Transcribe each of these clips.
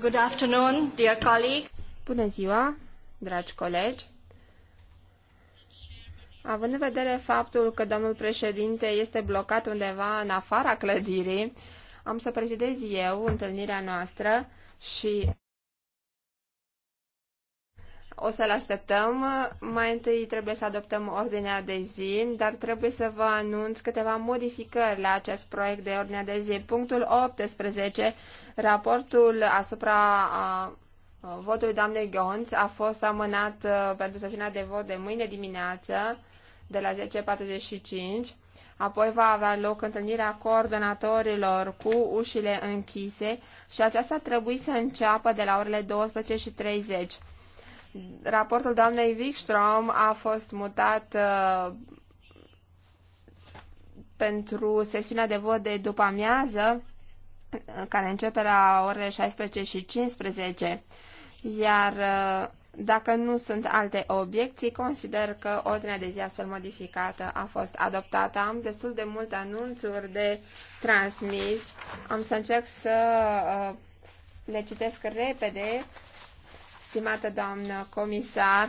Good afternoon, dear colleagues. Bună ziua, dragi colegi. Având în vedere faptul că domnul președinte este blocat undeva în afara clădirii, am să prezidez eu întâlnirea noastră și o să-l așteptăm. Mai întâi trebuie să adoptăm ordinea de zi, dar trebuie să vă anunț câteva modificări la acest proiect de ordinea de zi. Punctul 18 Raportul asupra a, votului doamnei Gonț a fost amânat pentru sesiunea de vot de mâine dimineață de la 10.45. Apoi va avea loc întâlnirea coordonatorilor cu ușile închise și aceasta trebuie să înceapă de la orele 12.30. Raportul doamnei Wikström a fost mutat uh, pentru sesiunea de vot de după amiază, care începe la orele 16 și 15, iar uh, dacă nu sunt alte obiecții, consider că ordinea de zi astfel modificată a fost adoptată. Am destul de multe anunțuri de transmis. Am să încerc să uh, le citesc repede. Stimată doamnă comisar,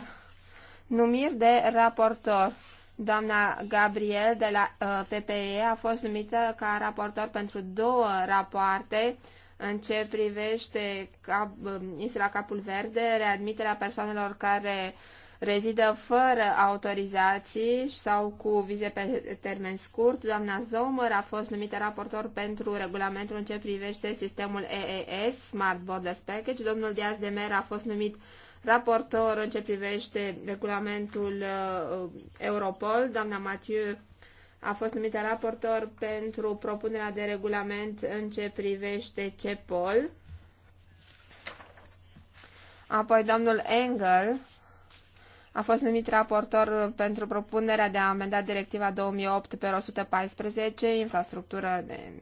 numiri de raportor. Doamna Gabriel de la uh, PPE a fost numită ca raportor pentru două rapoarte în ce privește cap, uh, insula Capul Verde, readmiterea persoanelor care rezidă fără autorizații sau cu vize pe termen scurt. Doamna Zomer a fost numită raportor pentru regulamentul în ce privește sistemul EES, Smart Borders Package. Domnul Diaz de Mer a fost numit raportor în ce privește regulamentul uh, Europol. Doamna Mathieu a fost numită raportor pentru propunerea de regulament în ce privește CEPOL. Apoi domnul Engel a fost numit raportor pentru propunerea de a amenda directiva 2008 pe 114, infrastructură de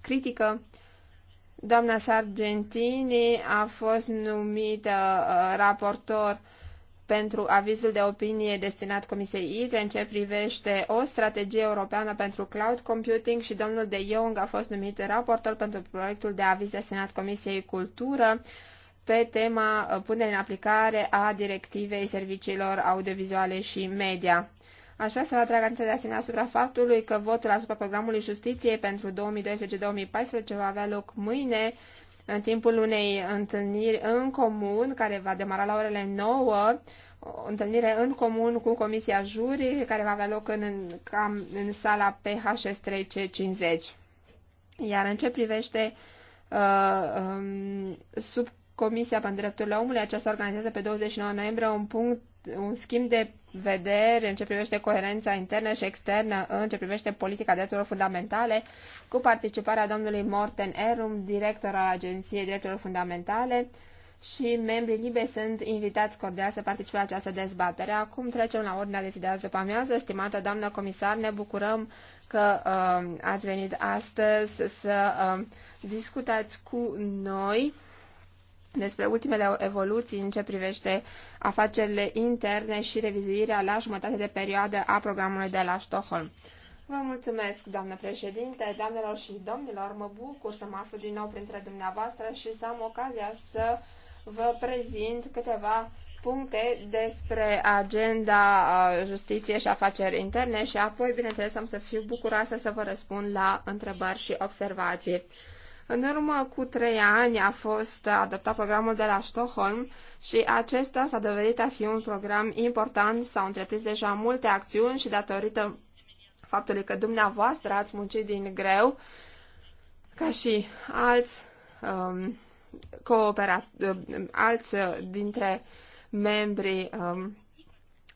critică. Doamna Sargentini a fost numită uh, raportor pentru avizul de opinie destinat Comisiei ITRE în ce privește o strategie europeană pentru cloud computing și domnul De Jong a fost numit raportor pentru proiectul de aviz destinat Comisiei Cultură pe tema uh, punerii în aplicare a directivei serviciilor audiovizuale și media. Aș vrea să vă atrag atenția de asemenea asupra faptului că votul asupra programului justiției pentru 2012-2014 va avea loc mâine în timpul unei întâlniri în comun care va demara la orele 9 o întâlnire în comun cu Comisia Juri, care va avea loc în, în, cam, în sala PHS3C50. Iar în ce privește uh, um, sub Comisia pentru Drepturile Omului, aceasta organizează pe 29 noiembrie un punct un schimb de vedere în ce privește coerența internă și externă, în ce privește politica drepturilor fundamentale, cu participarea domnului Morten Erum, director al Agenției Drepturilor Fundamentale, și membrii LIBE sunt invitați cordial să participe la această dezbatere. Acum trecem la ordinea de zi de azi după amiază. Stimată doamnă comisar, ne bucurăm că uh, ați venit astăzi să uh, discutați cu noi despre ultimele evoluții în ce privește afacerile interne și revizuirea la jumătate de perioadă a programului de la Stockholm. Vă mulțumesc, doamnă președinte, doamnelor și domnilor, mă bucur să mă aflu din nou printre dumneavoastră și să am ocazia să vă prezint câteva puncte despre agenda justiție și afaceri interne și apoi, bineînțeles, am să fiu bucuroasă să vă răspund la întrebări și observații. În urmă cu trei ani a fost adoptat programul de la Stockholm și acesta s-a dovedit a fi un program important, s-au întreprins deja multe acțiuni și datorită faptului că dumneavoastră ați muncit din greu, ca și alți, um, coopera, um, alți dintre membrii um,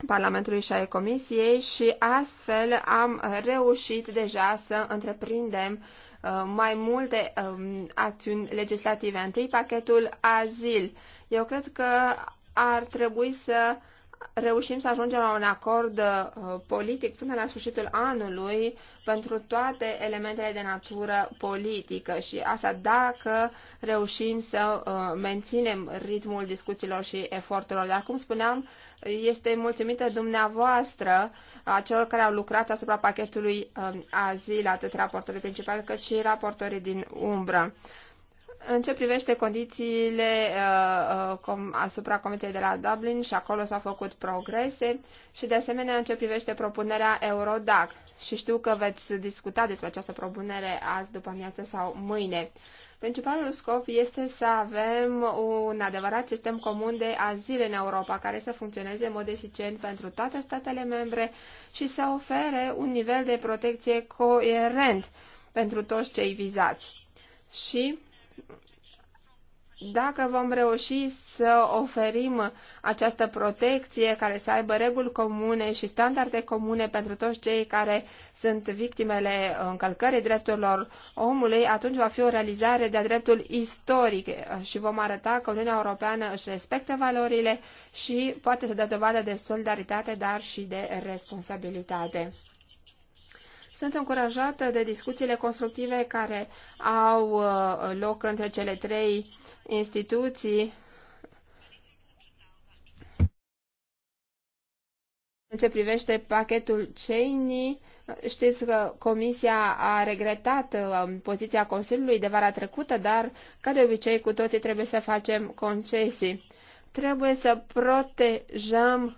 Parlamentului și ai Comisiei și astfel am reușit deja să întreprindem Uh, mai multe um, acțiuni legislative. Întâi, pachetul azil. Eu cred că ar trebui să uh, reușim să ajungem la un acord uh, politic până la sfârșitul anului pentru toate elementele de natură politică și asta dacă reușim să uh, menținem ritmul discuțiilor și eforturilor. Dar, cum spuneam, este mulțumită dumneavoastră a celor care au lucrat asupra pachetului uh, azil, atât raportorii principali cât și raportorii din umbră. În ce privește condițiile uh, uh com, asupra Comisiei de la Dublin și acolo s-au făcut progrese și de asemenea în ce privește propunerea Eurodac și știu că veți discuta despre această propunere azi după amiază sau mâine. Principalul scop este să avem un adevărat sistem comun de azil în Europa care să funcționeze în mod eficient pentru toate statele membre și să ofere un nivel de protecție coerent pentru toți cei vizați. Și dacă vom reuși să oferim această protecție care să aibă reguli comune și standarde comune pentru toți cei care sunt victimele încălcării drepturilor omului, atunci va fi o realizare de-a dreptul istoric și vom arăta că Uniunea Europeană își respectă valorile și poate să dea dovadă de solidaritate, dar și de responsabilitate. Sunt încurajată de discuțiile constructive care au uh, loc între cele trei instituții În ce privește pachetul Cheney, știți că Comisia a regretat uh, poziția Consiliului de vara trecută, dar, ca de obicei, cu toții trebuie să facem concesii. Trebuie să protejăm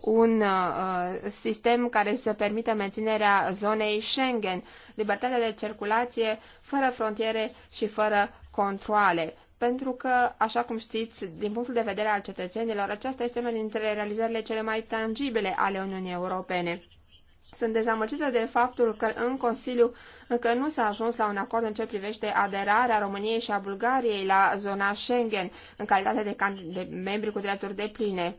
un uh, sistem care să permită menținerea zonei Schengen, libertatea de circulație fără frontiere și fără controle. Pentru că, așa cum știți, din punctul de vedere al cetățenilor, aceasta este una dintre realizările cele mai tangibile ale Uniunii Europene. Sunt dezamăgită de faptul că în Consiliu încă nu s-a ajuns la un acord în ce privește aderarea României și a Bulgariei la zona Schengen, în calitate de, de membri cu drepturi de pline.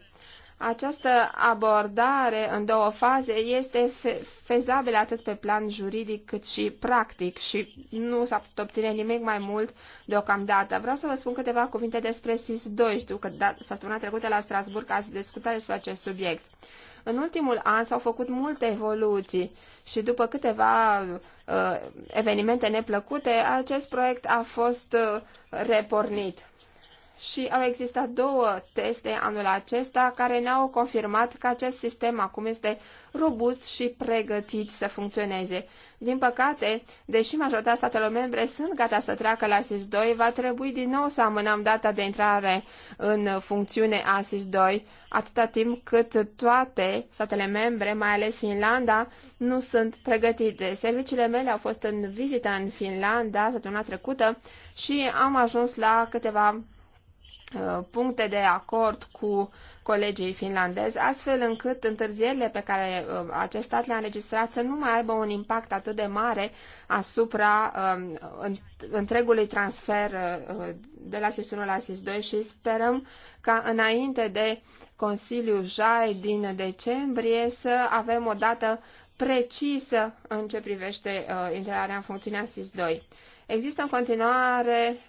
Această abordare în două faze este fe fezabilă atât pe plan juridic cât și practic și nu s-a putut obține nimic mai mult deocamdată. Vreau să vă spun câteva cuvinte despre SIS-2. Știu că da, săptămâna trecută la Strasburg ați discutat despre acest subiect. În ultimul an s-au făcut multe evoluții și după câteva uh, evenimente neplăcute, acest proiect a fost uh, repornit și au existat două teste anul acesta care ne-au confirmat că acest sistem acum este robust și pregătit să funcționeze. Din păcate, deși majoritatea statelor membre sunt gata să treacă la SIS-2, va trebui din nou să amânăm data de intrare în funcțiune a SIS-2, atâta timp cât toate statele membre, mai ales Finlanda, nu sunt pregătite. Serviciile mele au fost în vizită în Finlanda săptămâna trecută și am ajuns la câteva Uh, puncte de acord cu colegii finlandezi, astfel încât întârzierile pe care uh, acest stat le-a înregistrat să nu mai aibă un impact atât de mare asupra um, întregului transfer uh, de la SIS 1 la SIS 2 și sperăm ca înainte de Consiliul JAI din decembrie să avem o dată precisă în ce privește uh, intrarea în funcțiunea a SIS-2. Există în continuare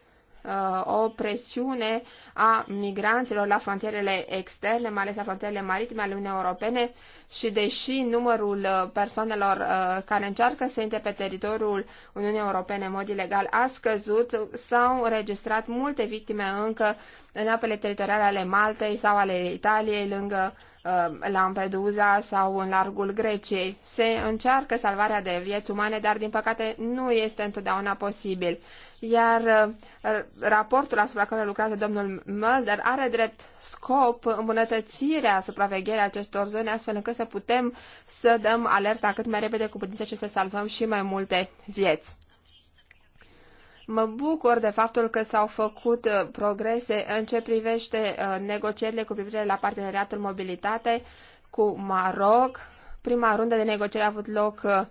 Uh, o presiune a migranților la frontierele externe, mai ales la frontierele maritime ale Uniunii Europene și deși numărul uh, persoanelor uh, care încearcă să intre pe teritoriul Uniunii Europene în mod ilegal a scăzut, s-au înregistrat multe victime încă în apele teritoriale ale Maltei sau ale Italiei lângă uh, Uh, Lampedusa sau în largul Greciei. Se încearcă salvarea de vieți umane, dar din păcate nu este întotdeauna posibil. Iar uh, raportul asupra care lucrează domnul Mulder are drept scop îmbunătățirea supravegherii acestor zone, astfel încât să putem să dăm alerta cât mai repede cu putință și să salvăm și mai multe vieți. Mă bucur de faptul că s-au făcut uh, progrese în ce privește uh, negocierile cu privire la parteneriatul mobilitate cu Maroc. Prima rundă de negocieri a avut loc uh,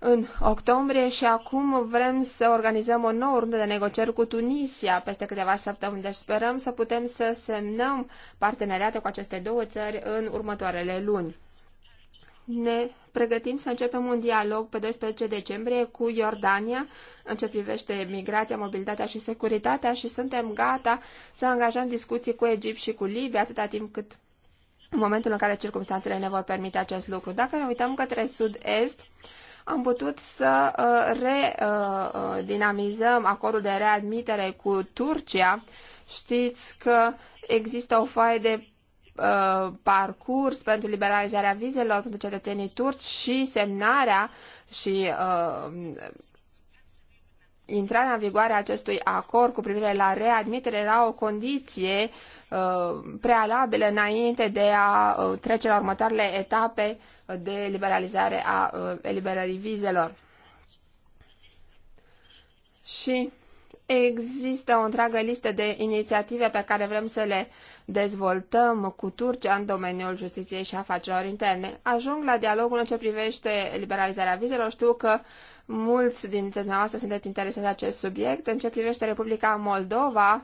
în octombrie și acum vrem să organizăm o nouă rundă de negocieri cu Tunisia peste câteva săptămâni. Deci sperăm să putem să semnăm parteneriate cu aceste două țări în următoarele luni. Ne pregătim să începem un dialog pe 12 decembrie cu Iordania în ce privește migrația, mobilitatea și securitatea și suntem gata să angajăm discuții cu Egipt și cu Libia atâta timp cât în momentul în care circumstanțele ne vor permite acest lucru. Dacă ne uităm către sud-est, am putut să uh, redinamizăm uh, uh, acordul de readmitere cu Turcia. Știți că există o foaie de Uh, parcurs pentru liberalizarea vizelor pentru cetățenii turci și semnarea și uh, intrarea în vigoare a acestui acord cu privire la readmitere era o condiție uh, prealabilă înainte de a uh, trece la următoarele etape de liberalizare a uh, eliberării vizelor. Și Există o întreagă listă de inițiative pe care vrem să le dezvoltăm cu Turcia în domeniul justiției și afacerilor interne. Ajung la dialogul în ce privește liberalizarea vizelor. Știu că mulți dintre dumneavoastră sunteți interesați de acest subiect. În ce privește Republica Moldova,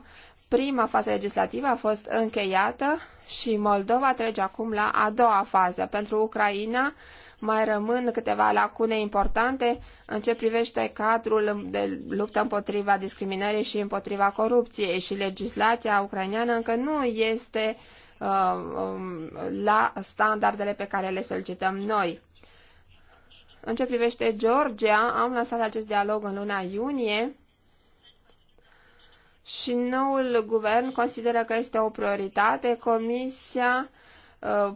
prima fază legislativă a fost încheiată și Moldova trece acum la a doua fază. Pentru Ucraina, mai rămân câteva lacune importante în ce privește cadrul de luptă împotriva discriminării și împotriva corupției și legislația ucraineană încă nu este uh, um, la standardele pe care le solicităm noi. În ce privește Georgia, am lansat acest dialog în luna iunie și noul guvern consideră că este o prioritate. Comisia uh,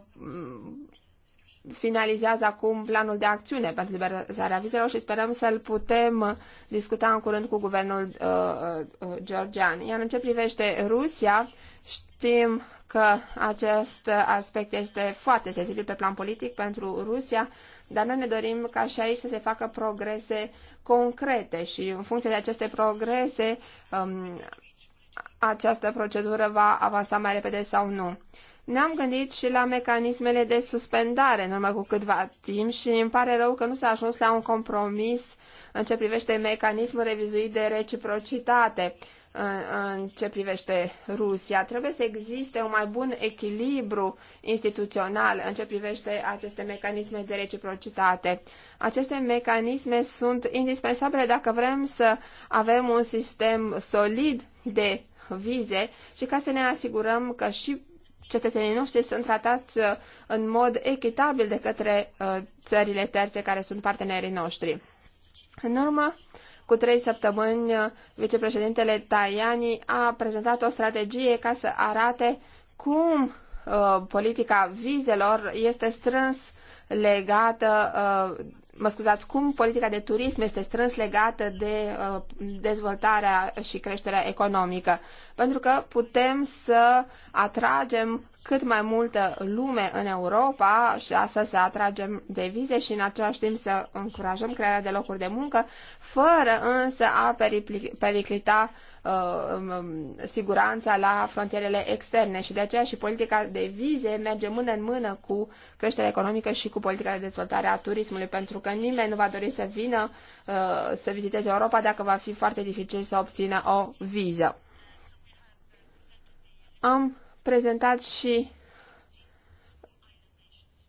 finalizează acum planul de acțiune pentru liberalizarea vizelor și sperăm să-l putem discuta în curând cu guvernul uh, uh, uh, georgian. Iar în ce privește Rusia, știm că acest aspect este foarte sensibil pe plan politic pentru Rusia, dar noi ne dorim ca și aici să se facă progrese concrete și în funcție de aceste progrese um, această procedură va avansa mai repede sau nu. Ne-am gândit și la mecanismele de suspendare în urmă cu câtva timp și îmi pare rău că nu s-a ajuns la un compromis în ce privește mecanismul revizuit de reciprocitate în ce privește Rusia. Trebuie să existe un mai bun echilibru instituțional în ce privește aceste mecanisme de reciprocitate. Aceste mecanisme sunt indispensabile dacă vrem să avem un sistem solid de vize și ca să ne asigurăm că și cetățenii noștri sunt tratați uh, în mod echitabil de către uh, țările terțe care sunt partenerii noștri. În urmă, cu trei săptămâni, uh, vicepreședintele Tajani a prezentat o strategie ca să arate cum politica vizelor este strâns legată mă scuzați, cum politica de turism este strâns legată de uh, dezvoltarea și creșterea economică. Pentru că putem să atragem cât mai multă lume în Europa și astfel să atragem devize și în același timp să încurajăm crearea de locuri de muncă, fără însă a periclita Uh, um, um, siguranța la frontierele externe și de aceea și politica de vize merge mână în mână cu creșterea economică și cu politica de dezvoltare a turismului, pentru că nimeni nu va dori să vină uh, să viziteze Europa dacă va fi foarte dificil să obțină o viză. Am prezentat și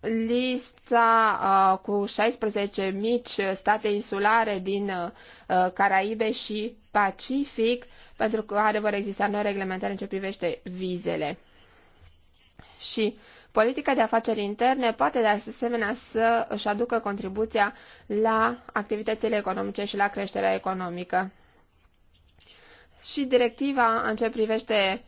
lista uh, cu 16 mici state insulare din uh, Caraibe și Pacific, pentru care vor exista noi reglementări în ce privește vizele. Și politica de afaceri interne poate de asemenea să își aducă contribuția la activitățile economice și la creșterea economică. Și directiva în ce privește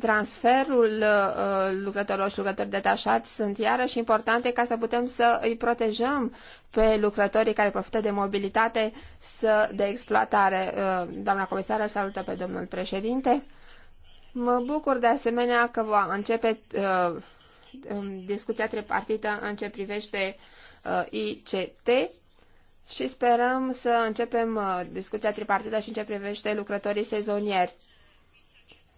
transferul uh, lucrătorilor și lucrători detașați sunt iarăși importante ca să putem să îi protejăm pe lucrătorii care profită de mobilitate să, de exploatare. Uh, doamna comisară, salută pe domnul președinte. Mă bucur de asemenea că va începe uh, um, discuția tripartită în ce privește uh, ICT și sperăm să începem uh, discuția tripartită și în ce privește lucrătorii sezonieri.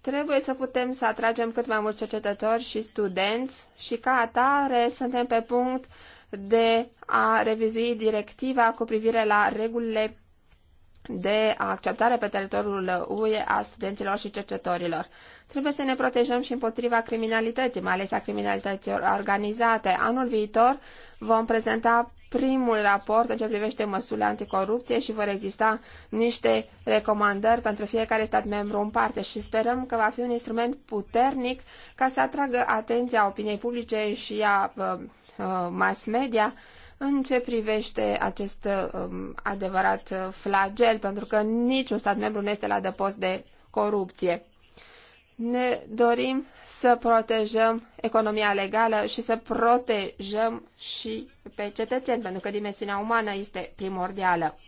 Trebuie să putem să atragem cât mai mulți cercetători și studenți și ca atare suntem pe punct de a revizui directiva cu privire la regulile de acceptare pe teritoriul UE a studenților și cercetătorilor. Trebuie să ne protejăm și împotriva criminalității, mai ales a criminalității organizate. Anul viitor vom prezenta primul raport în ce privește măsurile anticorupție și vor exista niște recomandări pentru fiecare stat membru în parte și sperăm că va fi un instrument puternic ca să atragă atenția opiniei publice și a uh, uh mass media în ce privește acest um, adevărat uh, flagel, pentru că niciun stat membru nu este la dăpost de corupție. Ne dorim să protejăm economia legală și să protejăm și pe cetățeni, pentru că dimensiunea umană este primordială.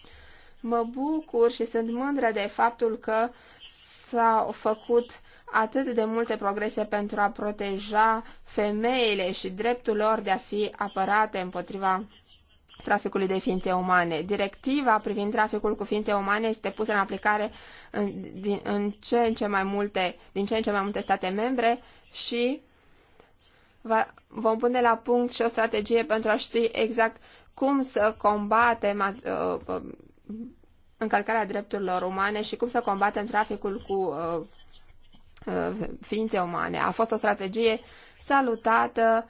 Mă bucur și sunt mândră de faptul că s-au făcut atât de multe progrese pentru a proteja femeile și dreptul lor de a fi apărate împotriva traficului de ființe umane. Directiva privind traficul cu ființe umane este pusă în aplicare în, din, în ce în ce mai multe, din ce în ce mai multe state membre și va, vom pune la punct și o strategie pentru a ști exact cum să combatem uh, uh încălcarea drepturilor umane și cum să combatem traficul cu uh, uh, ființe umane. A fost o strategie salutată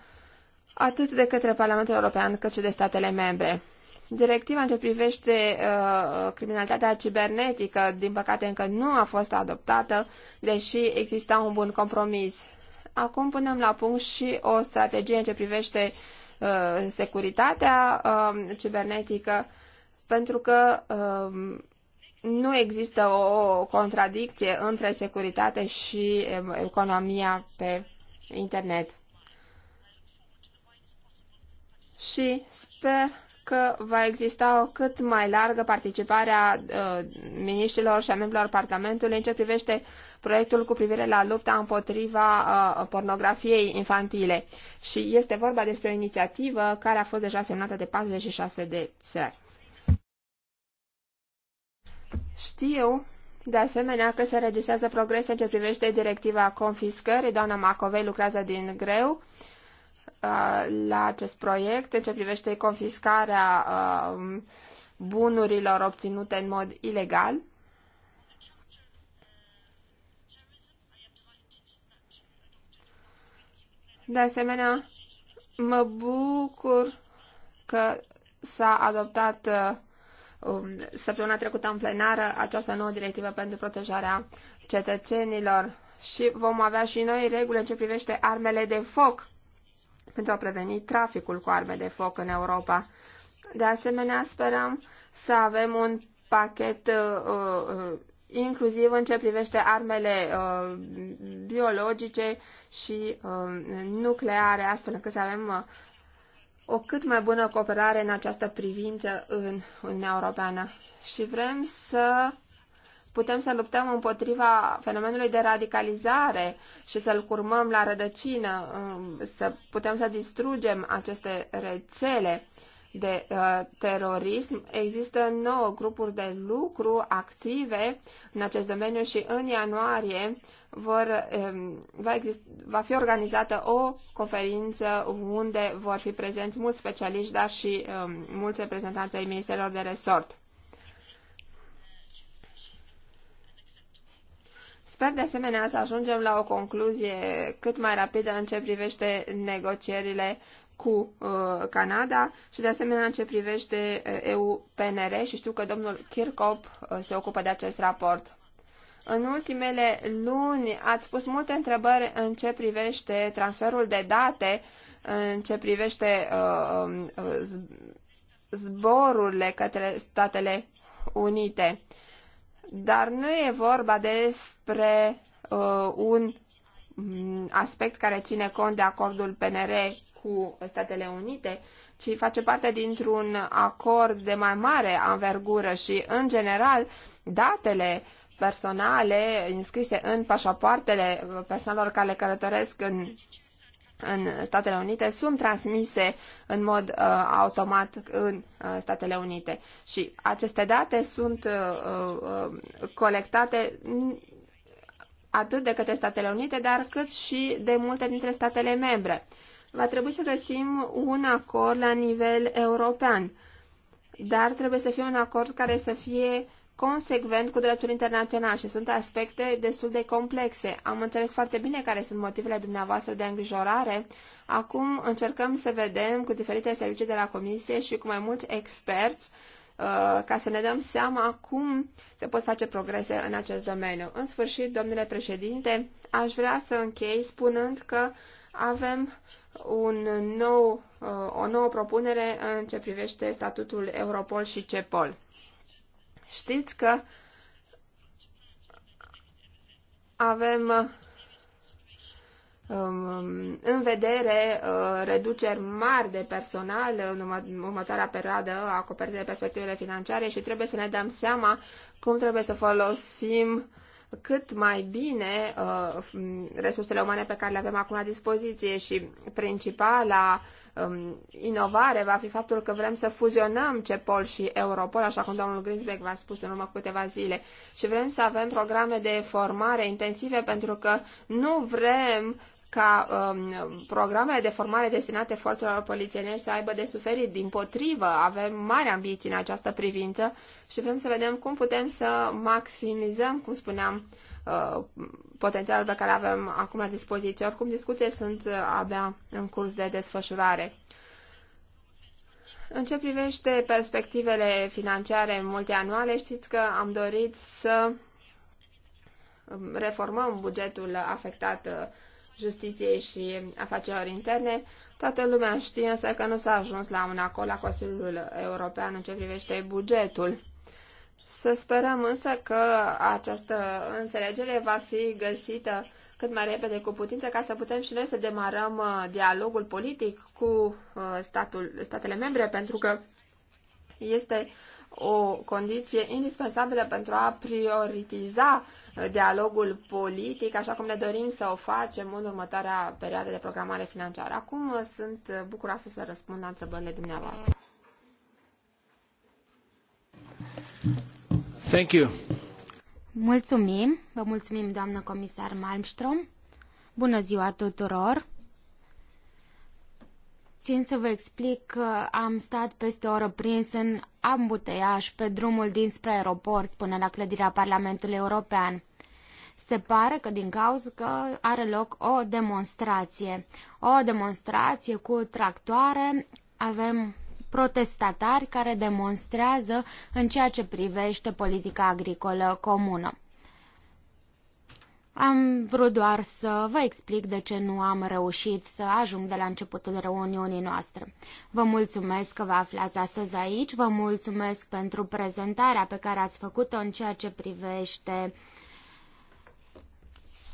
atât de către Parlamentul European cât și de statele membre. Directiva în ce privește uh, criminalitatea cibernetică, din păcate, încă nu a fost adoptată, deși exista un bun compromis. Acum punem la punct și o strategie în ce privește uh, securitatea uh, cibernetică, pentru că uh, nu există o contradicție între securitate și uh, economia pe internet și sper că va exista o cât mai largă participare a uh, miniștrilor și a membrilor Parlamentului în ce privește proiectul cu privire la lupta împotriva uh, pornografiei infantile. Și este vorba despre o inițiativă care a fost deja semnată de 46 de țări. Știu, de asemenea, că se registrează progrese în ce privește directiva confiscării. Doamna Macovei lucrează din greu Uh, la acest proiect în ce privește confiscarea uh, bunurilor obținute în mod ilegal. De asemenea, mă bucur că s-a adoptat uh, um, săptămâna trecută în plenară această nouă directivă pentru protejarea cetățenilor și vom avea și noi reguli în ce privește armele de foc pentru a preveni traficul cu arme de foc în Europa. De asemenea, sperăm să avem un pachet uh, uh, inclusiv în ce privește armele uh, biologice și uh, nucleare, astfel încât să avem uh, o cât mai bună cooperare în această privință în Uniunea Europeană. Și vrem să putem să luptăm împotriva fenomenului de radicalizare și să-l curmăm la rădăcină, um, să putem să distrugem aceste rețele de uh, terorism. Există nouă grupuri de lucru active în acest domeniu și în ianuarie vor, um, va, exist, va fi organizată o conferință unde vor fi prezenți mulți specialiști, dar și um, mulți reprezentanți ai ministerilor de resort. Sper de asemenea să ajungem la o concluzie cât mai rapidă în ce privește negocierile cu uh, Canada și de asemenea în ce privește uh, EU-PNR și știu că domnul Kirkop uh, se ocupă de acest raport. În ultimele luni ați pus multe întrebări în ce privește transferul de date, în ce privește uh, um, uh zborurile către Statele Unite. Uh, dar nu e vorba despre uh, un mm, aspect care ține cont de acordul PNR cu Statele Unite, ci face parte dintr-un acord de mai mare anvergură și, în general, datele personale înscrise în pașapoartele uh, persoanelor care călătoresc în în Statele Unite sunt transmise în mod uh, automat în uh, Statele Unite și aceste date sunt uh, uh, colectate atât de către Statele Unite, dar cât și de multe dintre statele membre. Va trebui să găsim un acord la nivel european, dar trebuie să fie un acord care să fie consecvent cu dreptul internațional și sunt aspecte destul de complexe. Am înțeles foarte bine care sunt motivele dumneavoastră de îngrijorare. Acum încercăm să vedem cu diferite servicii de la Comisie și cu mai mulți experți uh, ca să ne dăm seama cum se pot face progrese în acest domeniu. În sfârșit, domnule președinte, aș vrea să închei spunând că avem un nou, uh, o nouă propunere în ce privește statutul Europol și CEPOL. Știți că avem um, în vedere uh, reduceri mari de personal în următoarea perioadă acoperită de perspectivele financiare și trebuie să ne dăm seama cum trebuie să folosim cât mai bine uh, resursele umane pe care le avem acum la dispoziție și principala um, inovare va fi faptul că vrem să fuzionăm CEPOL și Europol, așa cum domnul Grinsbeck v-a spus în urmă cu câteva zile, și vrem să avem programe de formare intensive pentru că nu vrem ca um, programele de formare destinate forțelor polițienești să aibă de suferit. Din potrivă, avem mari ambiții în această privință și vrem să vedem cum putem să maximizăm, cum spuneam, uh, potențialul pe care avem acum la dispoziție. Oricum, discuțiile sunt uh, abia în curs de desfășurare. În ce privește perspectivele financiare multianuale, știți că am dorit să um, reformăm bugetul afectat uh, Justiției și Afacerilor Interne. Toată lumea știe însă că nu s-a ajuns la un acord la Consiliul European în ce privește bugetul. Să sperăm însă că această înțelegere va fi găsită cât mai repede cu putință ca să putem și noi să demarăm uh, dialogul politic cu uh, statul, statele membre pentru că este o condiție indispensabilă pentru a prioritiza uh, dialogul politic, așa cum ne dorim să o facem în următoarea perioadă de programare financiară. Acum uh, sunt uh, bucuroasă să răspund la întrebările dumneavoastră. Thank you. Mulțumim, vă mulțumim doamnă comisar Malmström. Bună ziua tuturor! Țin să vă explic că am stat peste o oră prins în ambuteiaș pe drumul dinspre aeroport până la clădirea Parlamentului European. Se pare că din cauza că are loc o demonstrație. O demonstrație cu tractoare. Avem protestatari care demonstrează în ceea ce privește politica agricolă comună. Am vrut doar să vă explic de ce nu am reușit să ajung de la începutul reuniunii noastre. Vă mulțumesc că vă aflați astăzi aici, vă mulțumesc pentru prezentarea pe care ați făcut-o în ceea ce privește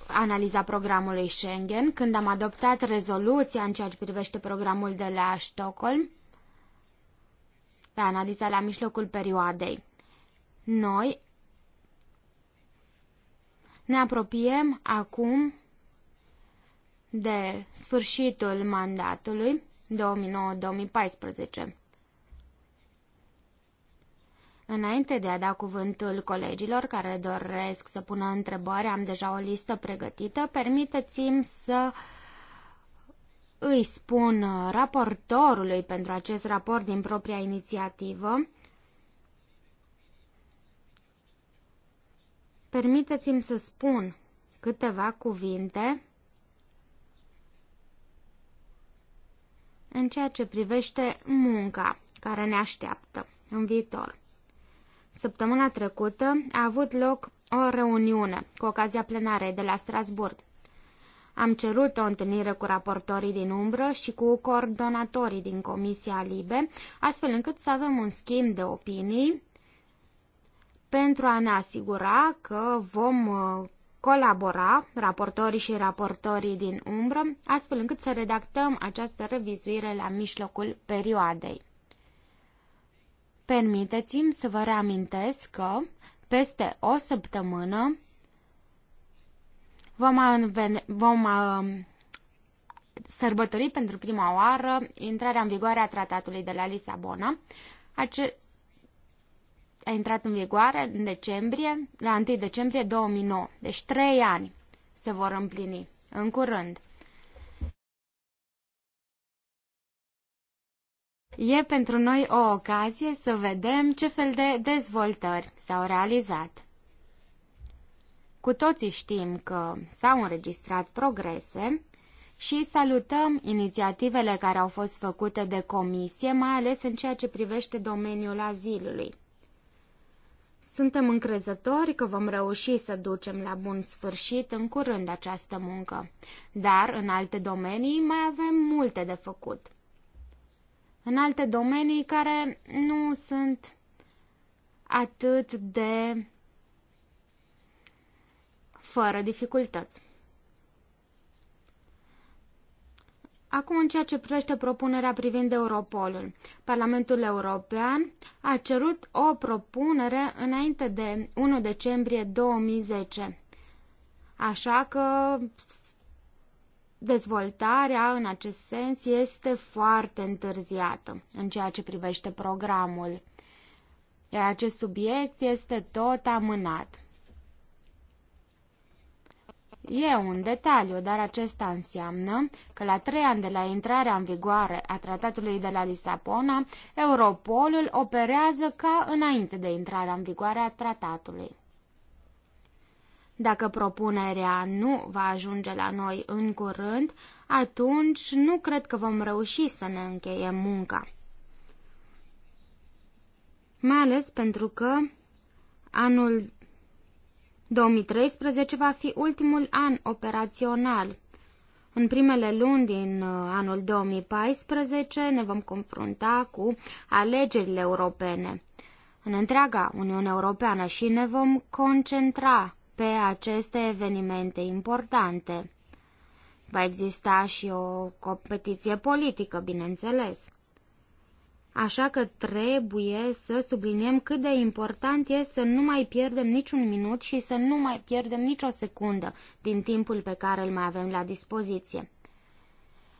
analiza programului Schengen, când am adoptat rezoluția în ceea ce privește programul de la Stockholm, pe analiza la mijlocul perioadei. Noi ne apropiem acum de sfârșitul mandatului 2009-2014. Înainte de a da cuvântul colegilor care doresc să pună întrebări, am deja o listă pregătită. Permiteți-mi să îi spun raportorului pentru acest raport din propria inițiativă Permiteți-mi să spun câteva cuvinte în ceea ce privește munca care ne așteaptă în viitor. Săptămâna trecută a avut loc o reuniune cu ocazia plenarei de la Strasburg. Am cerut o întâlnire cu raportorii din umbră și cu coordonatorii din Comisia Libe, astfel încât să avem un schimb de opinii pentru a ne asigura că vom uh, colabora raportorii și raportorii din umbră, astfel încât să redactăm această revizuire la mijlocul perioadei. Permiteți-mi să vă reamintesc că peste o săptămână vom, vom uh, sărbători pentru prima oară intrarea în vigoare a tratatului de la Lisabona. Ace- a intrat în vigoare în decembrie, la 1 decembrie 2009. Deci trei ani se vor împlini în curând. E pentru noi o ocazie să vedem ce fel de dezvoltări s-au realizat. Cu toții știm că s-au înregistrat progrese și salutăm inițiativele care au fost făcute de comisie, mai ales în ceea ce privește domeniul azilului. Suntem încrezători că vom reuși să ducem la bun sfârșit în curând această muncă, dar în alte domenii mai avem multe de făcut. În alte domenii care nu sunt atât de fără dificultăți. Acum, în ceea ce privește propunerea privind Europolul, Parlamentul European a cerut o propunere înainte de 1 decembrie 2010. Așa că dezvoltarea în acest sens este foarte întârziată în ceea ce privește programul. Iar acest subiect este tot amânat. E un detaliu, dar acesta înseamnă că la trei ani de la intrarea în vigoare a tratatului de la Lisabona, Europolul operează ca înainte de intrarea în vigoare a tratatului. Dacă propunerea nu va ajunge la noi în curând, atunci nu cred că vom reuși să ne încheiem munca. Mai ales pentru că anul 2013 va fi ultimul an operațional. În primele luni din uh, anul 2014 ne vom confrunta cu alegerile europene în întreaga Uniune Europeană și ne vom concentra pe aceste evenimente importante. Va exista și o competiție politică, bineînțeles. Așa că trebuie să subliniem cât de important e să nu mai pierdem niciun minut și să nu mai pierdem nicio secundă din timpul pe care îl mai avem la dispoziție.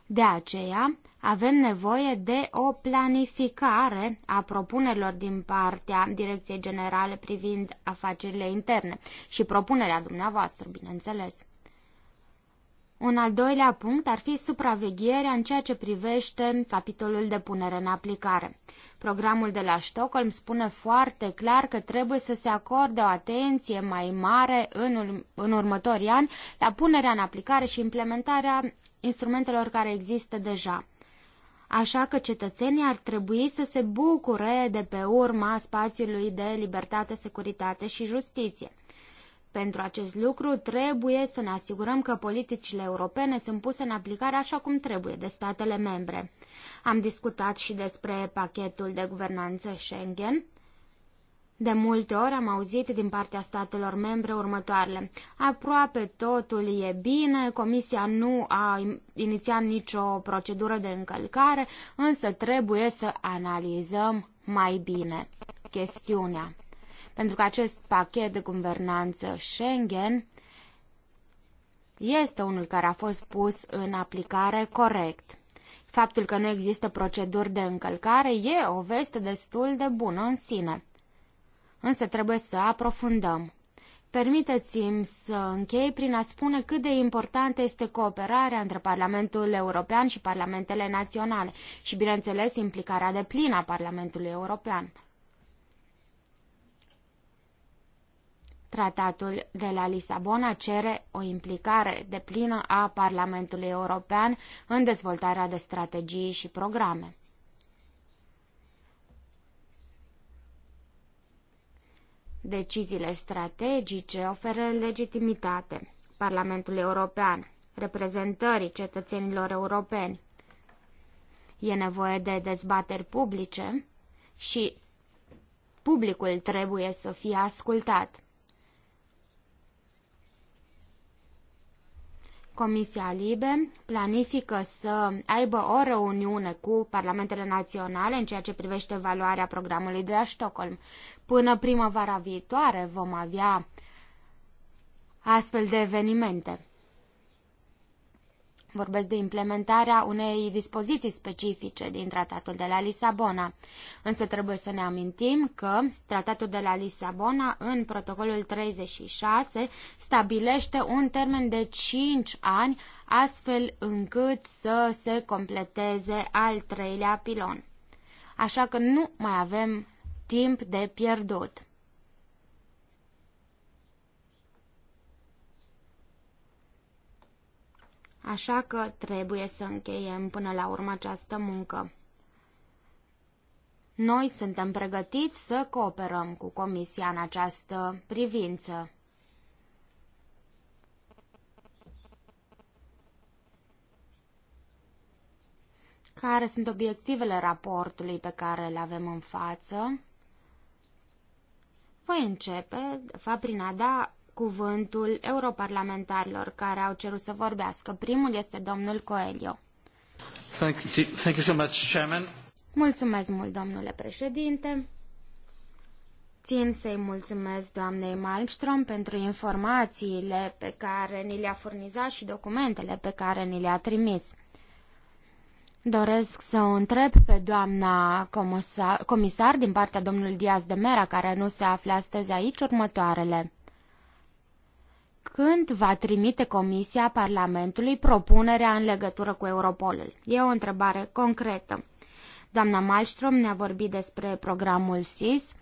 De aceea, avem nevoie de o planificare a propunerilor din partea Direcției Generale privind afacerile interne și propunerea dumneavoastră, bineînțeles. Un al doilea punct ar fi supravegherea în ceea ce privește capitolul de punere în aplicare. Programul de la Stockholm spune foarte clar că trebuie să se acorde o atenție mai mare în, în următorii ani la punerea în aplicare și implementarea instrumentelor care există deja. Așa că cetățenii ar trebui să se bucure de pe urma spațiului de libertate, securitate și justiție. Pentru acest lucru trebuie să ne asigurăm că politicile europene sunt puse în aplicare așa cum trebuie de statele membre. Am discutat și despre pachetul de guvernanță Schengen. De multe ori am auzit din partea statelor membre următoarele. Aproape totul e bine, Comisia nu a inițiat nicio procedură de încălcare, însă trebuie să analizăm mai bine chestiunea pentru că acest pachet de guvernanță Schengen este unul care a fost pus în aplicare corect. Faptul că nu există proceduri de încălcare e o veste destul de bună în sine. Însă trebuie să aprofundăm. Permiteți-mi să închei prin a spune cât de importantă este cooperarea între Parlamentul European și Parlamentele Naționale și, bineînțeles, implicarea de plină a Parlamentului European. Tratatul de la Lisabona cere o implicare deplină a Parlamentului European în dezvoltarea de strategii și programe. Deciziile strategice oferă legitimitate Parlamentului European, reprezentării cetățenilor europeni. E nevoie de dezbateri publice și publicul trebuie să fie ascultat. Comisia Libe planifică să aibă o reuniune cu parlamentele naționale în ceea ce privește evaluarea programului de la Stockholm. Până primăvara viitoare vom avea astfel de evenimente. Vorbesc de implementarea unei dispoziții specifice din tratatul de la Lisabona. Însă trebuie să ne amintim că tratatul de la Lisabona, în protocolul 36, stabilește un termen de 5 ani, astfel încât să se completeze al treilea pilon. Așa că nu mai avem timp de pierdut. Așa că trebuie să încheiem până la urmă această muncă. Noi suntem pregătiți să cooperăm cu Comisia în această privință. Care sunt obiectivele raportului pe care le avem în față? Voi începe, de fapt, prin a da cuvântul europarlamentarilor care au cerut să vorbească. Primul este domnul Coelho. Thank you, thank you so much, Chairman. Mulțumesc mult, domnule președinte. Țin să-i mulțumesc doamnei Malmström pentru informațiile pe care ni le-a furnizat și documentele pe care ni le-a trimis. Doresc să o întreb pe doamna comisar, comisar din partea domnului Diaz de Mera, care nu se află astăzi aici, următoarele. Când va trimite Comisia Parlamentului propunerea în legătură cu Europolul? E o întrebare concretă. Doamna Malmström ne-a vorbit despre programul SIS.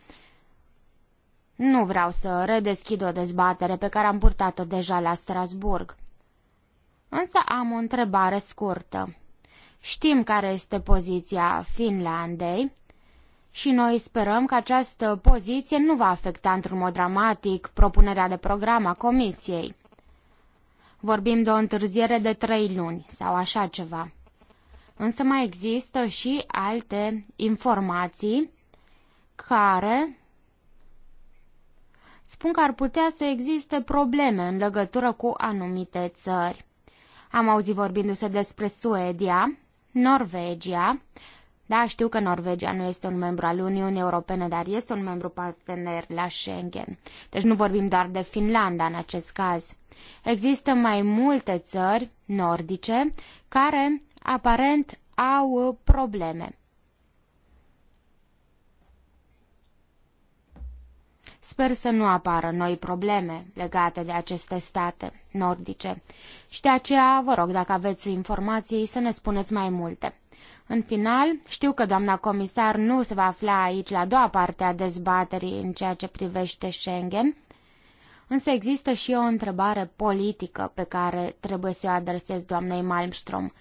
Nu vreau să redeschid o dezbatere pe care am purtat-o deja la Strasburg. Însă am o întrebare scurtă. Știm care este poziția Finlandei și noi sperăm că această poziție nu va afecta într-un mod dramatic propunerea de program a Comisiei. Vorbim de o întârziere de trei luni sau așa ceva. Însă mai există și alte informații care spun că ar putea să existe probleme în legătură cu anumite țări. Am auzit vorbindu-se despre Suedia, Norvegia, da, știu că Norvegia nu este un membru al Uniunii Europene, dar este un membru partener la Schengen. Deci nu vorbim doar de Finlanda în acest caz. Există mai multe țări nordice care aparent au uh, probleme. Sper să nu apară noi probleme legate de aceste state nordice. Și de aceea vă rog, dacă aveți informații, să ne spuneți mai multe. În final, știu că doamna comisar nu se va afla aici la a doua parte a dezbaterii în ceea ce privește Schengen, însă există și o întrebare politică pe care trebuie să o adresez doamnei Malmström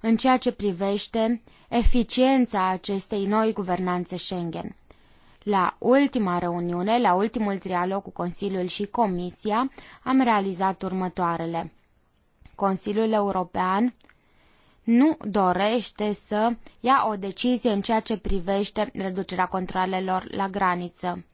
în ceea ce privește eficiența acestei noi guvernanțe Schengen. La ultima reuniune, la ultimul trialog cu Consiliul și Comisia, am realizat următoarele. Consiliul European nu dorește să ia o decizie în ceea ce privește reducerea controlelor la graniță.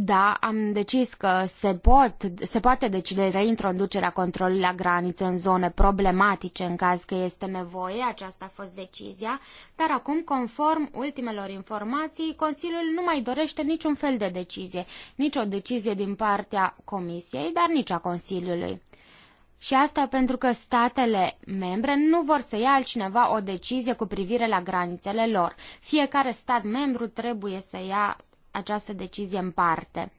Da, am decis că se, pot, se poate decide reintroducerea controlului la graniță în zone problematice în caz că este nevoie, aceasta a fost decizia, dar acum, conform ultimelor informații, Consiliul nu mai dorește niciun fel de decizie, nicio decizie din partea Comisiei, dar nici a Consiliului. Și asta pentru că statele membre nu vor să ia altcineva o decizie cu privire la granițele lor. Fiecare stat membru trebuie să ia această decizie în parte.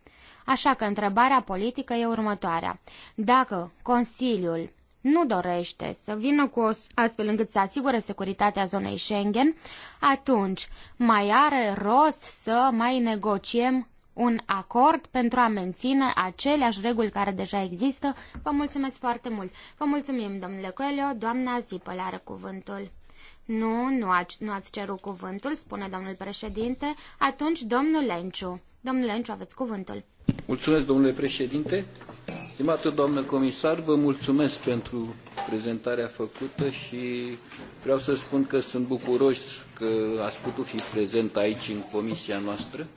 Așa că întrebarea politică e următoarea. Dacă Consiliul nu dorește să vină cu o astfel încât să asigure securitatea zonei Schengen, atunci mai are rost să mai negociem un acord pentru a menține aceleași reguli care deja există. Vă mulțumesc foarte mult. Vă mulțumim, domnule Coelho. Doamna Zipă are cuvântul. Nu, nu ați, nu ați cerut cuvântul, spune domnul președinte. Atunci, domnul Lenciu. Domnul Lenciu, aveți cuvântul. Mulțumesc, domnule președinte. Stimată doamnă comisar, vă mulțumesc pentru prezentarea făcută și vreau să spun că sunt bucuros că ați putut fi prezent aici în comisia noastră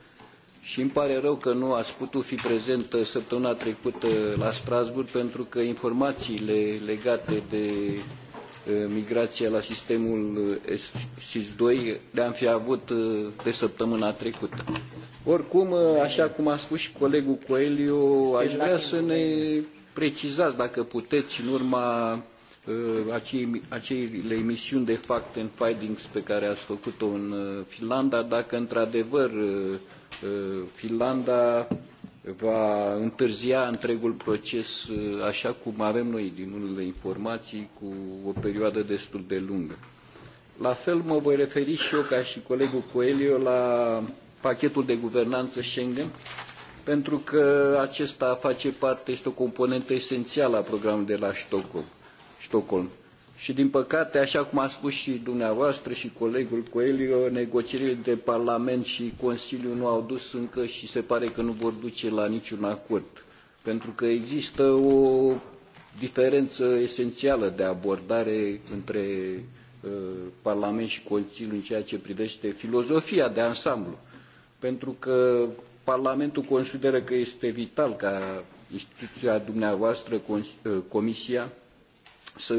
și îmi pare rău că nu ați putut fi prezent săptămâna trecută la Strasbourg pentru că informațiile legate de Uh, migrația la sistemul uh, SIS-2 le-am fi avut uh, de săptămâna trecută. Oricum, așa cum a spus și colegul Coelio, aș vrea să ne precizați, dacă puteți, în urma acele emisiuni de fact and findings pe care ați făcut-o în Finlanda, dacă într-adevăr Finlanda va întârzia întregul proces, uh, așa cum avem noi din unele informații, cu o perioadă destul de lungă. La fel mă voi referi și eu, ca și colegul Coelio, la pachetul de guvernanță Schengen, pentru că acesta face parte, este o componentă esențială a programului de la Stockholm. Stockholm. Și din păcate, așa cum a spus și dumneavoastră și colegul Coelho, negocierile de Parlament și Consiliu nu au dus încă și se pare că nu vor duce la niciun acord. Pentru că există o diferență esențială de abordare între uh, Parlament și Consiliu în ceea ce privește filozofia de ansamblu. Pentru că Parlamentul consideră că este vital ca instituția dumneavoastră, uh, Comisia, să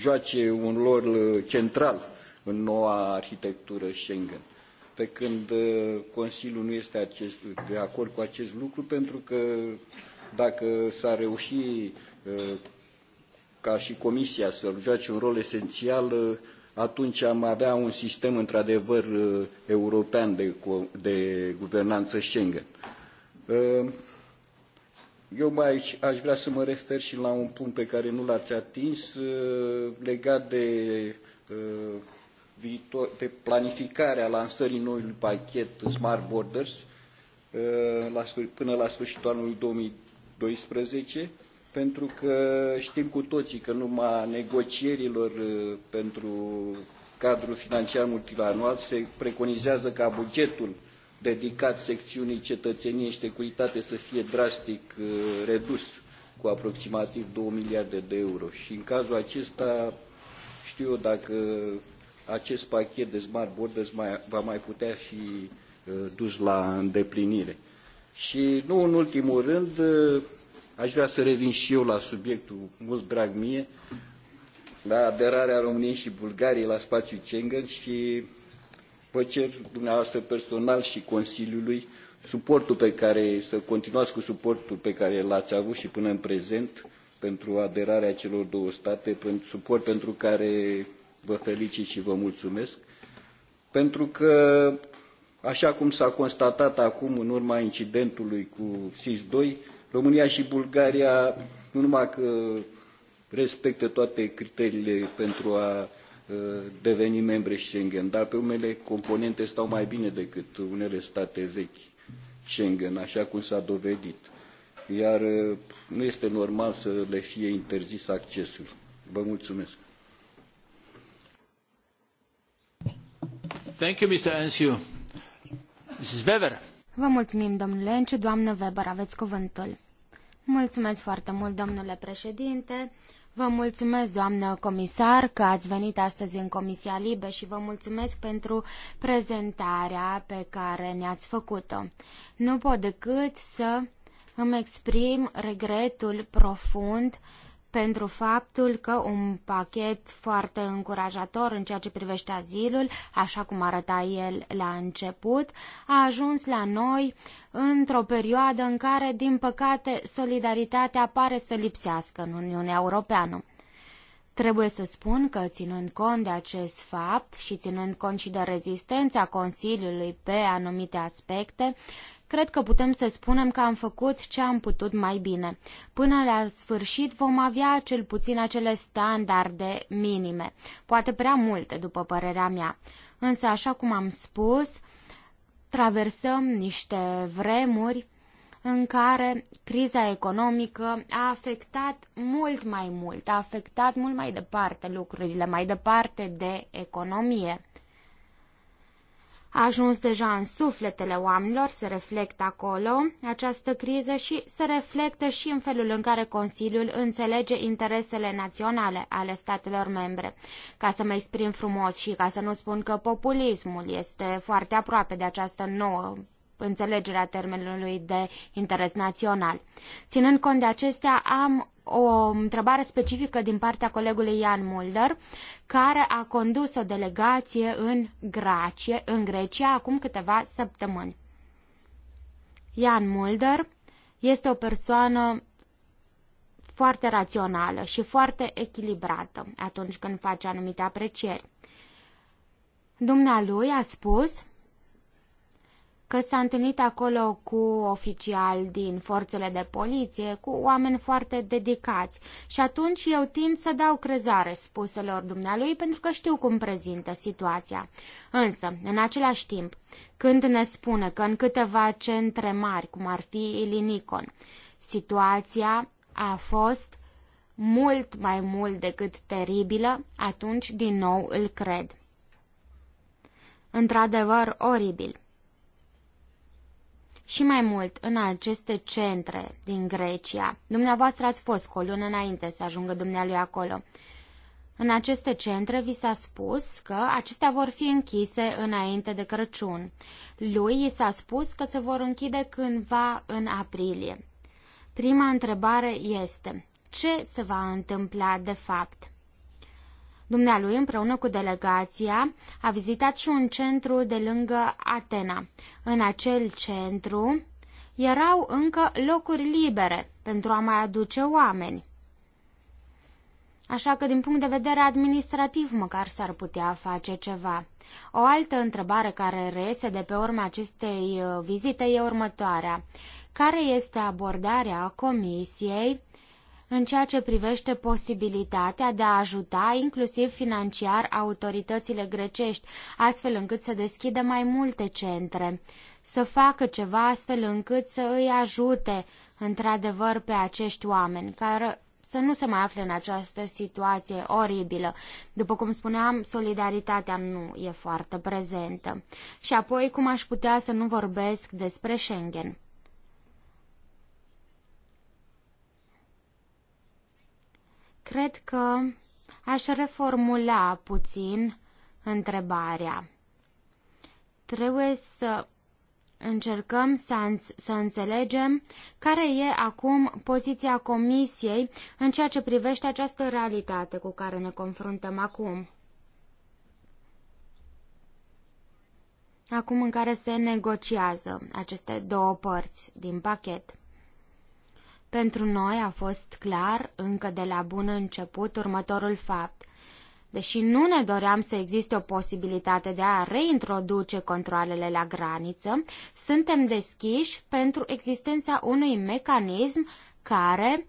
joace un rol uh, central în noua arhitectură Schengen. Pe când uh, Consiliul nu este acest, de acord cu acest lucru, pentru că dacă s-ar reuși uh, ca și Comisia să joace un rol esențial, atunci am avea un sistem într-adevăr european de, de guvernanță Schengen. Eu mai aici aș vrea să mă refer și la un punct pe care nu l-ați atins, uh, legat de, uh, de planificarea lansării noului pachet Smart Borders uh, până la sfârșitul anului 2012, pentru că știm cu toții că numai negocierilor pentru cadrul financiar multianual se preconizează ca bugetul dedicat secțiunii cetățenie și securitate să fie drastic uh, redus cu aproximativ 2 miliarde de euro. Și în cazul acesta, știu eu dacă acest pachet de Smart Borders mai, va mai putea fi uh, dus la îndeplinire. Și nu în ultimul rând, uh, aș vrea să revin și eu la subiectul mult drag mie, la aderarea României și Bulgariei la spațiul Schengen și vă cer dumneavoastră personal și Consiliului suportul pe care, să continuați cu suportul pe care l-ați avut și până în prezent pentru aderarea celor două state, suport pentru care vă felicit și vă mulțumesc, pentru că, așa cum s-a constatat acum în urma incidentului cu SIS-2, România și Bulgaria nu numai că respectă toate criteriile pentru a deveni membre Schengen, dar pe unele componente stau mai bine decât unele state vechi Schengen, așa cum s-a dovedit. Iar uh, nu este normal să le fie interzis accesul. Vă mulțumesc. Thank you, Mr. Ansiu. Mrs. Weber. Vă mulțumim, domnule Enciu. Doamnă Weber, aveți cuvântul. Mulțumesc foarte mult, domnule președinte. Vă mulțumesc, doamnă comisar, că ați venit astăzi în Comisia Libe și vă mulțumesc pentru prezentarea pe care ne-ați făcut-o. Nu pot decât să îmi exprim regretul profund uh, pentru faptul că un pachet foarte încurajator în ceea ce privește azilul, așa cum arăta el la început, a ajuns la noi într-o perioadă în care, din păcate, solidaritatea pare să lipsească în Uniunea Europeană. Trebuie să spun că, ținând cont de acest fapt și ținând cont și de rezistența Consiliului pe anumite aspecte, Cred că putem să spunem că am făcut ce am putut mai bine. Până la sfârșit vom avea cel puțin acele standarde minime, poate prea multe, după părerea mea. Însă, așa cum am spus, traversăm niște vremuri în care criza economică a afectat mult mai mult, a afectat mult mai departe lucrurile, mai departe de economie a ajuns deja în sufletele oamenilor, se reflectă acolo această criză și se reflectă și în felul în care Consiliul înțelege interesele naționale ale statelor membre. Ca să mă exprim frumos și ca să nu spun că populismul este foarte aproape de această nouă înțelegerea termenului de interes național. Ținând cont de acestea, am o întrebare specifică din partea colegului Ian Mulder, care a condus o delegație în, Gracie, în Grecia acum câteva săptămâni. Ian Mulder este o persoană foarte rațională și foarte echilibrată atunci când face anumite aprecieri. Dumnealui a spus că s-a întâlnit acolo cu oficial din forțele de poliție, cu oameni foarte dedicați și atunci eu tind să dau crezare spuselor dumnealui pentru că știu cum prezintă situația. Însă, în același timp, când ne spune că în câteva centre mari, cum ar fi Ilinicon, situația a fost mult mai mult decât teribilă, atunci din nou îl cred. Într-adevăr, oribil. Și mai mult, în aceste centre din Grecia, dumneavoastră ați fost cu o lună înainte să ajungă dumnealui acolo, în aceste centre vi s-a spus că acestea vor fi închise înainte de Crăciun. Lui i s-a spus că se vor închide cândva în aprilie. Prima întrebare este, ce se va întâmpla de fapt? Dumnealui, împreună cu delegația, a vizitat și un centru de lângă Atena. În acel centru erau încă locuri libere pentru a mai aduce oameni. Așa că, din punct de vedere administrativ, măcar s-ar putea face ceva. O altă întrebare care reiese de pe urma acestei uh, vizite e următoarea. Care este abordarea Comisiei în ceea ce privește posibilitatea de a ajuta inclusiv financiar autoritățile grecești, astfel încât să deschidă mai multe centre, să facă ceva astfel încât să îi ajute într-adevăr pe acești oameni care să nu se mai afle în această situație oribilă. După cum spuneam, solidaritatea nu e foarte prezentă. Și apoi, cum aș putea să nu vorbesc despre Schengen? Cred că aș reformula puțin întrebarea. Trebuie să încercăm să, să înțelegem care e acum poziția Comisiei în ceea ce privește această realitate cu care ne confruntăm acum. Acum în care se negociază aceste două părți din pachet. Pentru noi a fost clar, încă de la bun început, următorul fapt. Deși nu ne doream să existe o posibilitate de a reintroduce controlele la graniță, suntem deschiși pentru existența unui mecanism care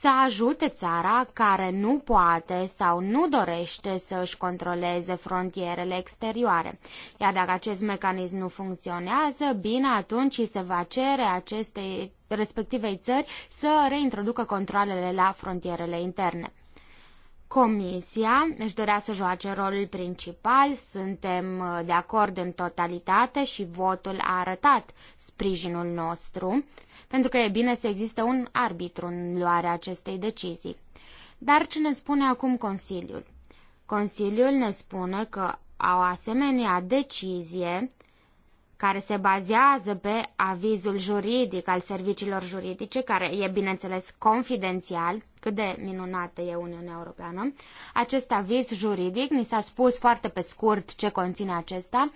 să ajute țara care nu poate sau nu dorește să își controleze frontierele exterioare. Iar dacă acest mecanism nu funcționează, bine, atunci se va cere acestei respectivei țări să reintroducă controlele la frontierele interne. Comisia își dorea să joace rolul principal, suntem uh, de acord în totalitate și votul a arătat sprijinul nostru pentru că e bine să există un arbitru în luarea acestei decizii. Dar ce ne spune acum Consiliul? Consiliul ne spune că o asemenea decizie care se bazează pe avizul juridic al serviciilor juridice, care e bineînțeles confidențial, cât de minunată e Uniunea Europeană. Acest aviz juridic, ni s-a spus foarte pe scurt ce conține acesta,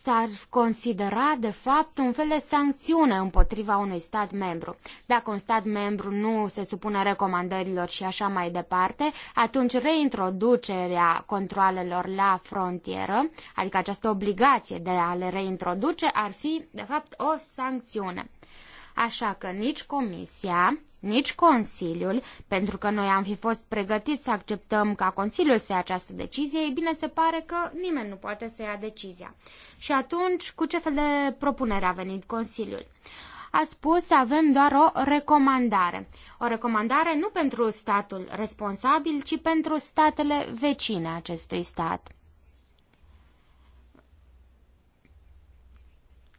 s-ar considera, de fapt, un fel de sancțiune împotriva unui stat membru. Dacă un stat membru nu se supune recomandărilor și așa mai departe, atunci reintroducerea controalelor la frontieră, adică această obligație de a le reintroduce, ar fi, de fapt, o sancțiune. Așa că nici Comisia nici Consiliul, pentru că noi am fi fost pregătiți să acceptăm ca Consiliul să ia această decizie, ei bine se pare că nimeni nu poate să ia decizia. Și atunci, cu ce fel de propunere a venit Consiliul? a spus să avem doar o recomandare. O recomandare nu pentru statul responsabil, ci pentru statele vecine acestui stat.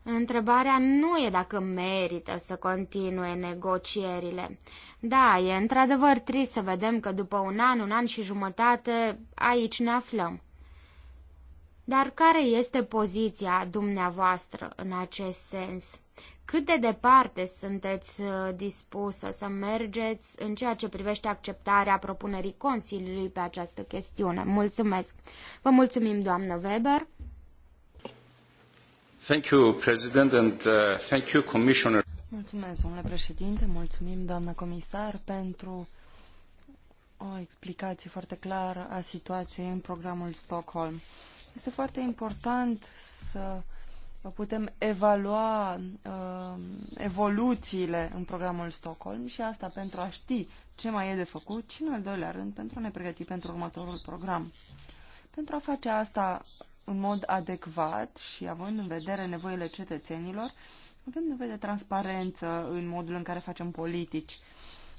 Întrebarea nu e dacă merită să continue negocierile. Da, e într-adevăr trist să vedem că după un an, un an și jumătate, aici ne aflăm. Dar care este poziția dumneavoastră în acest sens? Cât de departe sunteți uh, dispusă să mergeți în ceea ce privește acceptarea propunerii Consiliului pe această chestiune? Mulțumesc! Vă mulțumim, doamnă Weber! Uh, Mulțumesc, domnule președinte, mulțumim, doamnă comisar, pentru o explicație foarte clară a situației în programul Stockholm. Este foarte important să putem evalua uh, evoluțiile în programul Stockholm și asta pentru a ști ce mai e de făcut și, în al doilea rând, pentru a ne pregăti pentru următorul program. Pentru a face asta în mod adecvat și având în vedere nevoile cetățenilor, avem nevoie de transparență în modul în care facem politici.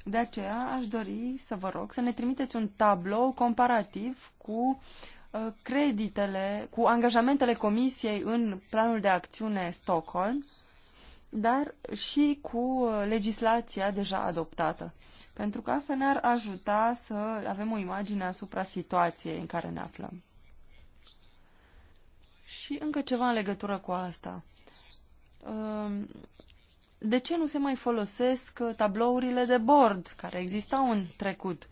De aceea aș dori să vă rog să ne trimiteți un tablou comparativ cu uh, creditele, cu angajamentele Comisiei în planul de acțiune Stockholm, dar și cu uh, legislația deja adoptată. Pentru că asta ne-ar ajuta să avem o imagine asupra situației în care ne aflăm. Și încă ceva în legătură cu asta. Ehm, de ce nu se mai folosesc tablourile de bord care existau în trecut?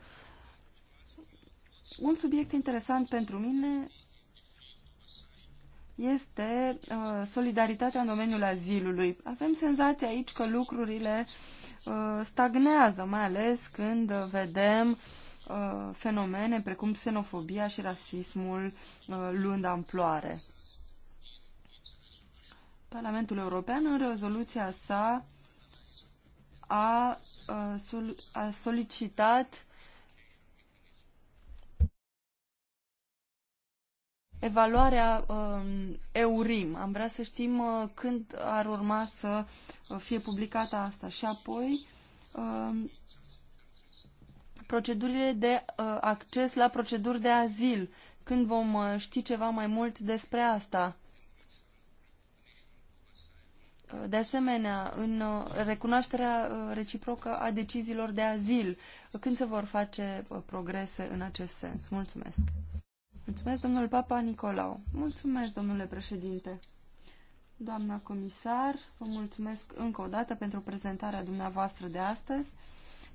Un subiect interesant pentru mine este uh, solidaritatea în domeniul azilului. Avem senzația aici că lucrurile uh, stagnează, mai ales când vedem uh, fenomene precum xenofobia și rasismul luând amploare. Parlamentul European în rezoluția sa a, a solicitat evaluarea um, EURIM. Am vrea să știm uh, când ar urma să uh, fie publicată asta și apoi um, procedurile de uh, acces la proceduri de azil. Când vom uh, ști ceva mai mult despre asta? De asemenea, în uh, recunoașterea uh, reciprocă a deciziilor de azil, când se vor face uh, progrese în acest sens? Mulțumesc. Mulțumesc, domnul Papa Nicolau. Mulțumesc, domnule președinte. Doamna comisar, vă mulțumesc încă o dată pentru prezentarea dumneavoastră de astăzi.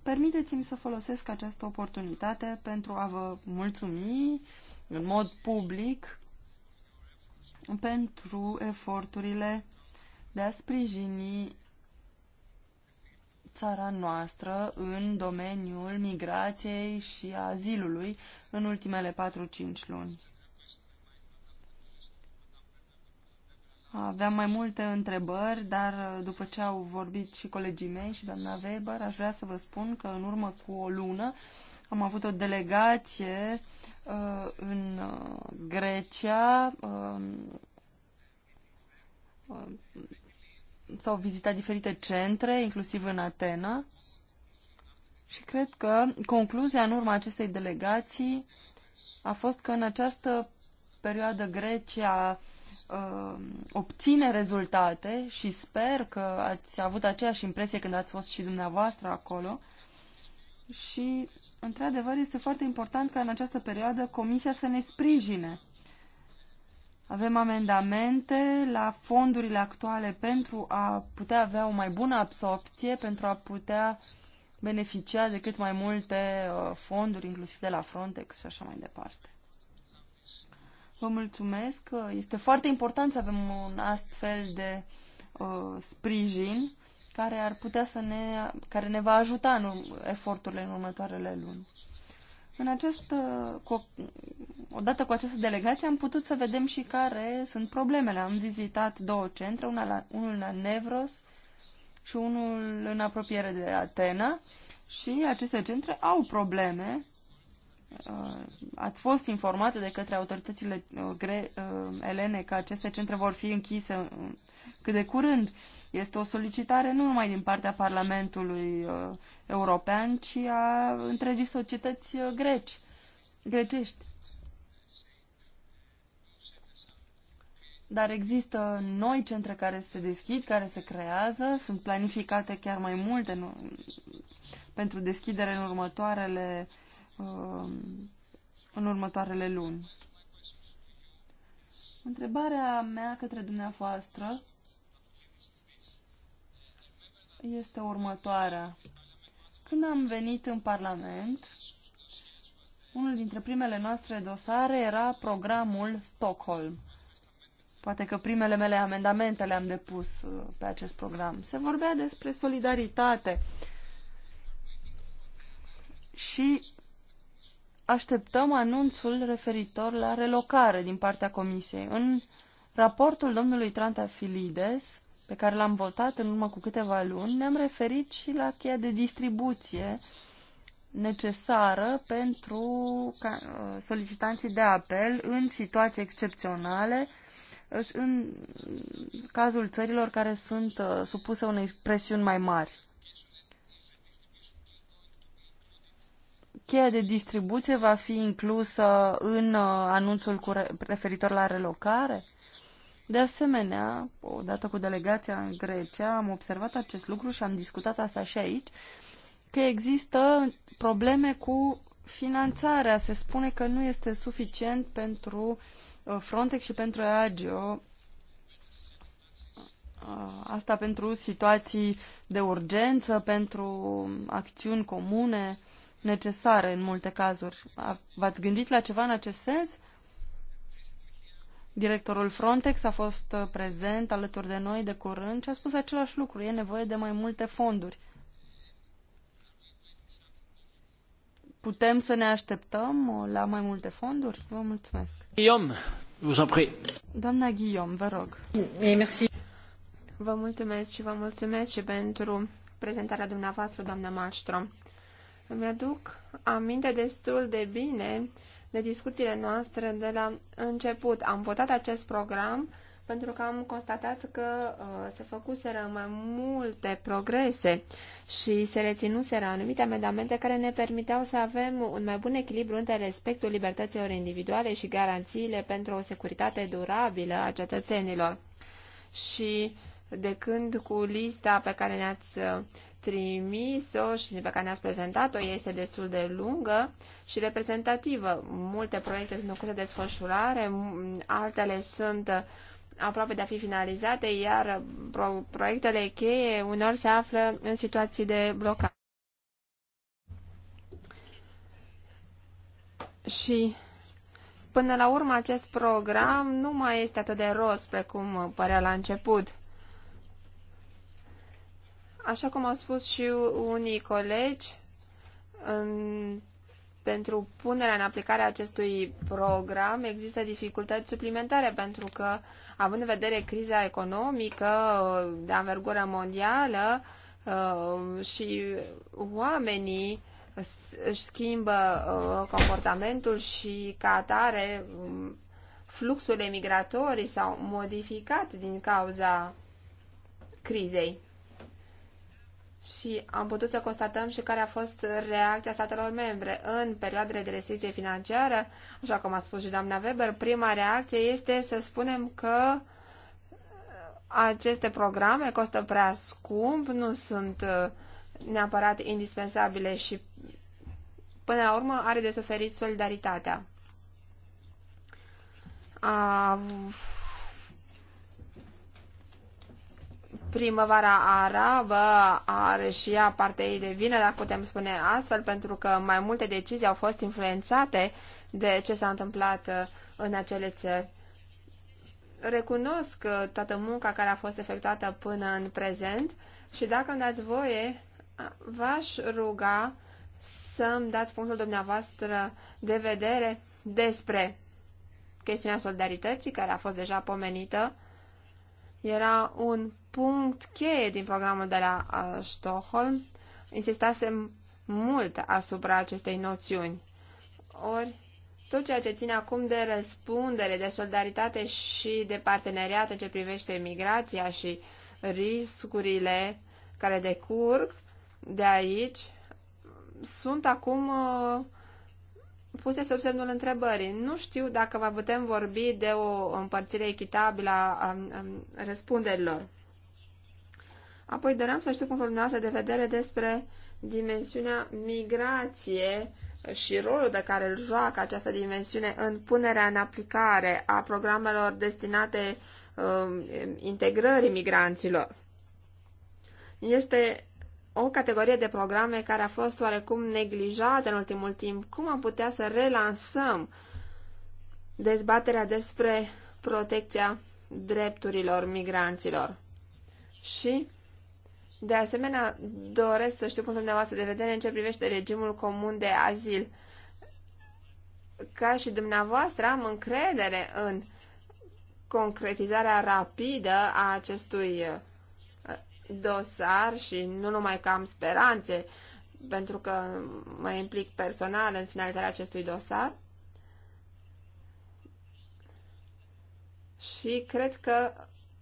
Permiteți-mi să folosesc această oportunitate pentru a vă mulțumi în mod public pentru eforturile de a sprijini țara noastră în domeniul migrației și azilului în ultimele 4-5 luni. Aveam mai multe întrebări, dar uh, după ce au vorbit și colegii mei și doamna Weber, aș vrea să vă spun că în urmă cu o lună am avut o delegație uh, în uh, Grecia uh, uh s-au vizitat diferite centre, inclusiv în Atena. Și cred că concluzia în urma acestei delegații a fost că în această perioadă Grecia uh, obține rezultate și sper că ați avut aceeași impresie când ați fost și dumneavoastră acolo. Și, într-adevăr, este foarte important ca în această perioadă Comisia să ne sprijine. Avem amendamente la fondurile actuale pentru a putea avea o mai bună absorpție, pentru a putea beneficia de cât mai multe uh, fonduri, inclusiv de la Frontex și așa mai departe. Vă mulțumesc. Uh, este foarte important să avem un astfel de uh, sprijin care ar putea să ne, care ne va ajuta în eforturile în următoarele luni. În acest uh, cu, odată cu această delegație am putut să vedem și care sunt problemele. Am vizitat două centre, una la, unul la Nevros și unul în apropiere de Atena și aceste centre au probleme Uh, ați fost informate de către autoritățile uh, gre, uh, elene că aceste centre vor fi închise cât de curând. Este o solicitare nu numai din partea Parlamentului European, ci a întregii societăți greci, grecești. Dar există noi centre care se deschid, care se creează, sunt planificate chiar mai multe nu, pentru deschidere în următoarele uh, Um, în următoarele luni. Întrebarea mea către dumneavoastră este următoarea. Când am venit în Parlament, unul dintre primele noastre dosare era programul Stockholm. Poate că primele mele amendamente le-am depus uh, pe acest program. Se vorbea despre solidaritate și așteptăm anunțul referitor la relocare din partea Comisiei. În raportul domnului Trantafilides, pe care l-am votat în urmă cu câteva luni, ne-am referit și la cheia de distribuție necesară pentru uh, solicitanții de apel în situații excepționale, în cazul țărilor care sunt uh, supuse unei presiuni mai mari. cheia de distribuție va fi inclusă în uh, anunțul cu referitor la relocare? De asemenea, odată cu delegația în Grecia, am observat acest lucru și am discutat asta și aici, că există probleme cu finanțarea. Se spune că nu este suficient pentru uh, Frontex și pentru EAGIO uh, asta pentru situații de urgență, pentru acțiuni comune necesară în multe cazuri. V-ați gândit la ceva în acest sens? Directorul Frontex a fost uh, prezent alături de noi de curând și a spus același lucru. E nevoie de mai multe fonduri. Putem să ne așteptăm uh, la mai multe fonduri? Vă mulțumesc. Guillaume, Doamna Guillaume, vă rog. Eh, merci. Vă mulțumesc și vă mulțumesc și pentru prezentarea dumneavoastră, doamna Malmström. Îmi aduc aminte destul de bine de discuțiile noastre de la început. Am votat acest program pentru că am constatat că uh, se făcuseră mai multe progrese și se reținuseră anumite amendamente care ne permiteau să avem un mai bun echilibru între respectul libertăților individuale și garanțiile pentru o securitate durabilă a cetățenilor. Și de când cu lista pe care ne-ați uh, trimis-o și pe care ne-ați prezentat-o este destul de lungă și reprezentativă. Multe proiecte sunt în de desfășurare, altele sunt aproape de a fi finalizate, iar pro- proiectele cheie unor se află în situații de blocare. Și până la urmă acest program nu mai este atât de rost precum părea la început. Așa cum au spus și unii colegi, în, pentru punerea în aplicare a acestui program există dificultăți suplimentare pentru că, având în vedere criza economică de anvergură mondială uh, și oamenii își schimbă uh, comportamentul și ca atare fluxurile migratorii s-au modificat din cauza crizei și am putut să constatăm și care a fost reacția statelor membre. În perioadele de restricție financiară, așa cum a spus și doamna Weber, prima reacție este să spunem că aceste programe costă prea scump, nu sunt uh, neapărat indispensabile și până la urmă are de suferit solidaritatea. A primăvara arabă are și ea partea ei de vină, dacă putem spune astfel, pentru că mai multe decizii au fost influențate de ce s-a întâmplat uh, în acele țări. Recunosc uh, toată munca care a fost efectuată până în prezent și dacă îmi dați voie, v-aș ruga să-mi dați punctul dumneavoastră de vedere despre chestiunea solidarității care a fost deja pomenită. Era un punct cheie din programul de la Stockholm. insistase mult asupra acestei noțiuni. Ori, tot ceea ce ține acum de răspundere, de solidaritate și de parteneriat în ce privește migrația și riscurile care decurg de aici, sunt acum puse sub semnul întrebării. Nu știu dacă va putem vorbi de o împărțire echitabilă a răspunderilor. Apoi doream să știu punctul dumneavoastră de vedere despre dimensiunea migrație și rolul pe care îl joacă această dimensiune în punerea în aplicare a programelor destinate uh, integrării migranților. Este o categorie de programe care a fost oarecum neglijată în ultimul timp. Cum am putea să relansăm dezbaterea despre protecția drepturilor migranților? Și de asemenea, doresc să știu punctul dumneavoastră de vedere în ce privește regimul comun de azil. Ca și dumneavoastră, am încredere în concretizarea rapidă a acestui uh, dosar și nu numai că am speranțe, pentru că mă implic personal în finalizarea acestui dosar. Și cred că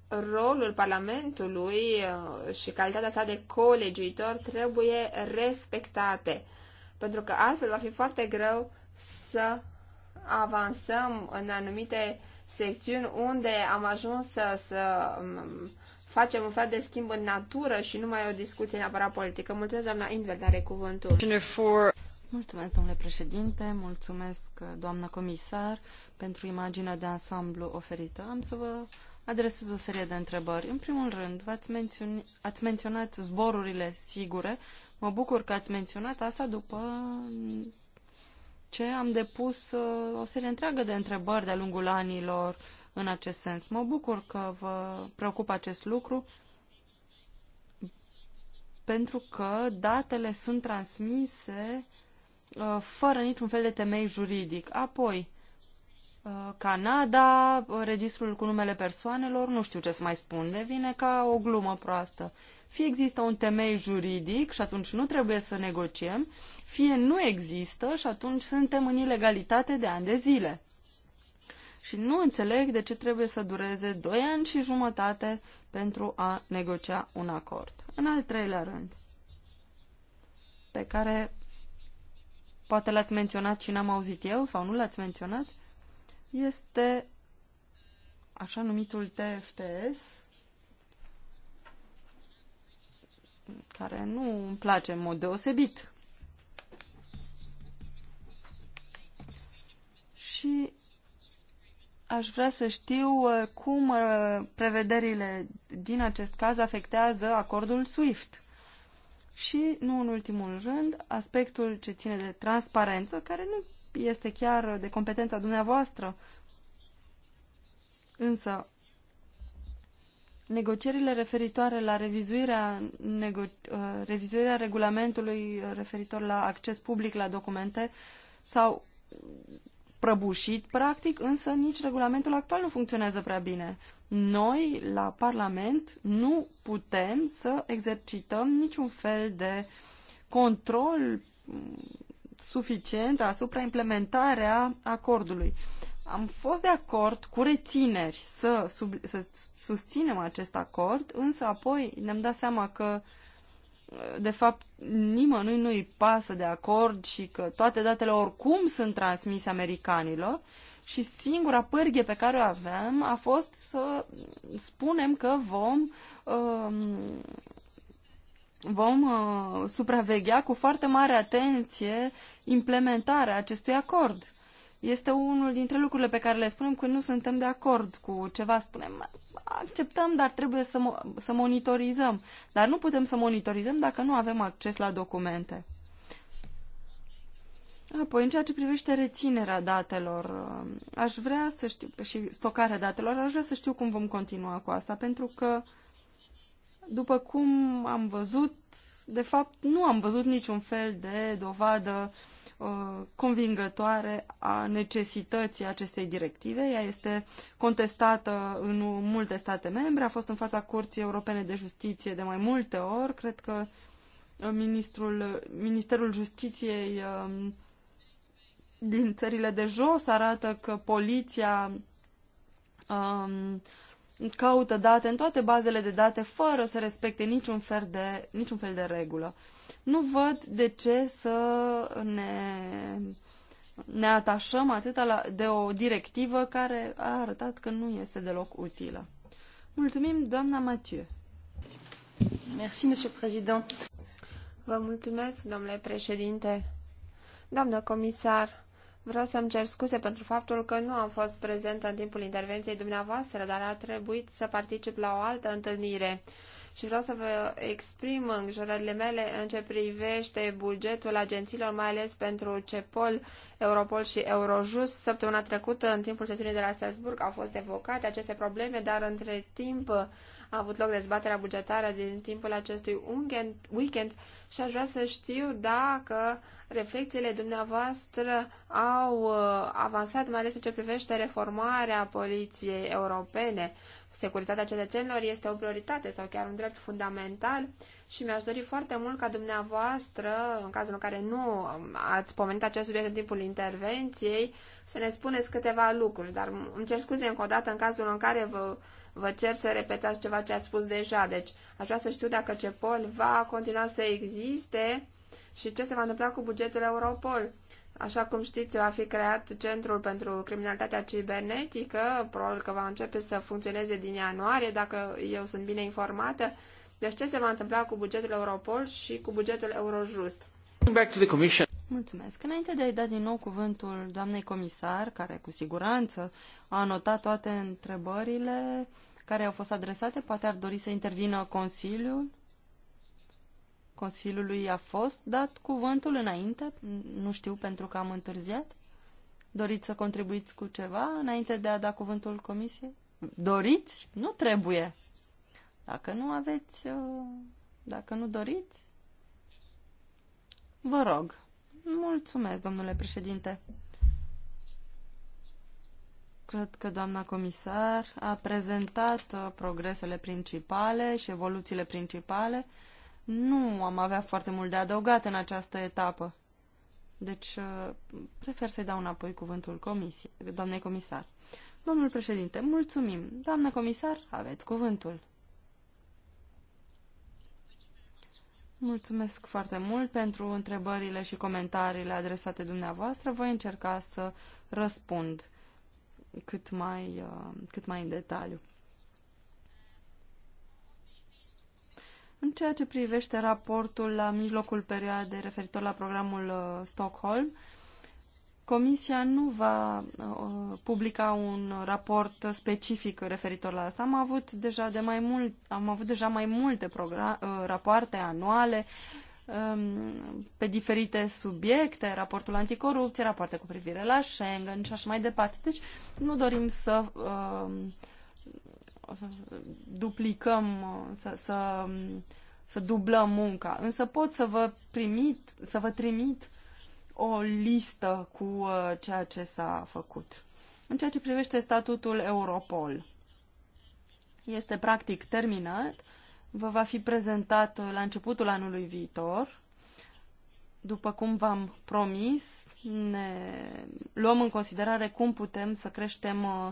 rolul Parlamentului uh, și calitatea sa de colegiuitor trebuie respectate, pentru că altfel va fi foarte greu să avansăm în anumite secțiuni unde am ajuns să, să um, facem un fel de schimb în natură și nu mai o discuție neapărat politică. Mulțumesc, doamna Invert, are cuvântul. Mulțumesc, domnule președinte, mulțumesc, doamnă comisar, pentru imaginea de ansamblu oferită. Am să vă adresez o serie de întrebări. În primul rând, ați, mențiuni, ați menționat zborurile sigure. Mă bucur că ați menționat asta după ce am depus uh, o serie întreagă de întrebări de-a lungul anilor în acest sens. Mă bucur că vă preocupă acest lucru pentru că datele sunt transmise uh, fără niciun fel de temei juridic. Apoi, Uh, Canada, uh, registrul cu numele persoanelor, nu știu ce să mai spun, devine ca o glumă proastă. Fie există un temei juridic și atunci nu trebuie să negociem, fie nu există și atunci suntem în ilegalitate de ani de zile. Și nu înțeleg de ce trebuie să dureze 2 ani și jumătate pentru a negocia un acord. În al treilea rând, pe care poate l-ați menționat și n-am auzit eu sau nu l-ați menționat, este așa numitul TFTS, care nu îmi place în mod deosebit. Și aș vrea să știu uh, cum uh, prevederile din acest caz afectează acordul SWIFT. Și, nu în ultimul rând, aspectul ce ține de transparență, care nu este chiar de competența dumneavoastră. Însă, negocierile referitoare la revizuirea, nego, uh, revizuirea regulamentului referitor la acces public la documente sau prăbușit, practic, însă nici regulamentul actual nu funcționează prea bine. Noi, la Parlament, nu putem să exercităm niciun fel de control suficientă asupra implementarea acordului. Am fost de acord cu rețineri să, sub, să susținem acest acord, însă apoi ne-am dat seama că de fapt nimănui nu-i pasă de acord și că toate datele oricum sunt transmise americanilor și singura pârghie pe care o avem a fost să spunem că vom uh, vom uh, supraveghea cu foarte mare atenție implementarea acestui acord. Este unul dintre lucrurile pe care le spunem că nu suntem de acord cu ceva. Spunem, acceptăm, dar trebuie să, mo- să monitorizăm. Dar nu putem să monitorizăm dacă nu avem acces la documente. Apoi, în ceea ce privește reținerea datelor, uh, aș vrea să știu, și stocarea datelor, aș vrea să știu cum vom continua cu asta, pentru că uh, după cum am văzut, de fapt nu am văzut niciun fel de dovadă uh, convingătoare a necesității acestei directive. Ea este contestată în multe state membre, a fost în fața Curții Europene de Justiție de mai multe ori. Cred că uh, ministrul, Ministerul Justiției um, din țările de jos arată că poliția um, caută date în toate bazele de date fără să respecte niciun fel de, niciun fel de regulă. Nu văd de ce să ne, ne atașăm atâta la, de o directivă care a arătat că nu este deloc utilă. Mulțumim, doamna Mathieu. Merci, monsieur président. Vă mulțumesc, domnule președinte. Doamnă comisar, Vreau să-mi cer scuze pentru faptul că nu am fost prezentă în timpul intervenției dumneavoastră, dar a trebuit să particip la o altă întâlnire. Și vreau să vă exprim îngrijorările mele în ce privește bugetul agențiilor, mai ales pentru CEPOL, Europol și Eurojust. Săptămâna trecută, în timpul sesiunii de la Strasburg, au fost evocate aceste probleme, dar între timp a avut loc dezbaterea bugetară din timpul acestui weekend și aș vrea să știu dacă reflexiile dumneavoastră au uh, avansat, mai ales în ce privește reformarea poliției europene. Securitatea cetățenilor este o prioritate sau chiar un drept fundamental și mi-aș dori foarte mult ca dumneavoastră, în cazul în care nu ați pomenit acest subiect în timpul intervenției, să ne spuneți câteva lucruri. Dar îmi cer scuze încă o dată în cazul în care vă Vă cer să repetați ceva ce ați spus deja, deci aș vrea să știu dacă CEPOL va continua să existe și ce se va întâmpla cu bugetul Europol. Așa cum știți, va fi creat Centrul pentru Criminalitatea Cibernetică, probabil că va începe să funcționeze din ianuarie, dacă eu sunt bine informată. Deci ce se va întâmpla cu bugetul Europol și cu bugetul Eurojust? Back to the commission. Mulțumesc. Înainte de a-i da din nou cuvântul doamnei comisar, care cu siguranță a anotat toate întrebările, care au fost adresate. Poate ar dori să intervină Consiliul. Consiliului a fost dat cuvântul înainte, nu știu pentru că am întârziat. Doriți să contribuiți cu ceva înainte de a da cuvântul Comisiei? Doriți? Nu trebuie. Dacă nu aveți, uh, dacă nu doriți, vă rog. Mulțumesc, domnule președinte. Cred că doamna comisar a prezentat uh, progresele principale și evoluțiile principale. Nu am avea foarte mult de adăugat în această etapă. Deci uh, prefer să-i dau înapoi cuvântul comisie, doamnei comisar. Domnul președinte, mulțumim. Doamna comisar, aveți cuvântul. Mulțumesc foarte mult pentru întrebările și comentariile adresate dumneavoastră. Voi încerca să răspund cât mai, uh, cât mai în detaliu. În ceea ce privește raportul la mijlocul perioadei referitor la programul uh, Stockholm, Comisia nu va uh, publica un raport specific referitor la asta. Am avut deja, de mai mult, am avut deja mai multe rapoarte anuale Um, pe diferite subiecte, raportul anticorupție, rapoarte cu privire la Schengen și așa mai departe. Deci nu dorim să um, duplicăm, să, să, să dublăm munca. Însă pot să vă, primit, să vă trimit o listă cu uh, ceea ce s-a făcut. În ceea ce privește statutul Europol, este practic terminat vă va fi prezentat uh, la începutul anului viitor. După cum v-am promis, ne luăm în considerare cum putem să creștem uh,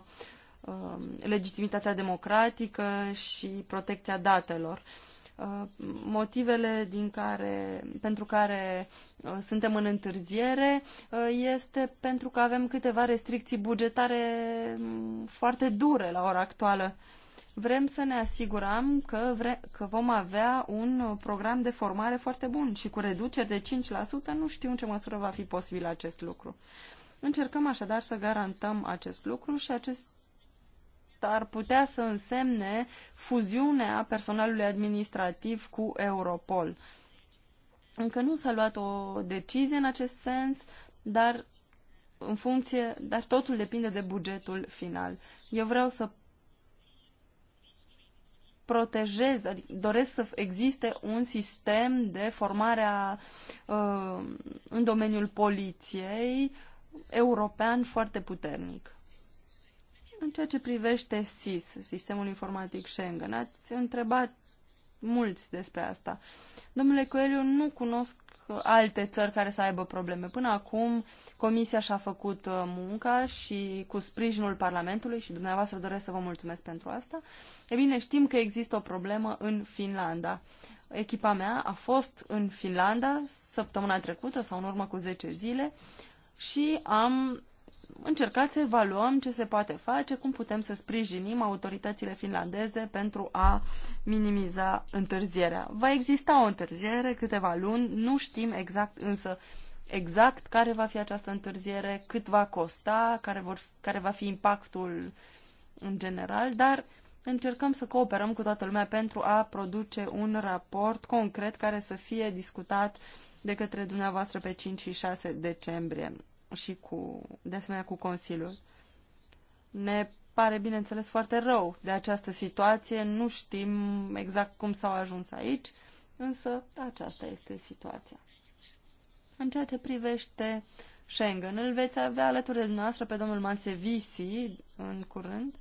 um, legitimitatea democratică și protecția datelor. Uh, motivele din care, pentru care suntem în întârziere este pentru că avem câteva restricții bugetare mm, foarte dure la ora actuală vrem să ne asigurăm că, vre- că vom avea un program de formare foarte bun și cu reduceri de 5% nu știu în ce măsură va fi posibil acest lucru. Încercăm așadar să garantăm acest lucru și acest ar putea să însemne fuziunea personalului administrativ cu Europol. Încă nu s-a luat o decizie în acest sens, dar în funcție, dar totul depinde de bugetul final. Eu vreau să protejez, adică doresc să existe un sistem de formare a, uh, în domeniul poliției european foarte puternic. În ceea ce privește SIS, Sistemul Informatic Schengen, ați întrebat mulți despre asta. Domnule Coeliu, nu cunosc alte țări care să aibă probleme. Până acum, Comisia și-a făcut uh, munca și cu sprijinul Parlamentului și dumneavoastră doresc să vă mulțumesc pentru asta. E bine, știm că există o problemă în Finlanda. Echipa mea a fost în Finlanda săptămâna trecută sau în urmă cu 10 zile și am încercat să evaluăm ce se poate face, cum putem să sprijinim autoritățile finlandeze pentru a minimiza întârzierea. Va exista o întârziere câteva luni, nu știm exact însă exact care va fi această întârziere, cât va costa, care, vor, care va fi impactul în general, dar încercăm să cooperăm cu toată lumea pentru a produce un raport concret care să fie discutat de către dumneavoastră pe 5 și 6 decembrie și cu, de asemenea cu Consiliul. Ne pare, bineînțeles, foarte rău de această situație. Nu știm exact cum s-au ajuns aici, însă aceasta este situația. În ceea ce privește Schengen, îl veți avea alături de noastră pe domnul Mansevisi în curând.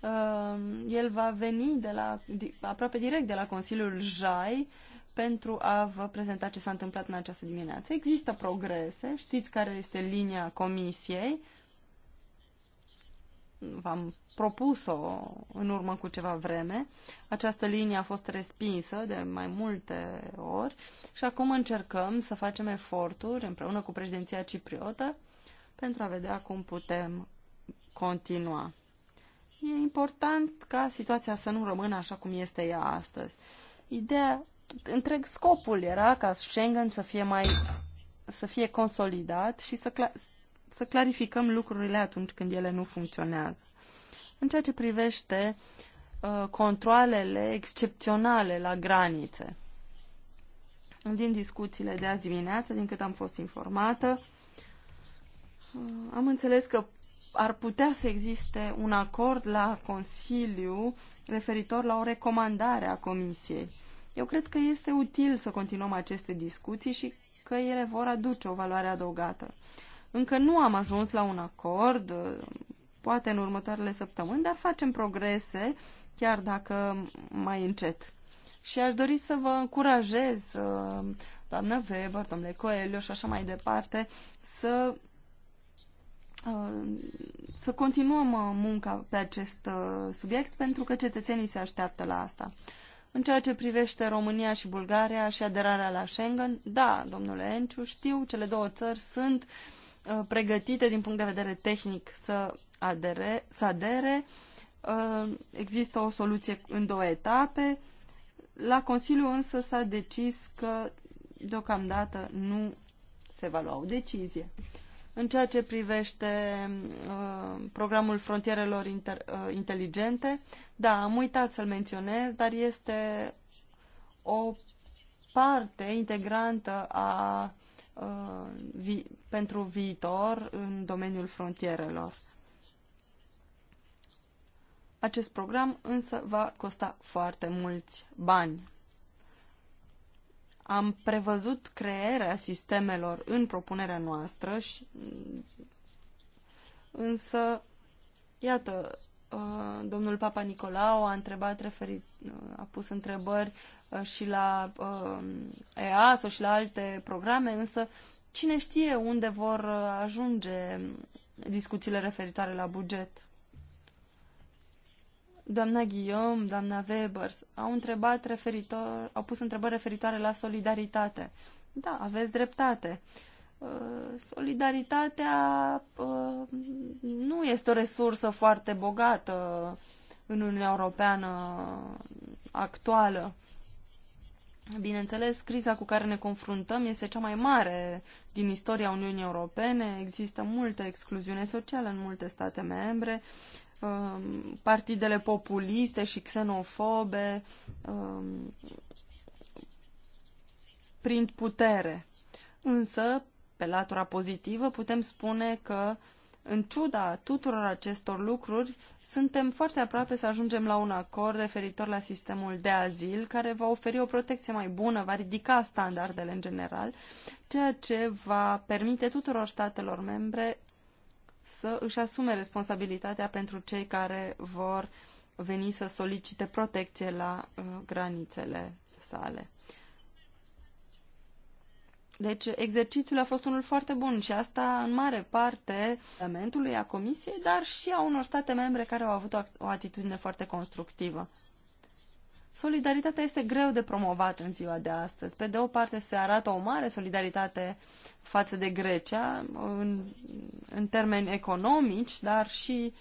Uh, el va veni de la, aproape direct de la Consiliul JAI pentru a vă prezenta ce s-a întâmplat în această dimineață. Există progrese, știți care este linia comisiei. V-am propus-o în urmă cu ceva vreme. Această linie a fost respinsă de mai multe ori și acum încercăm să facem eforturi împreună cu președinția cipriotă pentru a vedea cum putem continua. E important ca situația să nu rămână așa cum este ea astăzi. Ideea întreg scopul era ca Schengen să fie mai să fie consolidat și să, cla- să clarificăm lucrurile atunci când ele nu funcționează. În ceea ce privește uh, controlele excepționale la granițe. Din discuțiile de azi dimineață, din cât am fost informată, uh, am înțeles că ar putea să existe un acord la Consiliu referitor la o recomandare a Comisiei eu cred că este util să continuăm aceste discuții și că ele vor aduce o valoare adăugată. Încă nu am ajuns la un acord, poate în următoarele săptămâni, dar facem progrese, chiar dacă mai încet. Și aș dori să vă încurajez, uh, doamnă Weber, domnule Coelho și așa mai departe, să uh, să continuăm uh, munca pe acest subiect pentru că cetățenii se așteaptă la asta. În ceea ce privește România și Bulgaria și aderarea la Schengen, da, domnule Enciu, știu, cele două țări sunt uh, pregătite din punct de vedere tehnic să adere. Să adere. Uh, există o soluție în două etape. La Consiliu însă s-a decis că deocamdată nu se va lua o decizie. În ceea ce privește uh, programul frontierelor inter, uh, inteligente, da, am uitat să-l menționez, dar este o parte integrantă a, uh, vi, pentru viitor în domeniul frontierelor. Acest program însă va costa foarte mulți bani. Am prevăzut crearea sistemelor în propunerea noastră, și, însă, iată, uh, domnul Papa Nicolau a întrebat referit, uh, a pus întrebări uh, și la EASO și la alte programe, însă cine știe unde vor ajunge discuțiile referitoare la buget doamna Guillaume, doamna Weber, au întrebat referitor, au pus întrebări referitoare la solidaritate. Da, aveți dreptate. Uh, solidaritatea uh, nu este o resursă foarte bogată în Uniunea Europeană actuală. Bineînțeles, criza cu care ne confruntăm este cea mai mare din istoria Uniunii Europene. Există multă excluziune socială în multe state membre, um, partidele populiste și xenofobe um, prind putere. Însă, pe latura pozitivă, putem spune că, în ciuda tuturor acestor lucruri, suntem foarte aproape să ajungem la un acord referitor la sistemul de azil, care va oferi o protecție mai bună, va ridica standardele în general, ceea ce va permite tuturor statelor membre să își asume responsabilitatea pentru cei care vor veni să solicite protecție la uh, granițele sale. Deci exercițiul a fost unul foarte bun și asta în mare parte Parlamentului, a Comisiei, dar și a unor state membre care au avut o, o atitudine foarte constructivă. Solidaritatea este greu de promovat în ziua de astăzi. Pe de o parte se arată o mare solidaritate față de Grecia în, în termeni economici, dar și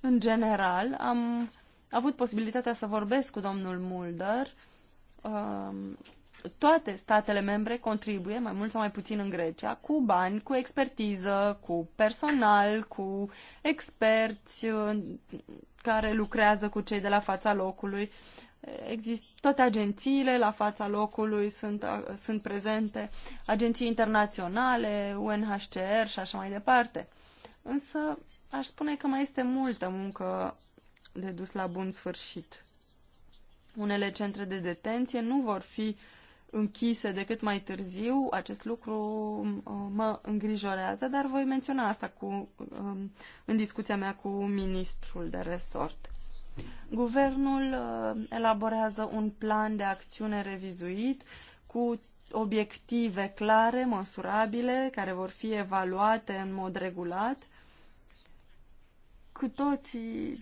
în general. Am avut posibilitatea să vorbesc cu domnul Mulder. Um, toate statele membre contribuie, mai mult sau mai puțin în Grecia, cu bani, cu expertiză, cu personal, cu experți uh, care lucrează cu cei de la fața locului Exist, toate agențiile la fața locului sunt, sunt prezente, agenții internaționale, UNHCR și așa mai departe. Însă aș spune că mai este multă muncă de dus la bun sfârșit. Unele centre de detenție nu vor fi închise decât mai târziu. Acest lucru mă îngrijorează, dar voi menționa asta cu, um, în discuția mea cu ministrul de resort. Guvernul uh, elaborează un plan de acțiune revizuit cu obiective clare, măsurabile, care vor fi evaluate în mod regulat. Cu toții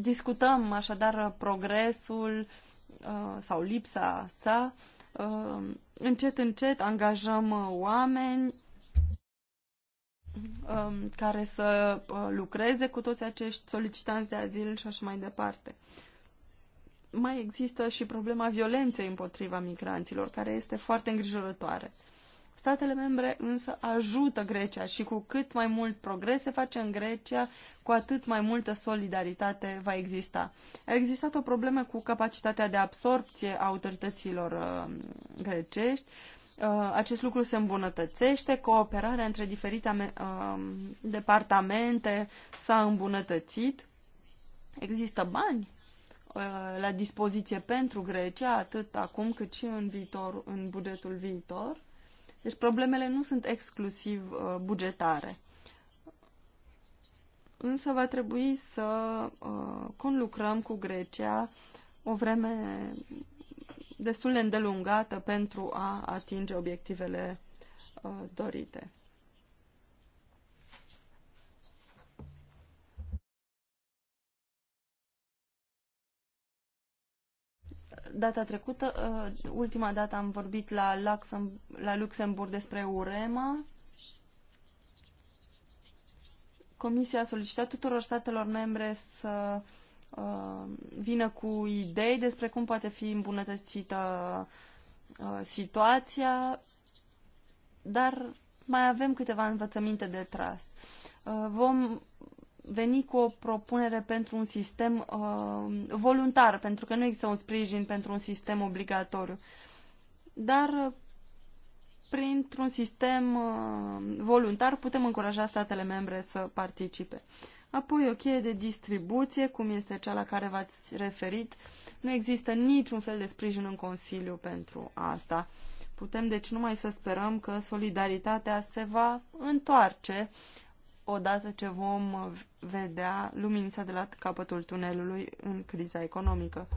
discutăm așadar progresul uh, sau lipsa sa. Uh, încet, încet angajăm oameni, Um, care să uh, lucreze cu toți acești solicitanți de azil și așa mai departe. Mai există și problema violenței împotriva migranților, care este foarte îngrijorătoare. Statele membre însă ajută Grecia și cu cât mai mult progres se face în Grecia, cu atât mai multă solidaritate va exista. A existat o problemă cu capacitatea de absorpție a autorităților uh, grecești. Uh, Uh, acest lucru se îmbunătățește, cooperarea între diferite uh, departamente s-a îmbunătățit, există bani uh, la dispoziție pentru Grecia, atât acum cât și în, viitor, în bugetul viitor. Deci problemele nu sunt exclusiv bugetare. Însă va trebui să conlucrăm cu Grecia o vreme destul de îndelungată pentru a atinge obiectivele uh, dorite. Data trecută, uh, ultima dată am vorbit la, Luxem la Luxemburg despre UREMA. Comisia a solicitat tuturor statelor membre să uh, Uh, vină cu idei despre cum poate fi îmbunătățită uh, situația, dar mai avem câteva învățăminte de tras. Uh, vom veni cu o propunere pentru un sistem uh, voluntar, pentru că nu există un sprijin pentru un sistem obligatoriu. Dar printr-un sistem uh, voluntar putem încuraja statele membre să participe. Apoi o cheie de distribuție, cum este cea la care v-ați referit. Nu există niciun fel de sprijin în Consiliu pentru asta. Putem deci numai să sperăm că solidaritatea se va întoarce odată ce vom vedea luminița de la capătul tunelului în criza economică.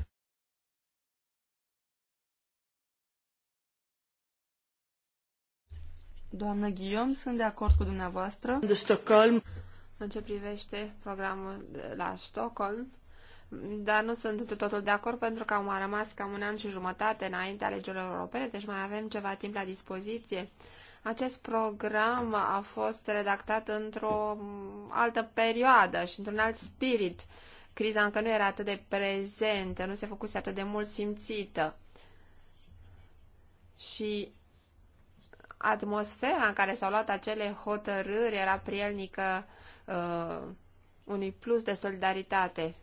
Doamnă Guillaume, sunt de acord cu dumneavoastră. De Stockholm în ce privește programul la Stockholm, dar nu sunt totul de acord pentru că am rămas cam un an și jumătate înainte alegerilor europene, deci mai avem ceva timp la dispoziție. Acest program a fost redactat într-o altă perioadă și într-un alt spirit. Criza încă nu era atât de prezentă, nu se făcuse atât de mult simțită. Și atmosfera în care s-au luat acele hotărâri era prielnică uh, uh, unui plus de solidaritate.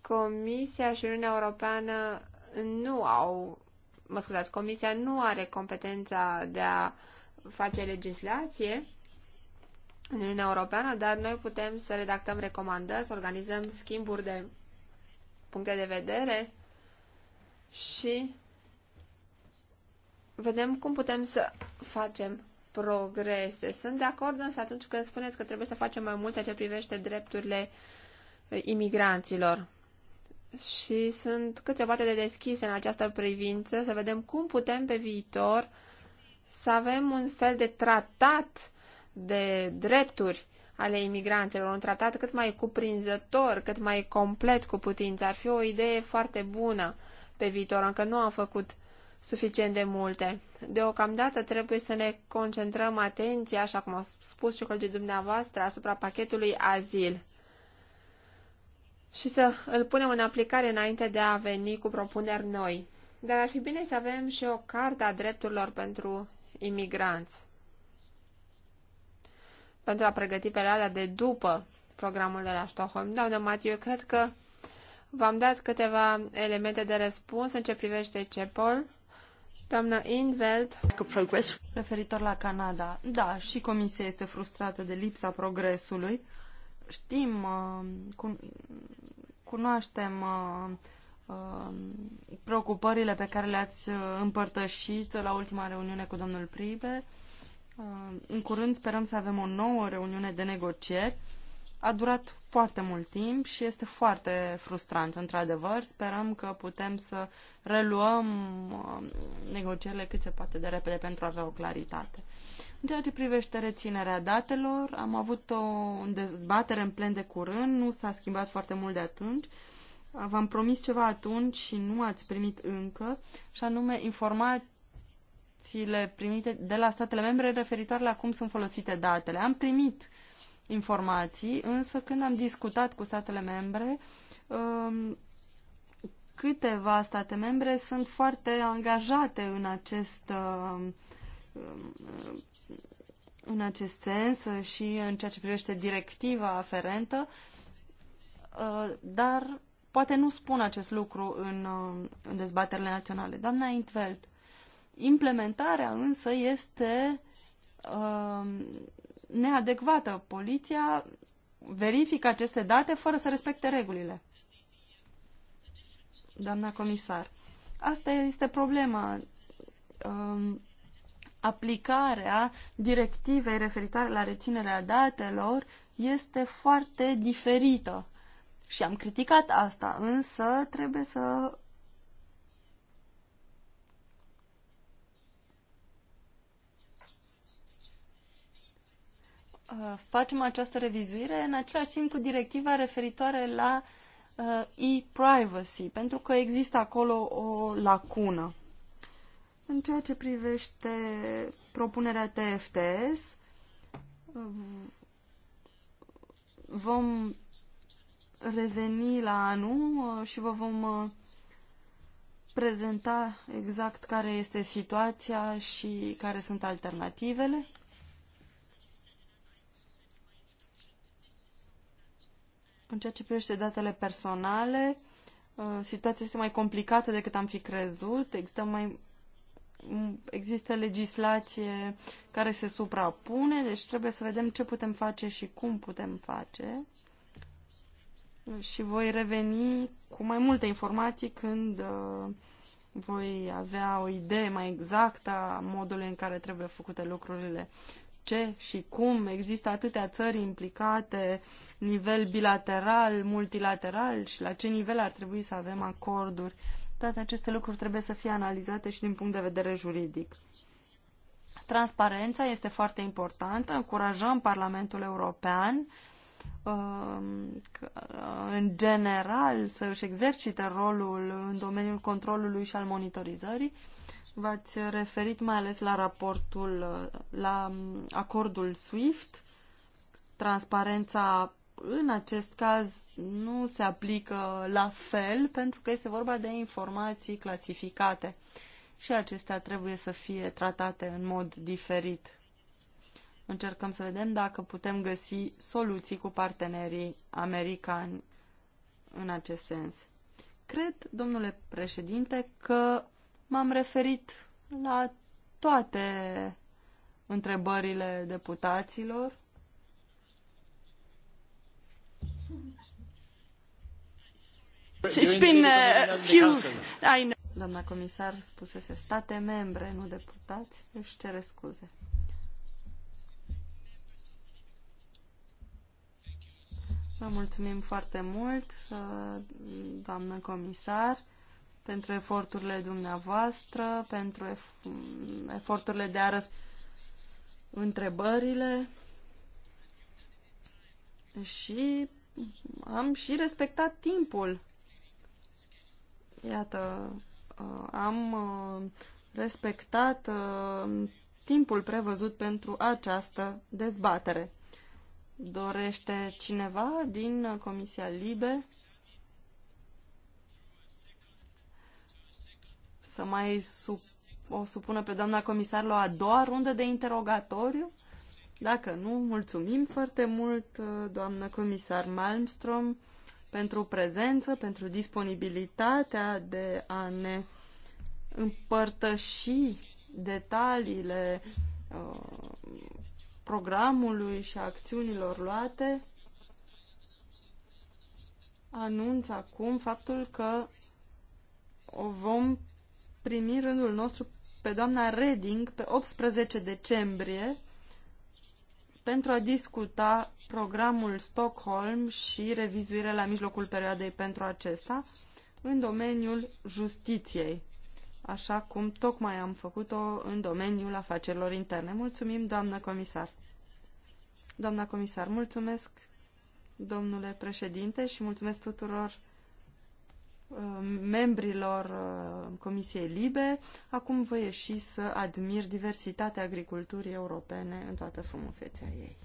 Comisia și Uniunea Europeană nu au, mă scuzați, Comisia nu are competența de a face legislație în Uniunea Europeană, dar noi putem să redactăm recomandări, să organizăm schimburi de puncte de vedere și vedem cum putem să facem progrese. Sunt de acord însă atunci când spuneți că trebuie să facem mai multe ce privește drepturile imigranților. Și sunt câteva de deschise în această privință, să vedem cum putem pe viitor să avem un fel de tratat de drepturi ale imigranților, un tratat cât mai cuprinzător, cât mai complet cu putință. Ar fi o idee foarte bună pe viitor. Încă nu am făcut suficient de multe. Deocamdată trebuie să ne concentrăm atenția, așa cum au spus și colegii dumneavoastră, asupra pachetului azil și să îl punem în aplicare înainte de a veni cu propuneri noi. Dar ar fi bine să avem și o carte a drepturilor pentru imigranți pentru a pregăti perioada de după programul de la Stockholm. Doamna Matiu, eu cred că v-am dat câteva elemente de răspuns în ce privește CEPOL. Doamna Inveld. Referitor la Canada, da, și Comisia este frustrată de lipsa progresului. Știm, uh, cunoaștem uh, uh, preocupările pe care le-ați împărtășit la ultima reuniune cu domnul Pribe. În curând sperăm să avem o nouă reuniune de negocieri a durat foarte mult timp și este foarte frustrant, într-adevăr. Sperăm că putem să reluăm um, negocierile cât se poate de repede pentru a avea o claritate. În ceea ce privește reținerea datelor, am avut o dezbatere în plen de curând, nu s-a schimbat foarte mult de atunci. V-am promis ceva atunci și nu ați primit încă, și anume informațiile primite de la statele membre referitoare la cum sunt folosite datele. Am primit uh, informații, însă când am discutat cu statele membre, um, câteva state membre sunt foarte angajate în acest um, um, în acest sens și în ceea ce privește directiva aferentă, uh, dar poate nu spun acest lucru în, în dezbaterile naționale. Doamna Intveld, implementarea însă este neadecvată. Poliția verifică aceste date fără să respecte regulile. Doamna comisar, asta este problema. Um, aplicarea directivei referitoare la reținerea datelor este foarte diferită. Și am criticat asta, însă trebuie să Uh, facem această revizuire în același timp cu directiva referitoare la uh, e-privacy, pentru că există acolo o lacună. În ceea ce privește propunerea TFTS, uh, vom reveni la anul și vă vom prezenta exact care este situația și care sunt alternativele. În ceea ce privește datele personale, uh, situația este mai complicată decât am fi crezut. Există mai există legislație care se suprapune, deci trebuie să vedem ce putem face și cum putem face. Și voi reveni cu mai multe informații când uh, voi avea o idee mai exactă a modului în care trebuie făcute lucrurile ce și cum există atâtea țări implicate, nivel bilateral, multilateral și la ce nivel ar trebui să avem acorduri. Toate aceste lucruri trebuie să fie analizate și din punct de vedere juridic. Transparența este foarte importantă. Încurajăm Parlamentul European um, uh, în general să își exercite rolul în domeniul controlului și al monitorizării V-ați referit mai ales la raportul, la acordul SWIFT. Transparența în acest caz nu se aplică la fel pentru că este vorba de informații clasificate și acestea trebuie să fie tratate în mod diferit. Încercăm să vedem dacă putem găsi soluții cu partenerii americani în acest sens. Cred, domnule președinte, că m-am referit la toate întrebările deputaților. It's been uh, few... I know. Doamna comisar spusese state membre, nu deputați. Își cere scuze. Vă mulțumim foarte mult, uh, doamnă comisar pentru eforturile dumneavoastră, pentru eforturile de a răspunde întrebările și am și respectat timpul. Iată, uh, am uh, respectat uh, timpul prevăzut pentru această dezbatere. Dorește cineva din Comisia Libe să mai sup- o supună pe doamna comisar la a doua rundă de interogatoriu? Dacă nu, mulțumim foarte mult, uh, doamnă comisar Malmström, pentru prezență, pentru disponibilitatea de a ne împărtăși detaliile uh, programului și acțiunilor luate. Anunț acum faptul că o vom primi rândul nostru pe doamna Reding pe 18 decembrie pentru a discuta programul Stockholm și revizuirea la mijlocul perioadei pentru acesta în domeniul justiției, așa cum tocmai am făcut-o în domeniul afacerilor interne. Mulțumim, doamnă comisar. Doamna comisar, mulțumesc, domnule președinte, și mulțumesc tuturor membrilor uh, Comisiei Libe. Acum vă ieși să admir diversitatea agriculturii europene în toată frumusețea ei.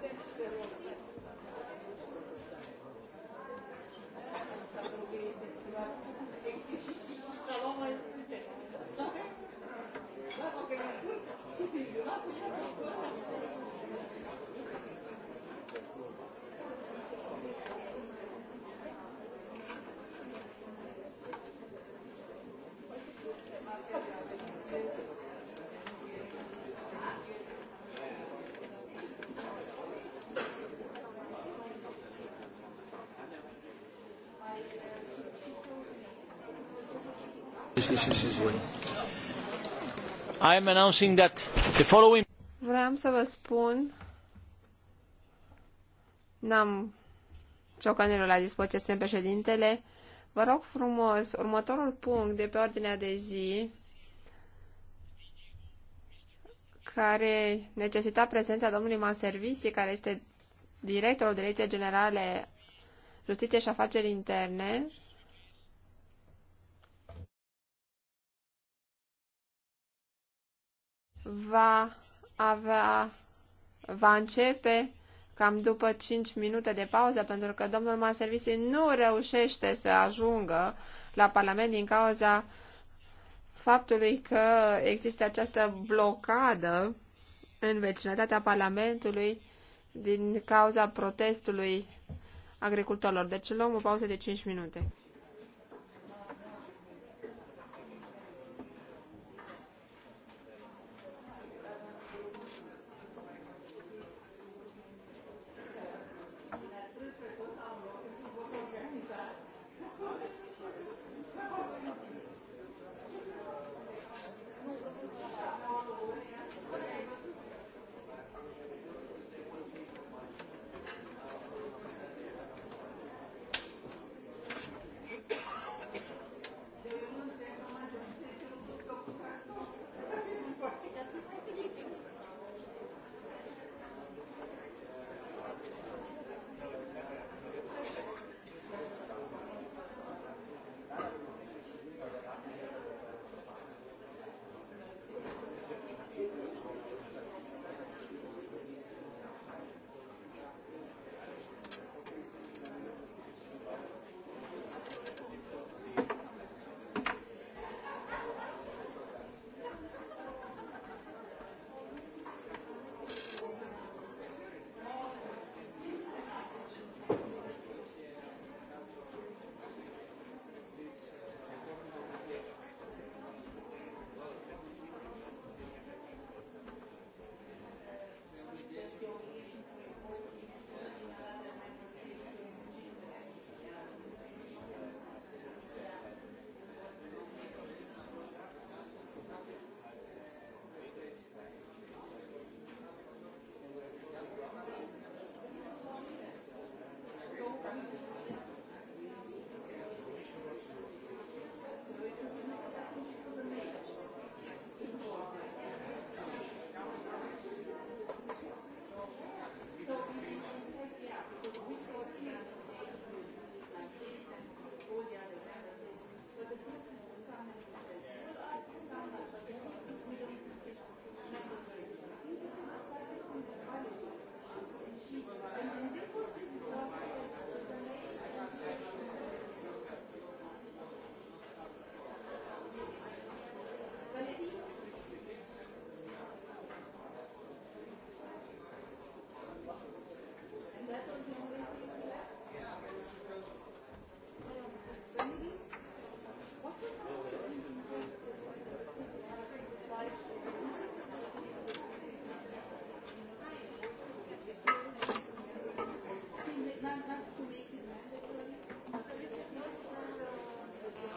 competențele lor. I am announcing that the following... Vreau să vă spun... N-am ciocanelul la dispoziție, spune președintele. Vă rog frumos, următorul punct de pe ordinea de zi care necesita prezența domnului Maservisi, care este directorul Direcției Generale Justiție și Afaceri Interne, va avea, va începe cam după 5 minute de pauză, pentru că domnul Maservisi nu reușește să ajungă la Parlament din cauza faptului că există această blocadă în vecinătatea Parlamentului din cauza protestului agricultorilor. Deci luăm o pauză de 5 minute.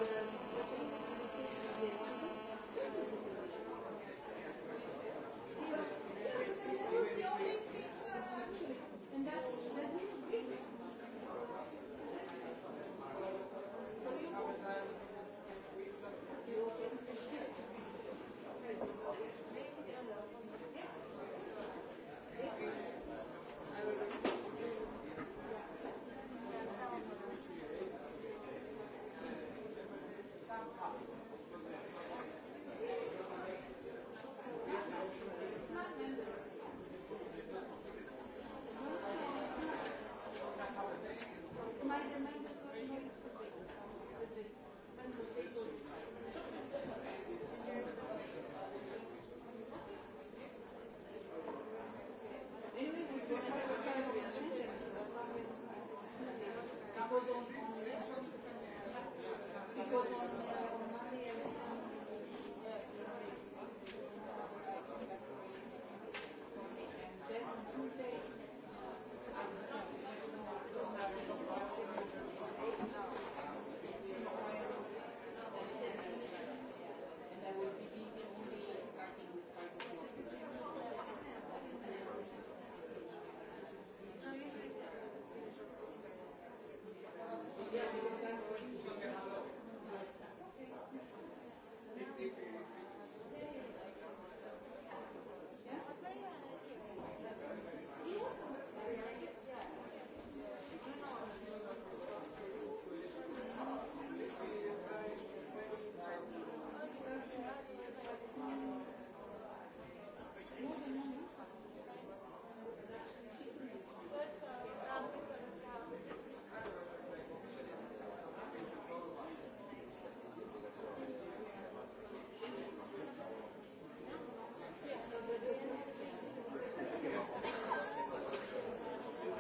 până în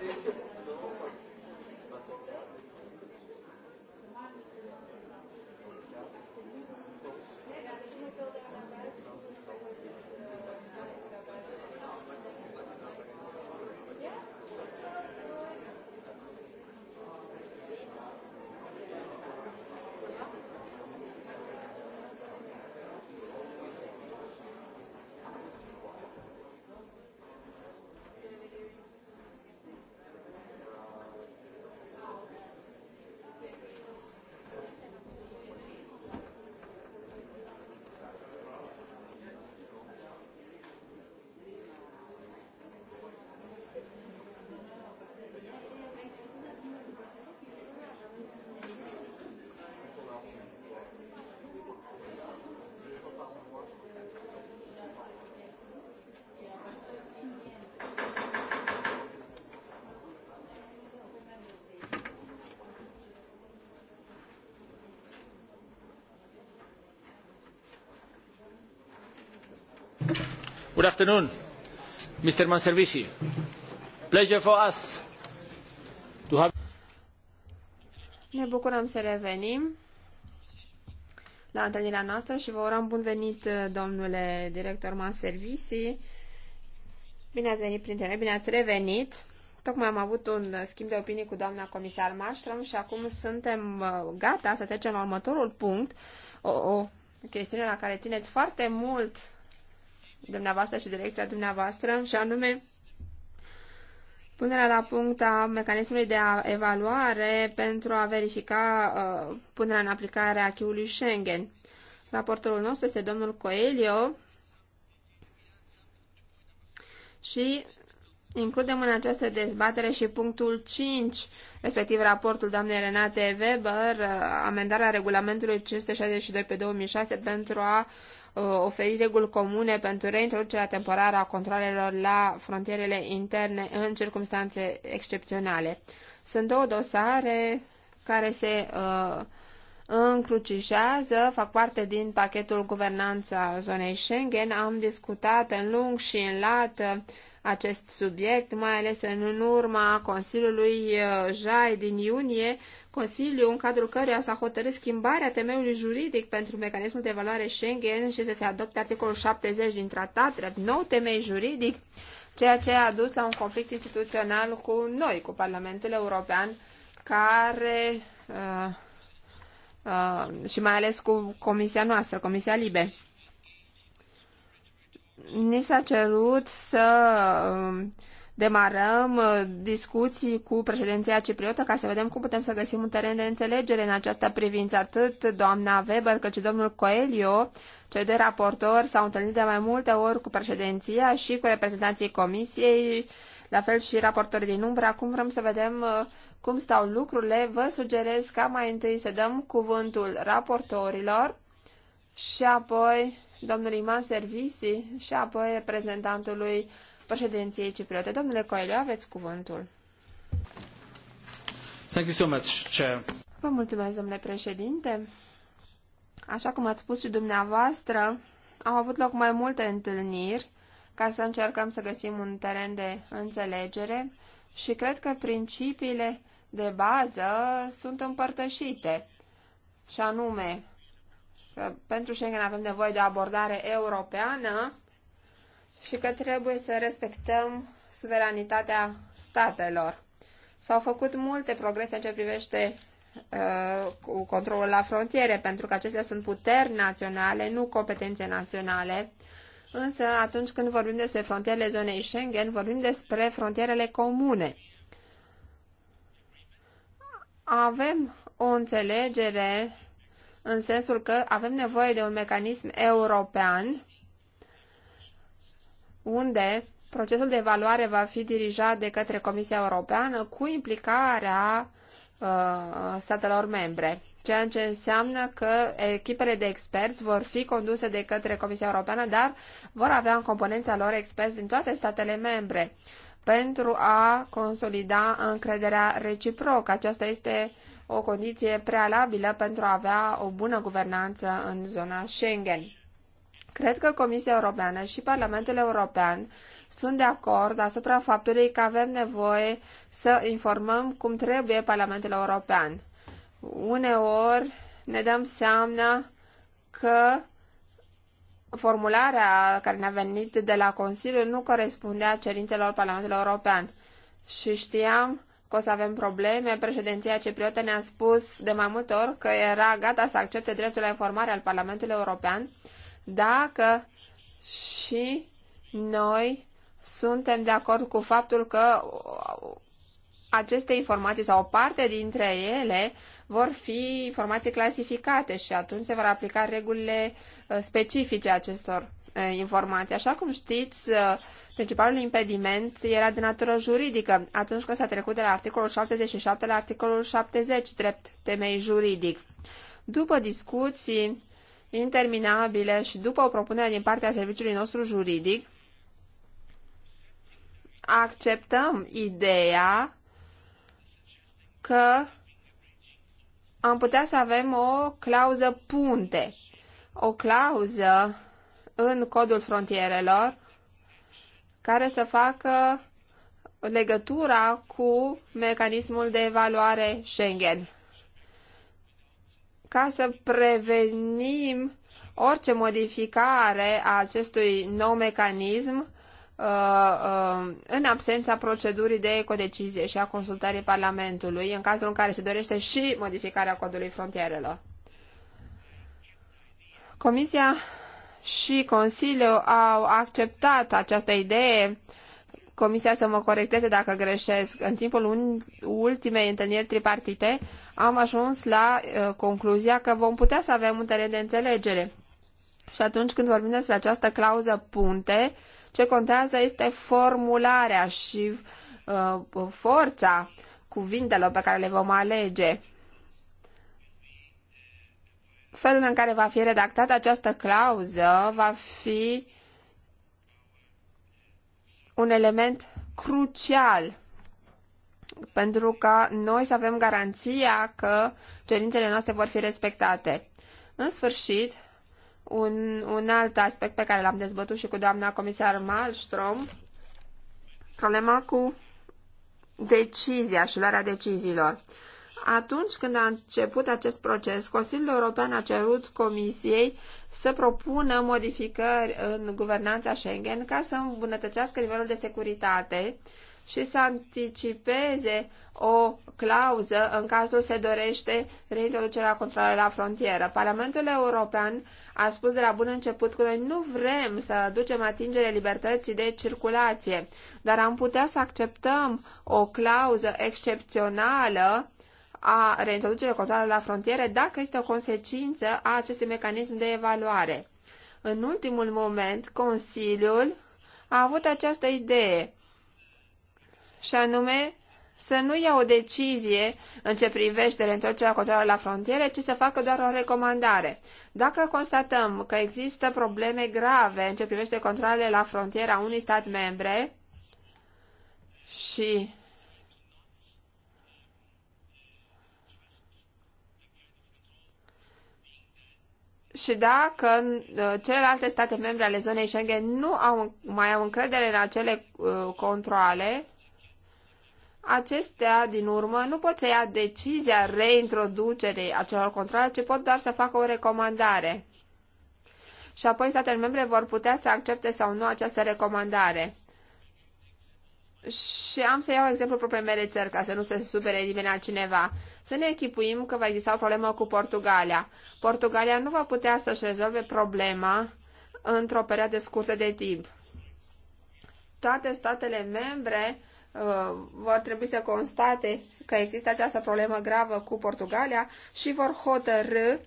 Thank deci, you. Good afternoon, Mr. Manservisi. Pleasure for us to have... Ne bucurăm să revenim la întâlnirea noastră și vă urăm bun venit, domnule director Manservisi. Bine ați venit printre noi, bine ați revenit. Tocmai am avut un schimb de opinii cu doamna comisar Marström și acum suntem uh, gata să trecem la următorul punct, o, o chestiune la care țineți foarte mult dumneavoastră și direcția dumneavoastră, și anume punerea la punct a mecanismului de evaluare pentru a verifica uh, punerea în aplicare a chiului Schengen. Raportorul nostru este domnul Coelio și includem în această dezbatere și punctul 5, respectiv raportul doamnei Renate Weber, uh, amendarea regulamentului 562 pe 2006 pentru a uh, Uh, oferi reguli comune pentru reintroducerea temporară a controalelor la frontierele interne în circunstanțe excepționale. Sunt două dosare care se uh, încrucișează, fac parte din pachetul guvernanța zonei Schengen. Am discutat în lung și în lat uh, acest subiect, mai ales în urma Consiliului uh, JAI din iunie, Consiliu, în cadrul căruia s-a hotărât schimbarea temeiului juridic pentru mecanismul de valoare Schengen și să se adopte articolul 70 din tratat, drept nou temei juridic, ceea ce a dus la un conflict instituțional cu noi, cu Parlamentul European, care uh, uh, și mai ales cu comisia noastră, Comisia Libe. Ni s-a cerut să uh, demarăm uh, discuții cu președinția cipriotă ca să vedem cum putem să găsim un teren de înțelegere în această privință. Atât doamna Weber cât și domnul Coelho, cei doi raportori, s-au întâlnit de mai multe ori cu președinția și cu reprezentanții comisiei, la fel și raportorii din umbră. Acum vrem să vedem uh, cum stau lucrurile. Vă sugerez ca mai întâi să dăm cuvântul raportorilor și apoi domnului Iman Servisi și apoi reprezentantului președinției cipriote. Domnule Coelho, aveți cuvântul. Thank you so much, Chair. Vă mulțumesc, domnule președinte. Așa cum ați spus și dumneavoastră, au avut loc mai multe întâlniri ca să încercăm să găsim un teren de înțelegere și cred că principiile de bază sunt împărtășite. Și anume, că pentru Schengen avem nevoie de o abordare europeană și că trebuie să respectăm suveranitatea statelor. S-au făcut multe progrese în ce privește uh, cu controlul la frontiere, pentru că acestea sunt puteri naționale, nu competențe naționale. Însă, atunci când vorbim despre frontierele zonei Schengen, vorbim despre frontierele comune. Avem o înțelegere în sensul că avem nevoie de un mecanism european unde procesul de evaluare va fi dirijat de către Comisia Europeană cu implicarea uh, statelor membre, ceea ce înseamnă că echipele de experți vor fi conduse de către Comisia Europeană, dar vor avea în componența lor experți din toate statele membre pentru a consolida încrederea reciprocă. Aceasta este o condiție prealabilă pentru a avea o bună guvernanță în zona Schengen. Cred că Comisia Europeană și Parlamentul European sunt de acord asupra faptului că avem nevoie să informăm cum trebuie Parlamentul European. Uneori ne dăm seama că formularea care ne-a venit de la Consiliu nu corespundea cerințelor Parlamentului European și știam că o să avem probleme. Președinția cipriotă ne-a spus de mai multe ori că era gata să accepte dreptul la informare al Parlamentului European dacă și noi suntem de acord cu faptul că aceste informații sau o parte dintre ele vor fi informații clasificate și atunci se vor aplica regulile uh, specifice acestor uh, informații. Așa cum știți, uh, principalul impediment era de natură juridică atunci când s-a trecut de la articolul 77 la articolul 70, drept temei juridic. După discuții interminabile și după o propunere din partea serviciului nostru juridic, acceptăm ideea că am putea să avem o clauză punte, o clauză în codul frontierelor care să facă legătura cu mecanismul de evaluare Schengen ca să prevenim orice modificare a acestui nou mecanism uh, uh, în absența procedurii de ecodecizie și a consultării Parlamentului, în cazul în care se dorește și modificarea codului frontierelor. Comisia și Consiliul au acceptat această idee. Comisia să mă corecteze dacă greșesc. În timpul ultimei întâlniri tripartite am ajuns la uh, concluzia că vom putea să avem un teren de înțelegere. Și atunci când vorbim despre această clauză punte, ce contează este formularea și uh, forța cuvintelor pe care le vom alege. Felul în care va fi redactată această clauză va fi un element crucial pentru ca noi să avem garanția că cerințele noastre vor fi respectate. În sfârșit, un, un alt aspect pe care l-am dezbătut și cu doamna comisar Malmström, problema cu decizia și luarea deciziilor. Atunci când a început acest proces, Consiliul European a cerut Comisiei să propună modificări în guvernanța Schengen ca să îmbunătățească nivelul de securitate și să anticipeze o clauză în cazul se dorește reintroducerea controlului la frontieră. Parlamentul European a spus de la bun început că noi nu vrem să ducem atingere libertății de circulație, dar am putea să acceptăm o clauză excepțională a reintroducerii controlului la frontieră dacă este o consecință a acestui mecanism de evaluare. În ultimul moment, Consiliul a avut această idee și anume să nu ia o decizie în ce privește reîntorcerea controlelor la frontiere, ci să facă doar o recomandare. Dacă constatăm că există probleme grave în ce privește controlele la frontiera unui stat membre și și dacă uh, celelalte state membre ale zonei Schengen nu au, mai au încredere în acele uh, controle, acestea, din urmă, nu pot să ia decizia reintroducerii acelor controle, ci pot doar să facă o recomandare. Și apoi statele membre vor putea să accepte sau nu această recomandare. Și am să iau exemplu propriei mele țări, ca să nu se supere nimeni altcineva. Să ne echipuim că va exista o problemă cu Portugalia. Portugalia nu va putea să-și rezolve problema într-o perioadă scurtă de timp. Toate statele membre Uh, vor trebui să constate că există această problemă gravă cu Portugalia și vor hotărâ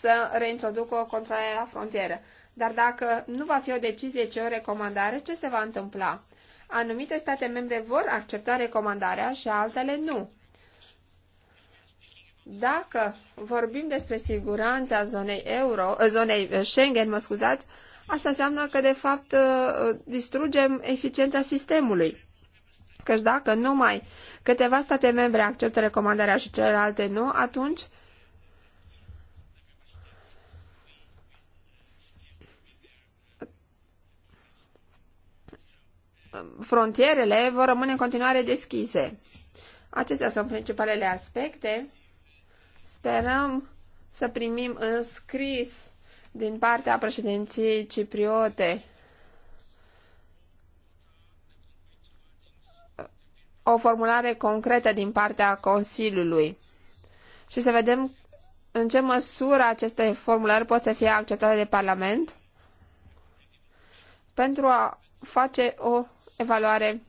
să reintroducă controlare la frontieră. Dar dacă nu va fi o decizie, ci o recomandare, ce se va întâmpla? Anumite state membre vor accepta recomandarea și altele nu. Dacă vorbim despre siguranța zonei euro, eh, zonei eh, Schengen, mă scuzați, asta înseamnă că de fapt eh, distrugem eficiența sistemului. Căci dacă numai câteva state membre acceptă recomandarea și celelalte nu, atunci frontierele vor rămâne în continuare deschise. Acestea sunt principalele aspecte. Sperăm să primim înscris din partea președinției cipriote o formulare concretă din partea Consiliului și să vedem în ce măsură aceste formulări pot să fie acceptate de Parlament pentru a face o evaluare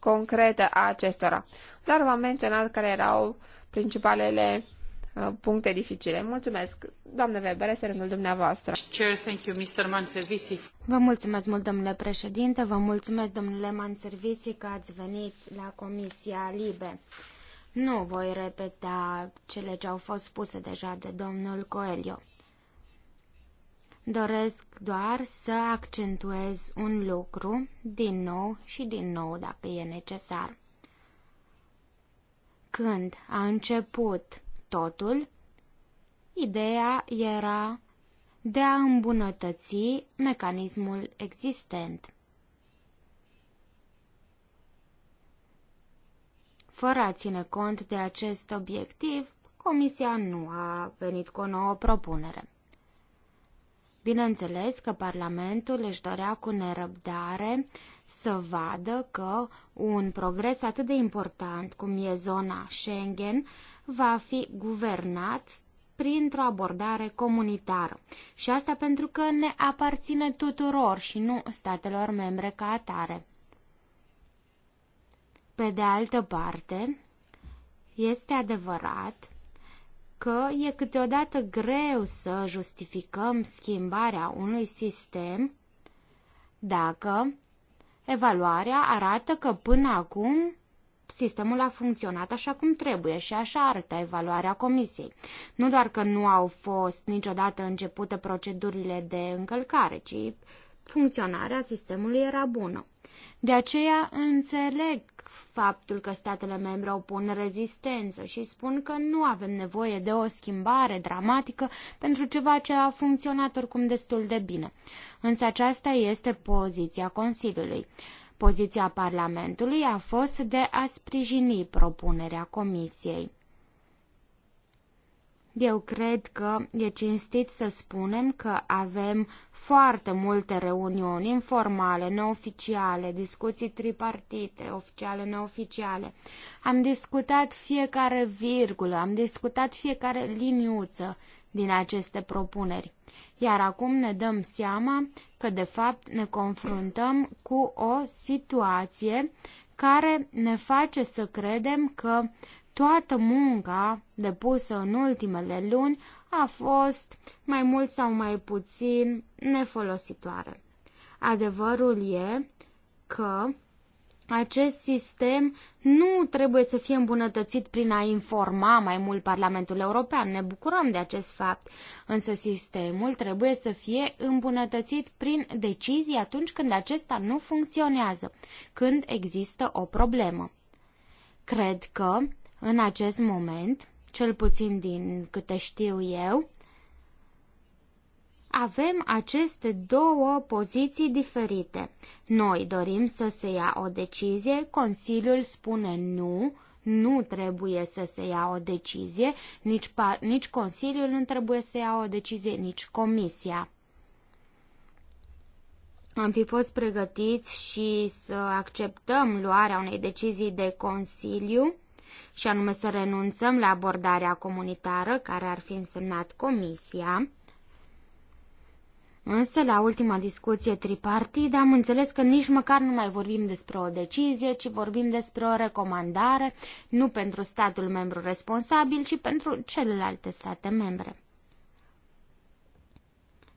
concretă a acestora. Dar v-am menționat care erau principalele Uh, puncte dificile. Mulțumesc, doamnă Weber, este rândul dumneavoastră. Chair, thank you, Mr. Manservisi. Vă mulțumesc mult, domnule președinte, vă mulțumesc, domnule Manservisi, că ați venit la Comisia Libe. Nu voi repeta cele ce au fost spuse deja de domnul Coelho. Doresc doar să accentuez un lucru din nou și din nou dacă e necesar. Când a început totul, ideea era de a îmbunătăți mecanismul existent. Fără a ține cont de acest obiectiv, Comisia nu a venit cu o nouă propunere. Bineînțeles că Parlamentul își dorea cu nerăbdare să vadă că un progres atât de important cum e zona Schengen va fi guvernat printr-o abordare comunitară. Și asta pentru că ne aparține tuturor și nu statelor membre ca atare. Pe de altă parte, este adevărat că e câteodată greu să justificăm schimbarea unui sistem dacă evaluarea arată că până acum sistemul a funcționat așa cum trebuie și așa arată evaluarea comisiei. Nu doar că nu au fost niciodată începute procedurile de încălcare, ci funcționarea sistemului era bună. De aceea înțeleg faptul că statele membre opun rezistență și spun că nu avem nevoie de o schimbare dramatică pentru ceva ce a funcționat oricum destul de bine. Însă aceasta este poziția Consiliului. Poziția Parlamentului a fost de a sprijini propunerea Comisiei. Eu cred că e cinstit să spunem că avem foarte multe reuniuni informale, neoficiale, discuții tripartite, oficiale, neoficiale. Am discutat fiecare virgulă, am discutat fiecare liniuță din aceste propuneri. Iar acum ne dăm seama că de fapt ne confruntăm cu o situație care ne face să credem că toată munca depusă în ultimele luni a fost mai mult sau mai puțin nefolositoare. Adevărul e că acest sistem nu trebuie să fie îmbunătățit prin a informa mai mult Parlamentul European. Ne bucurăm de acest fapt, însă sistemul trebuie să fie îmbunătățit prin decizii atunci când acesta nu funcționează, când există o problemă. Cred că, în acest moment, cel puțin din câte știu eu, avem aceste două poziții diferite. Noi dorim să se ia o decizie, Consiliul spune nu, nu trebuie să se ia o decizie, nici, nici Consiliul nu trebuie să ia o decizie, nici Comisia. Am fi fost pregătiți și să acceptăm luarea unei decizii de Consiliu, și anume să renunțăm la abordarea comunitară care ar fi însemnat Comisia, Însă, la ultima discuție tripartită am înțeles că nici măcar nu mai vorbim despre o decizie, ci vorbim despre o recomandare, nu pentru statul membru responsabil, ci pentru celelalte state membre.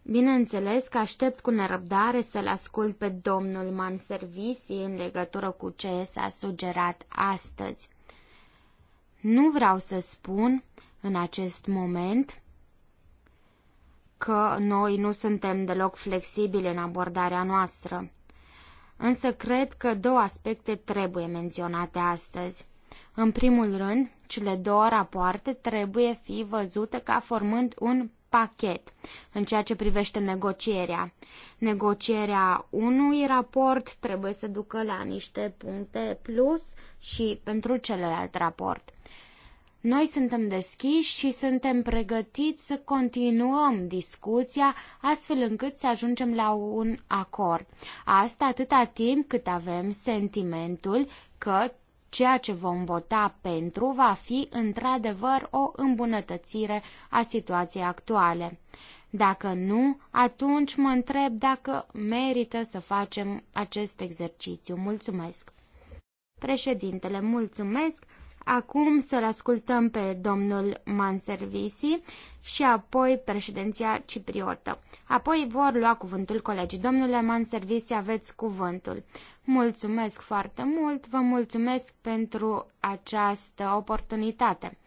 Bineînțeles că aștept cu nerăbdare să-l ascult pe domnul Manservisi în legătură cu ce s-a sugerat astăzi. Nu vreau să spun, în acest moment, că noi nu suntem deloc flexibili în abordarea noastră. Însă cred că două aspecte trebuie menționate astăzi. În primul rând, cele două rapoarte trebuie fi văzute ca formând un pachet în ceea ce privește negocierea. Negocierea unui raport trebuie să ducă la niște puncte plus și pentru celălalt raport. Noi suntem deschiși și suntem pregătiți să continuăm discuția astfel încât să ajungem la un acord. Asta atâta timp cât avem sentimentul că ceea ce vom vota pentru va fi într-adevăr o îmbunătățire a situației actuale. Dacă nu, atunci mă întreb dacă merită să facem acest exercițiu. Mulțumesc! Președintele, mulțumesc! Acum să-l ascultăm pe domnul Manservisi și apoi președinția cipriotă. Apoi vor lua cuvântul colegii. Domnule Manservisi, aveți cuvântul. Mulțumesc foarte mult, vă mulțumesc pentru această oportunitate.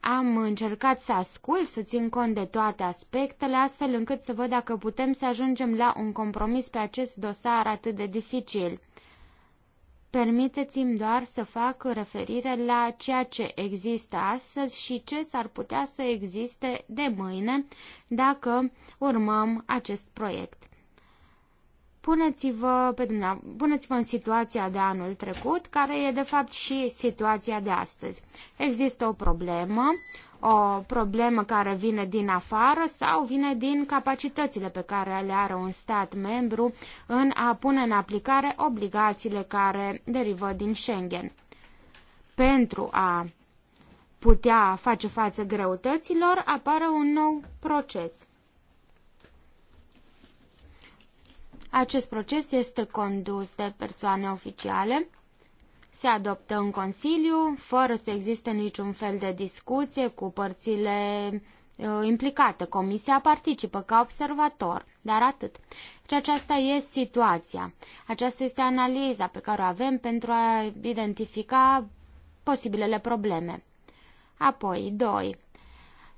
Am încercat să ascult, să țin cont de toate aspectele, astfel încât să văd dacă putem să ajungem la un compromis pe acest dosar atât de dificil. Permiteți-mi doar să fac referire la ceea ce există astăzi și ce s-ar putea să existe de mâine dacă urmăm acest proiect. Puneți-vă, pe puneți-vă în situația de anul trecut, care e de fapt și situația de astăzi. Există o problemă, o problemă care vine din afară sau vine din capacitățile pe care le are un stat membru în a pune în aplicare obligațiile care derivă din Schengen. Pentru a putea face față greutăților, apare un nou proces. Acest proces este condus de persoane oficiale, se adoptă în Consiliu, fără să existe niciun fel de discuție cu părțile uh, implicate. Comisia participă ca observator, dar atât. Și deci aceasta e situația. Aceasta este analiza pe care o avem pentru a identifica posibilele probleme. Apoi, doi.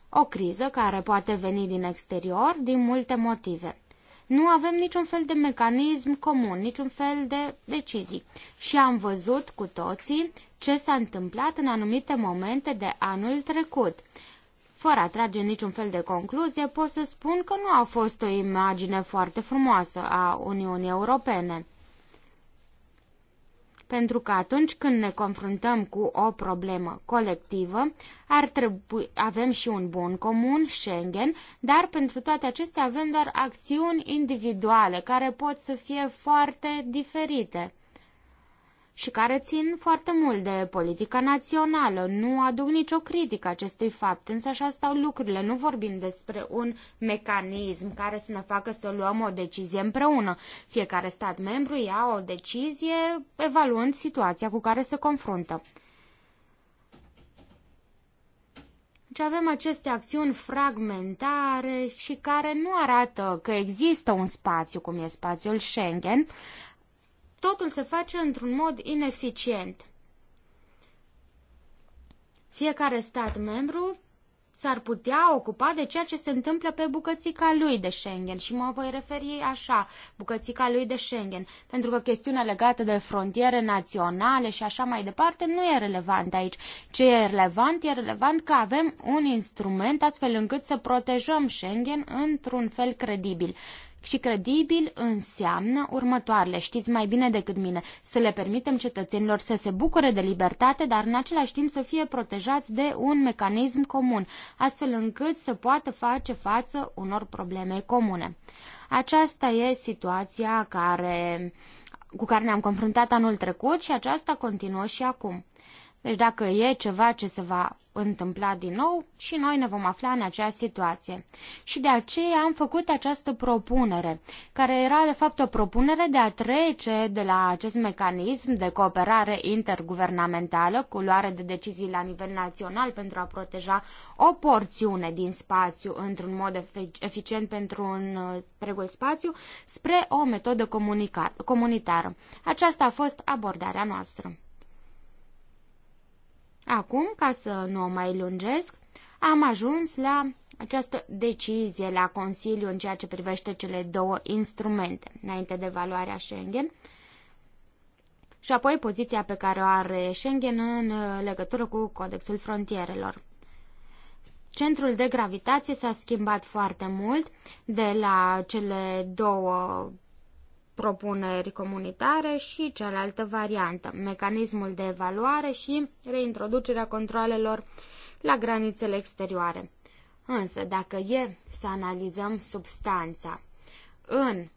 O criză care poate veni din exterior din multe motive. Nu avem niciun fel de mecanism comun, niciun fel de decizii. Și am văzut cu toții ce s-a întâmplat în anumite momente de anul trecut. Fără a trage niciun fel de concluzie, pot să spun că nu a fost o imagine foarte frumoasă a Uniunii Europene pentru că atunci când ne confruntăm cu o problemă colectivă, ar trebui, avem și un bun comun, Schengen, dar pentru toate acestea avem doar acțiuni individuale care pot să fie foarte diferite și care țin foarte mult de politica națională. Nu aduc nicio critică acestui fapt, însă așa stau lucrurile. Nu vorbim despre un mecanism care să ne facă să luăm o decizie împreună. Fiecare stat membru ia o decizie evaluând situația cu care se confruntă. Deci avem aceste acțiuni fragmentare și care nu arată că există un spațiu, cum e spațiul Schengen, totul se face într-un mod ineficient. Fiecare stat membru s-ar putea ocupa de ceea ce se întâmplă pe bucățica lui de Schengen și mă voi referi așa, bucățica lui de Schengen, pentru că chestiunea legată de frontiere naționale și așa mai departe nu e relevant aici. Ce e relevant? E relevant că avem un instrument astfel încât să protejăm Schengen într-un fel credibil. Și credibil înseamnă următoarele, știți mai bine decât mine, să le permitem cetățenilor să se bucure de libertate, dar în același timp să fie protejați de un mecanism comun, astfel încât să poată face față unor probleme comune. Aceasta e situația care, cu care ne-am confruntat anul trecut și aceasta continuă și acum. Deci dacă e ceva ce se va întâmpla din nou și noi ne vom afla în acea situație. Și de aceea am făcut această propunere, care era de fapt o propunere de a trece de la acest mecanism de cooperare interguvernamentală cu luare de decizii la nivel național pentru a proteja o porțiune din spațiu într-un mod eficient pentru un pregul uh, spațiu spre o metodă comunitară. Aceasta a fost abordarea noastră. Acum, ca să nu o mai lungesc, am ajuns la această decizie la Consiliu în ceea ce privește cele două instrumente înainte de evaluarea Schengen și apoi poziția pe care o are Schengen în uh, legătură cu Codexul Frontierelor. Centrul de gravitație s-a schimbat foarte mult de la cele două propuneri comunitare și cealaltă variantă, mecanismul de evaluare și reintroducerea controlelor la granițele exterioare. Însă, dacă e să analizăm substanța în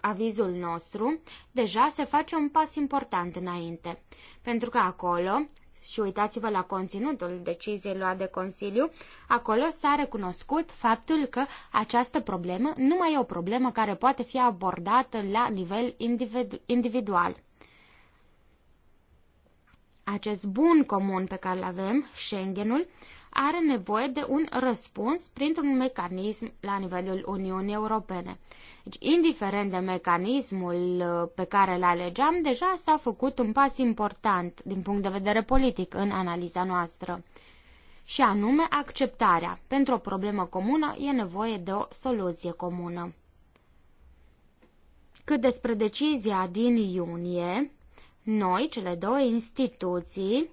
avizul nostru, deja se face un pas important înainte, pentru că acolo și uitați-vă la conținutul deciziei luate de Consiliu, acolo s-a recunoscut faptul că această problemă nu mai e o problemă care poate fi abordată la nivel individu- individual. Acest bun comun pe care îl avem, Schengenul, are nevoie de un răspuns printr-un mecanism la nivelul Uniunii Europene. Deci, indiferent de mecanismul uh, pe care îl alegeam, deja s-a făcut un pas important din punct de vedere politic în analiza noastră. Și anume acceptarea. Pentru o problemă comună e nevoie de o soluție comună. Cât despre decizia din iunie, noi, cele două instituții,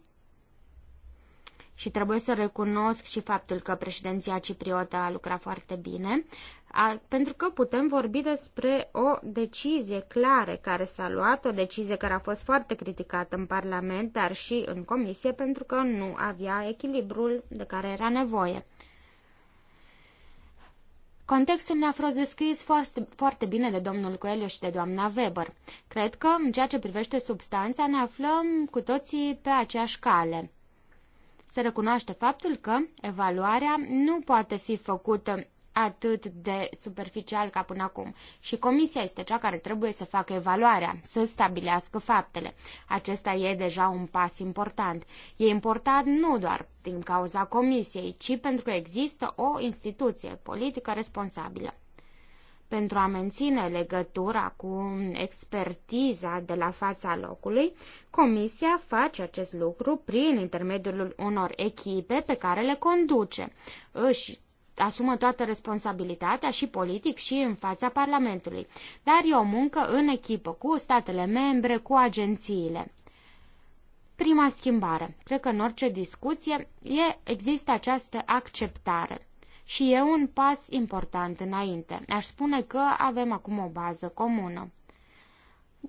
și trebuie să recunosc și faptul că președinția cipriotă a lucrat foarte bine, a, pentru că putem vorbi despre o decizie clară care s-a luat, o decizie care a fost foarte criticată în Parlament, dar și în Comisie, pentru că nu avea echilibrul de care era nevoie. Contextul ne-a fost descris foarte, foarte bine de domnul Coelho și de doamna Weber. Cred că, în ceea ce privește substanța, ne aflăm cu toții pe aceeași cale. Se recunoaște faptul că evaluarea nu poate fi făcută atât de superficial ca până acum. Și comisia este cea care trebuie să facă evaluarea, să stabilească faptele. Acesta e deja un pas important. E important nu doar din cauza comisiei, ci pentru că există o instituție politică responsabilă pentru a menține legătura cu expertiza de la fața locului, Comisia face acest lucru prin intermediul unor echipe pe care le conduce. Își asumă toată responsabilitatea și politic și în fața Parlamentului, dar e o muncă în echipă cu statele membre, cu agențiile. Prima schimbare. Cred că în orice discuție e, există această acceptare și e un pas important înainte. Aș spune că avem acum o bază comună.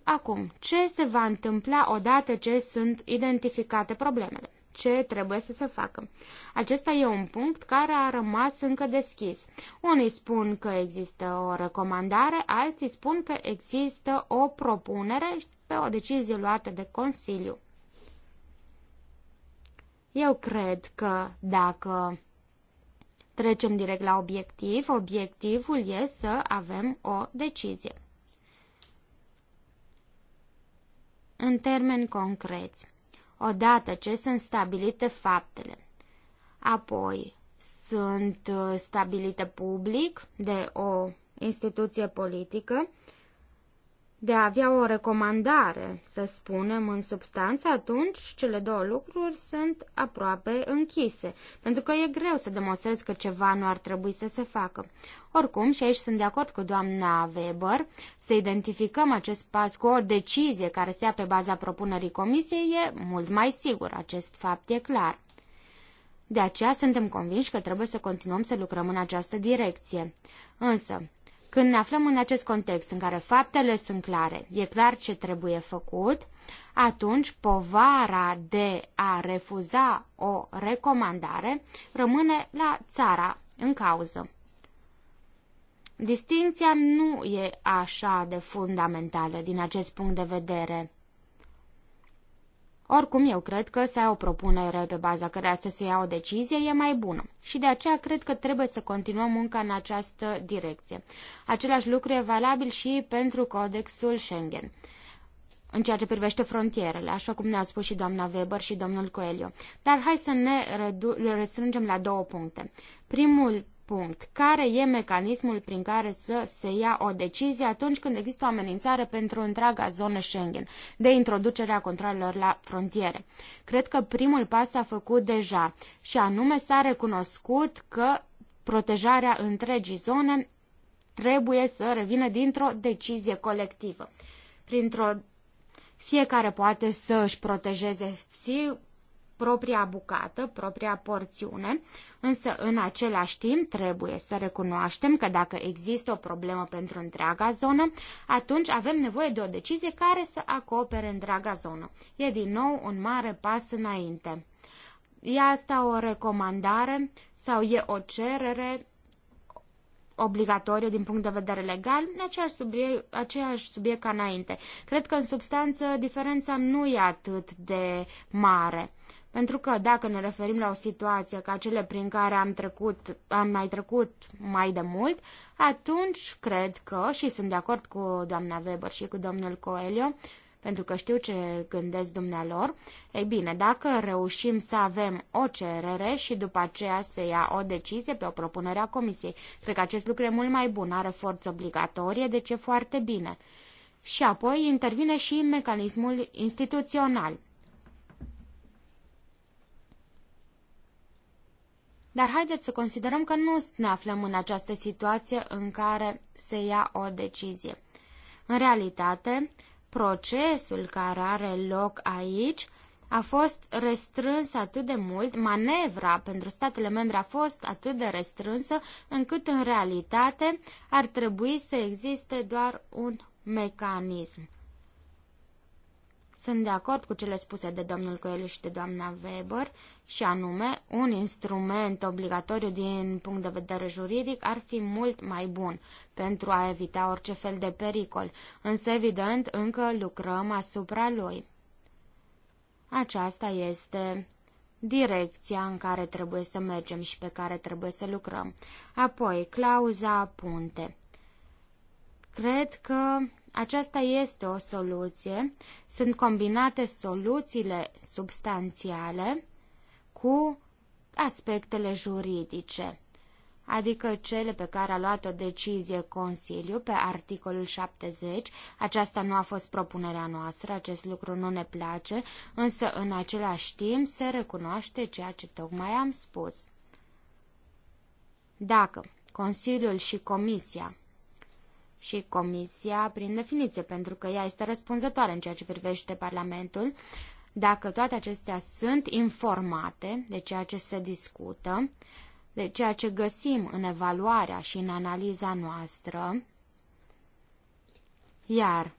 Acum, ce se va întâmpla odată ce sunt identificate problemele? ce trebuie să se facă. Acesta e un punct care a rămas încă deschis. Unii spun că există o recomandare, alții spun că există o propunere pe o decizie luată de Consiliu. Eu cred că dacă Trecem direct la obiectiv. Obiectivul e să avem o decizie. În termeni concreți, odată ce sunt stabilite faptele, apoi sunt uh, stabilite public de o instituție politică, de a avea o recomandare, să spunem, în substanță, atunci cele două lucruri sunt aproape închise, pentru că e greu să demonstrezi că ceva nu ar trebui să se facă. Oricum, și aici sunt de acord cu doamna Weber, să identificăm acest pas cu o decizie care se ia pe baza propunerii comisiei e mult mai sigur, acest fapt e clar. De aceea suntem convinși că trebuie să continuăm să lucrăm în această direcție. Însă, când ne aflăm în acest context în care faptele sunt clare, e clar ce trebuie făcut, atunci povara de a refuza o recomandare rămâne la țara în cauză. Distinția nu e așa de fundamentală din acest punct de vedere. Oricum, eu cred că să ai o propunere pe baza căreia să se ia o decizie e mai bună și de aceea cred că trebuie să continuăm munca în această direcție. Același lucru e valabil și pentru Codexul Schengen în ceea ce privește frontierele, așa cum ne-a spus și doamna Weber și domnul Coelho. Dar hai să ne restrângem la două puncte. Primul punct. Care e mecanismul prin care să se ia o decizie atunci când există o amenințare pentru întreaga zonă Schengen de introducerea controlelor la frontiere? Cred că primul pas s-a făcut deja și anume s-a recunoscut că protejarea întregii zone trebuie să revină dintr-o decizie colectivă. Printr-o fiecare poate să își protejeze propria bucată, propria porțiune, însă în același timp trebuie să recunoaștem că dacă există o problemă pentru întreaga zonă, atunci avem nevoie de o decizie care să acopere întreaga zonă. E din nou un mare pas înainte. E asta o recomandare sau e o cerere obligatorie din punct de vedere legal, aceeași subiect, aceeași subiect ca înainte. Cred că, în substanță, diferența nu e atât de mare. Pentru că dacă ne referim la o situație ca cele prin care am, trecut, am mai trecut mai de mult, atunci cred că, și sunt de acord cu doamna Weber și cu domnul Coelho, pentru că știu ce gândesc dumnealor, ei bine, dacă reușim să avem o cerere și după aceea să ia o decizie pe o propunere a comisiei, cred că acest lucru e mult mai bun, are forță obligatorie, deci e foarte bine. Și apoi intervine și mecanismul instituțional, Dar haideți să considerăm că nu ne aflăm în această situație în care se ia o decizie. În realitate, procesul care are loc aici a fost restrâns atât de mult, manevra pentru statele membre a fost atât de restrânsă, încât în realitate ar trebui să existe doar un mecanism sunt de acord cu cele spuse de domnul Coelho și de doamna Weber, și anume, un instrument obligatoriu din punct de vedere juridic ar fi mult mai bun pentru a evita orice fel de pericol, însă evident încă lucrăm asupra lui. Aceasta este direcția în care trebuie să mergem și pe care trebuie să lucrăm. Apoi, clauza punte. Cred că aceasta este o soluție. Sunt combinate soluțiile substanțiale cu aspectele juridice, adică cele pe care a luat o decizie Consiliu pe articolul 70. Aceasta nu a fost propunerea noastră, acest lucru nu ne place, însă în același timp se recunoaște ceea ce tocmai am spus. Dacă Consiliul și Comisia și Comisia, prin definiție, pentru că ea este răspunzătoare în ceea ce privește Parlamentul, dacă toate acestea sunt informate de ceea ce se discută, de ceea ce găsim în evaluarea și în analiza noastră, iar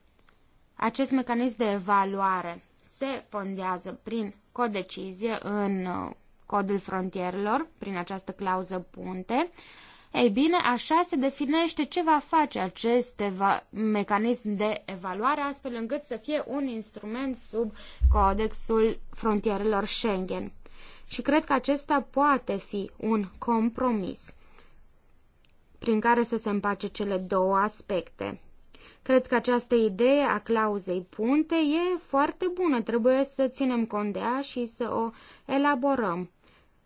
acest mecanism de evaluare se fondează prin codecizie în uh, codul frontierelor, prin această clauză punte, ei bine, așa se definește ce va face acest eva- mecanism de evaluare, astfel încât să fie un instrument sub Codexul Frontierelor Schengen. Și cred că acesta poate fi un compromis prin care să se împace cele două aspecte. Cred că această idee a clauzei punte e foarte bună, trebuie să ținem cont de ea și să o elaborăm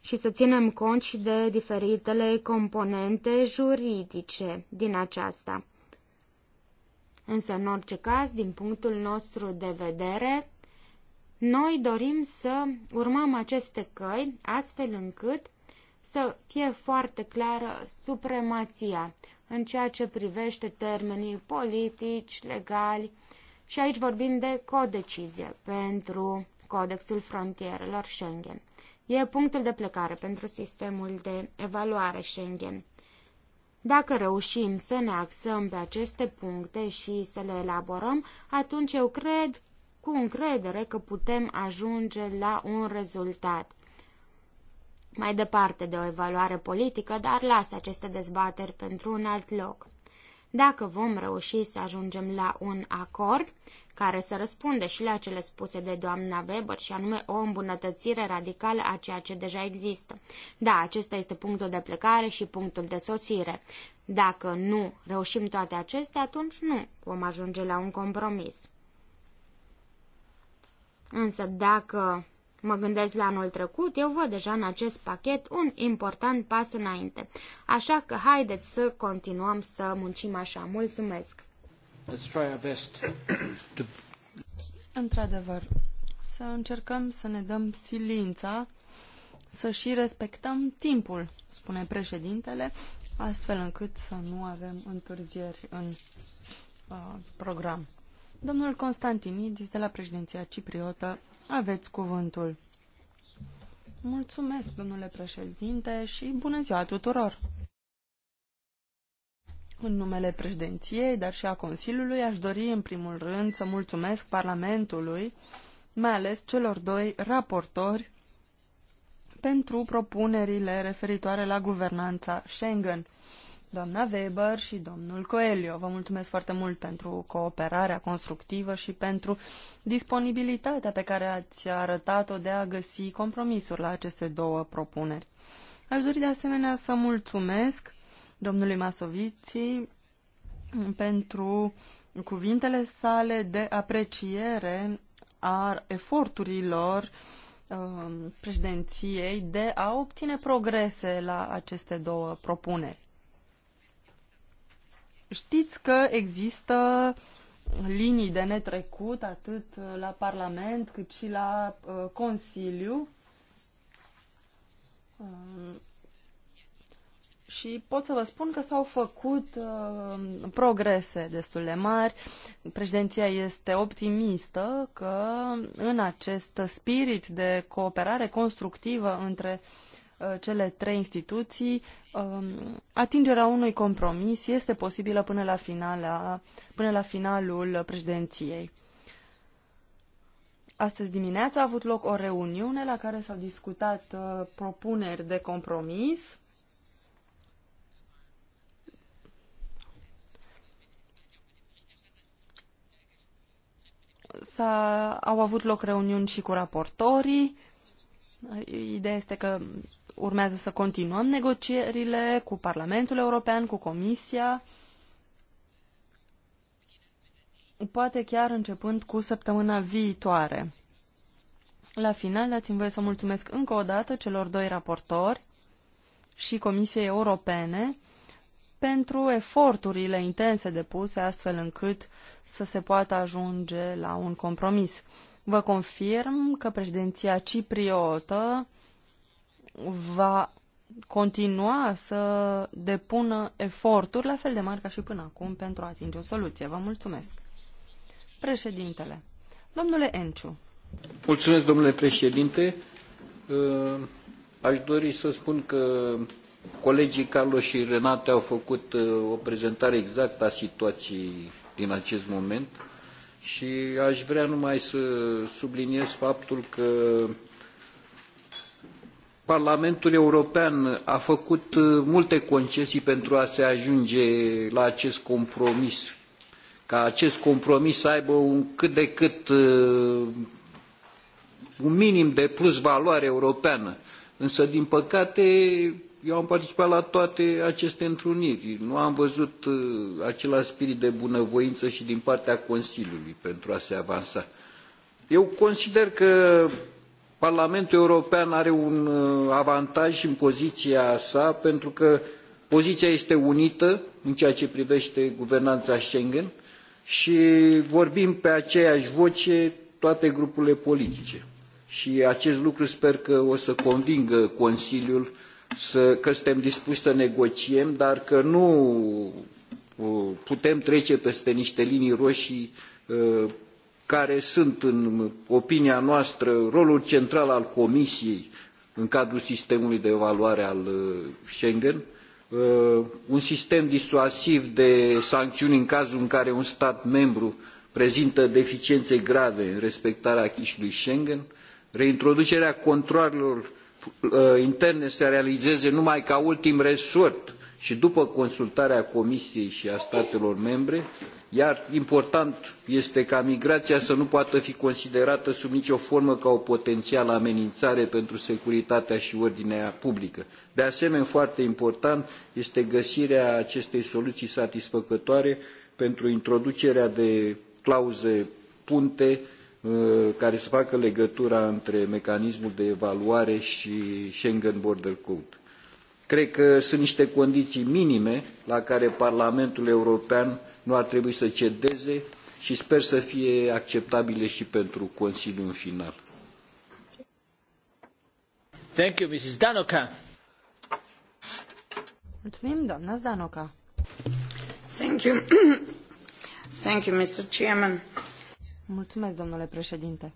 și să ținem cont și de diferitele componente juridice din aceasta. Însă, în orice caz, din punctul nostru de vedere, noi dorim să urmăm aceste căi astfel încât să fie foarte clară supremația în ceea ce privește termenii politici, legali și aici vorbim de codecizie pentru Codexul Frontierelor Schengen. E punctul de plecare pentru sistemul de evaluare Schengen. Dacă reușim să ne axăm pe aceste puncte și să le elaborăm, atunci eu cred cu încredere că putem ajunge la un rezultat. Mai departe de o evaluare politică, dar las aceste dezbateri pentru un alt loc. Dacă vom reuși să ajungem la un acord care să răspundă și la cele spuse de doamna Weber, și anume o îmbunătățire radicală a ceea ce deja există. Da, acesta este punctul de plecare și punctul de sosire. Dacă nu reușim toate acestea, atunci nu vom ajunge la un compromis. Însă dacă mă gândesc la anul trecut, eu văd deja în acest pachet un important pas înainte. Așa că haideți să continuăm să muncim așa. Mulțumesc! to... Într-adevăr, să încercăm să ne dăm silința, să și respectăm timpul, spune președintele, astfel încât să nu avem întârzieri în uh, program. Domnul Constantinidis de la președinția cipriotă aveți cuvântul. Mulțumesc, domnule președinte, și bună ziua tuturor! În numele președinției, dar și a Consiliului, aș dori în primul rând să mulțumesc Parlamentului, mai ales celor doi raportori, pentru propunerile referitoare la guvernanța Schengen doamna Weber și domnul Coelho. Vă mulțumesc foarte mult pentru cooperarea constructivă și pentru disponibilitatea pe care ați arătat-o de a găsi compromisuri la aceste două propuneri. Aș dori de asemenea să mulțumesc domnului Masoviții pentru cuvintele sale de apreciere a eforturilor um, președinției de a obține progrese la aceste două propuneri. Știți că există linii de netrecut atât la Parlament cât și la uh, Consiliu. Uh, și pot să vă spun că s-au făcut uh, progrese destul de mari. Președinția este optimistă că în acest spirit de cooperare constructivă între uh, Uh, cele trei instituții, um, atingerea unui compromis este posibilă până la, finala, până la finalul președinției. Astăzi dimineața a avut loc o reuniune la care s-au discutat uh, propuneri de compromis. S-a, au avut loc reuniuni și cu raportorii. Ideea este că urmează să continuăm negocierile cu Parlamentul European, cu Comisia, poate chiar începând cu săptămâna viitoare. La final, dați-mi voie să mulțumesc încă o dată celor doi raportori și Comisiei Europene pentru eforturile intense depuse astfel încât să se poată ajunge la un compromis. Vă confirm că președinția cipriotă va continua să depună eforturi la fel de mari ca și până acum pentru a atinge o soluție. Vă mulțumesc. Președintele. Domnule Enciu. Mulțumesc, domnule președinte. Uh, aș dori să spun că colegii Carlos și Renate au făcut uh, o prezentare exactă a situației din acest moment și aș vrea numai să subliniez faptul că Parlamentul European a făcut uh, multe concesii pentru a se ajunge la acest compromis, ca acest compromis să aibă un cât de cât uh, un minim de plus valoare europeană. Însă, din păcate, eu am participat la toate aceste întruniri. Nu am văzut uh, același spirit de bunăvoință și din partea Consiliului pentru a se avansa. Eu consider că Parlamentul European are un uh, avantaj în poziția sa pentru că poziția este unită în ceea ce privește guvernanța Schengen și vorbim pe aceeași voce toate grupurile politice. Și acest lucru sper că o să convingă Consiliul să, că suntem dispuși să negociem, dar că nu uh, putem trece peste niște linii roșii uh, care sunt, în opinia noastră, rolul central al Comisiei în cadrul sistemului de evaluare al uh, Schengen, uh, un sistem disuasiv de sancțiuni în cazul în care un stat membru prezintă deficiențe grave în respectarea acquis Schengen, reintroducerea controalelor uh, interne se realizeze numai ca ultim resort și după consultarea Comisiei și a statelor membre, iar important este ca migrația să nu poată fi considerată sub nicio formă ca o potențială amenințare pentru securitatea și ordinea publică. De asemenea, foarte important este găsirea acestei soluții satisfăcătoare pentru introducerea de clauze punte uh, care să facă legătura între mecanismul de evaluare și Schengen Border Code. Cred că sunt niște condiții minime la care Parlamentul European nu ar trebui să cedeze și sper să fie acceptabile și pentru Consiliu în final. Thank you, Mrs. Danoka. Mulțumim, doamna Zdanoca. Thank you. Thank you, Mr. Chairman. Mulțumesc, domnule președinte.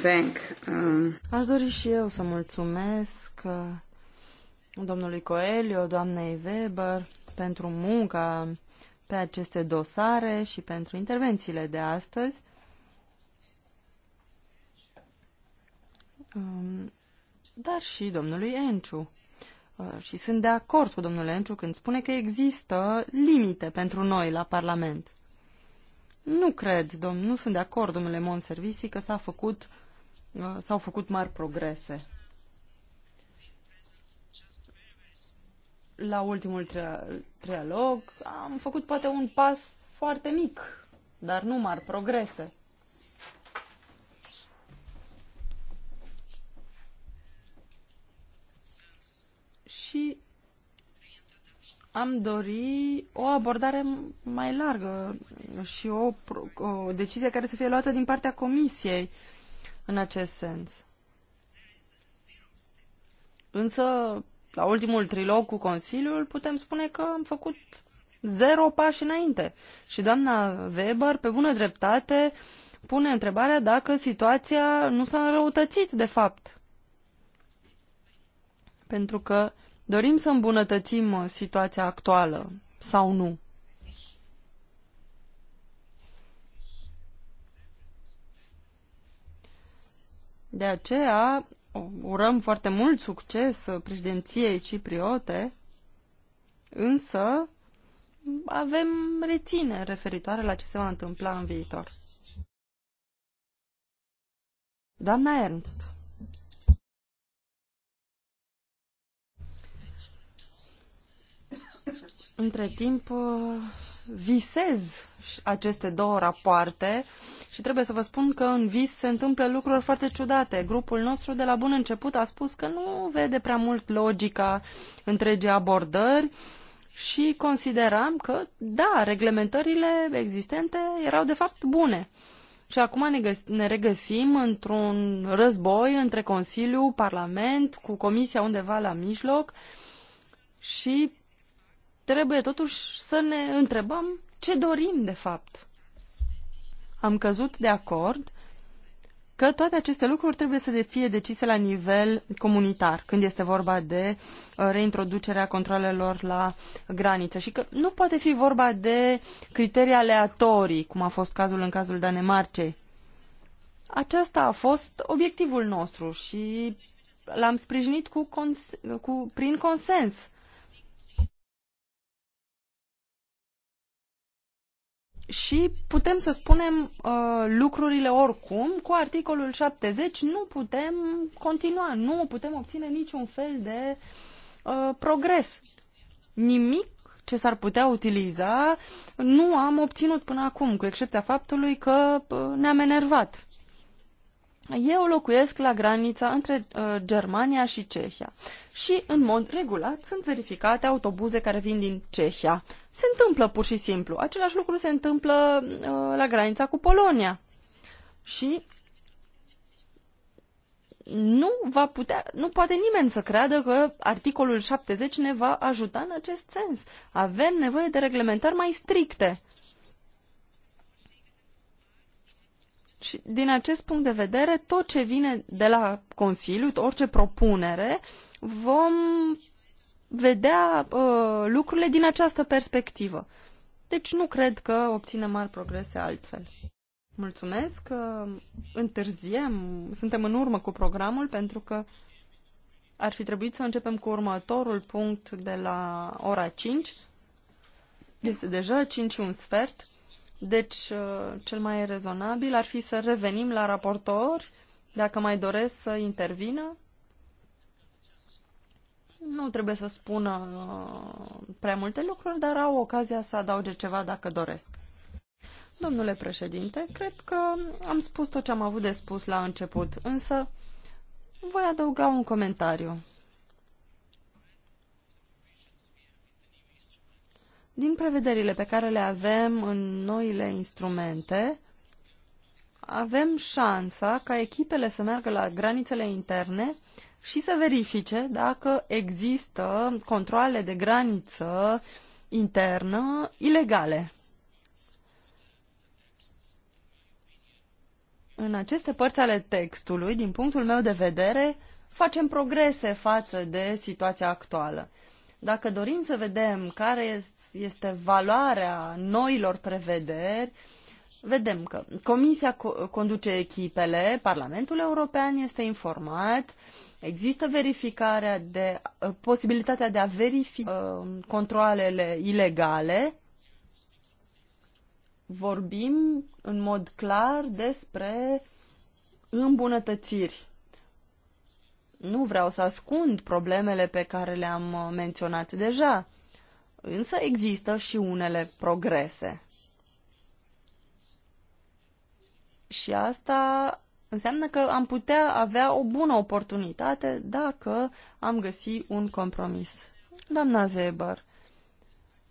Thank, um... Aș dori și eu să mulțumesc uh, domnului Coelho, doamnei Weber, pentru munca pe aceste dosare și pentru intervențiile de astăzi. Um, dar și domnului Enciu. Uh, și sunt de acord cu domnul Enciu când spune că există limite pentru noi la Parlament. Nu cred, domn, nu sunt de acord, domnule Monservisi, că s-a făcut, uh, s-au făcut mari progrese. la ultimul tri- trialog am făcut poate un pas foarte mic, dar nu mari progrese. Și am dori o abordare mai largă și o, o decizie care să fie luată din partea Comisiei în acest sens. Însă la ultimul trilog cu Consiliul, putem spune că am făcut zero pași înainte. Și doamna Weber, pe bună dreptate, pune întrebarea dacă situația nu s-a înrăutățit, de fapt. Pentru că dorim să îmbunătățim uh, situația actuală sau nu. De aceea urăm foarte mult succes uh, președinției cipriote, însă avem reține referitoare la ce se va întâmpla în viitor. Doamna Ernst. Între timp, uh, visez aceste două rapoarte și trebuie să vă spun că în vis se întâmplă lucruri foarte ciudate. Grupul nostru de la bun început a spus că nu vede prea mult logica întregii abordări și consideram că, da, reglementările existente erau de fapt bune. Și acum ne, găs- ne regăsim într-un război între Consiliu, Parlament, cu Comisia undeva la mijloc și trebuie totuși să ne întrebăm ce dorim de fapt. Am căzut de acord că toate aceste lucruri trebuie să fie decise la nivel comunitar, când este vorba de uh, reintroducerea controlelor la graniță și că nu poate fi vorba de criterii aleatorii, cum a fost cazul în cazul Danemarcei. Acesta a fost obiectivul nostru și l-am sprijinit cu cons- cu, prin consens. și putem să spunem uh, lucrurile oricum, cu articolul 70 nu putem continua, nu putem obține niciun fel de uh, progres. Nimic ce s-ar putea utiliza nu am obținut până acum, cu excepția faptului că uh, ne-am enervat. Eu locuiesc la granița între uh, Germania și Cehia și, în mod regulat, sunt verificate autobuze care vin din Cehia. Se întâmplă pur și simplu. Același lucru se întâmplă uh, la granița cu Polonia. Și nu va putea, nu poate nimeni să creadă că articolul 70 ne va ajuta în acest sens. Avem nevoie de reglementări mai stricte. Și din acest punct de vedere, tot ce vine de la Consiliu, orice propunere, vom vedea uh, lucrurile din această perspectivă. Deci nu cred că obținem mari progrese altfel. Mulțumesc că uh, întârziem, suntem în urmă cu programul pentru că ar fi trebuit să începem cu următorul punct de la ora 5. Este deja 5 și un sfert. Deci, uh, cel mai rezonabil ar fi să revenim la raportor, dacă mai doresc să intervină. Nu trebuie să spună uh, prea multe lucruri, dar au ocazia să adauge ceva dacă doresc. Domnule președinte, cred că am spus tot ce am avut de spus la început, însă voi adăuga un comentariu. Din prevederile pe care le avem în noile instrumente, avem șansa ca echipele să meargă la granițele interne și să verifice dacă există controle de graniță internă ilegale. În aceste părți ale textului, din punctul meu de vedere, facem progrese față de situația actuală. Dacă dorim să vedem care este valoarea noilor prevederi, vedem că Comisia conduce echipele, Parlamentul European este informat, există verificarea de uh, posibilitatea de a verifica uh, controlele ilegale. Vorbim în mod clar despre îmbunătățiri. Nu vreau să ascund problemele pe care le-am uh, menționat deja Însă există și unele progrese. Și asta înseamnă că am putea avea o bună oportunitate dacă am găsi un compromis. Doamna Weber,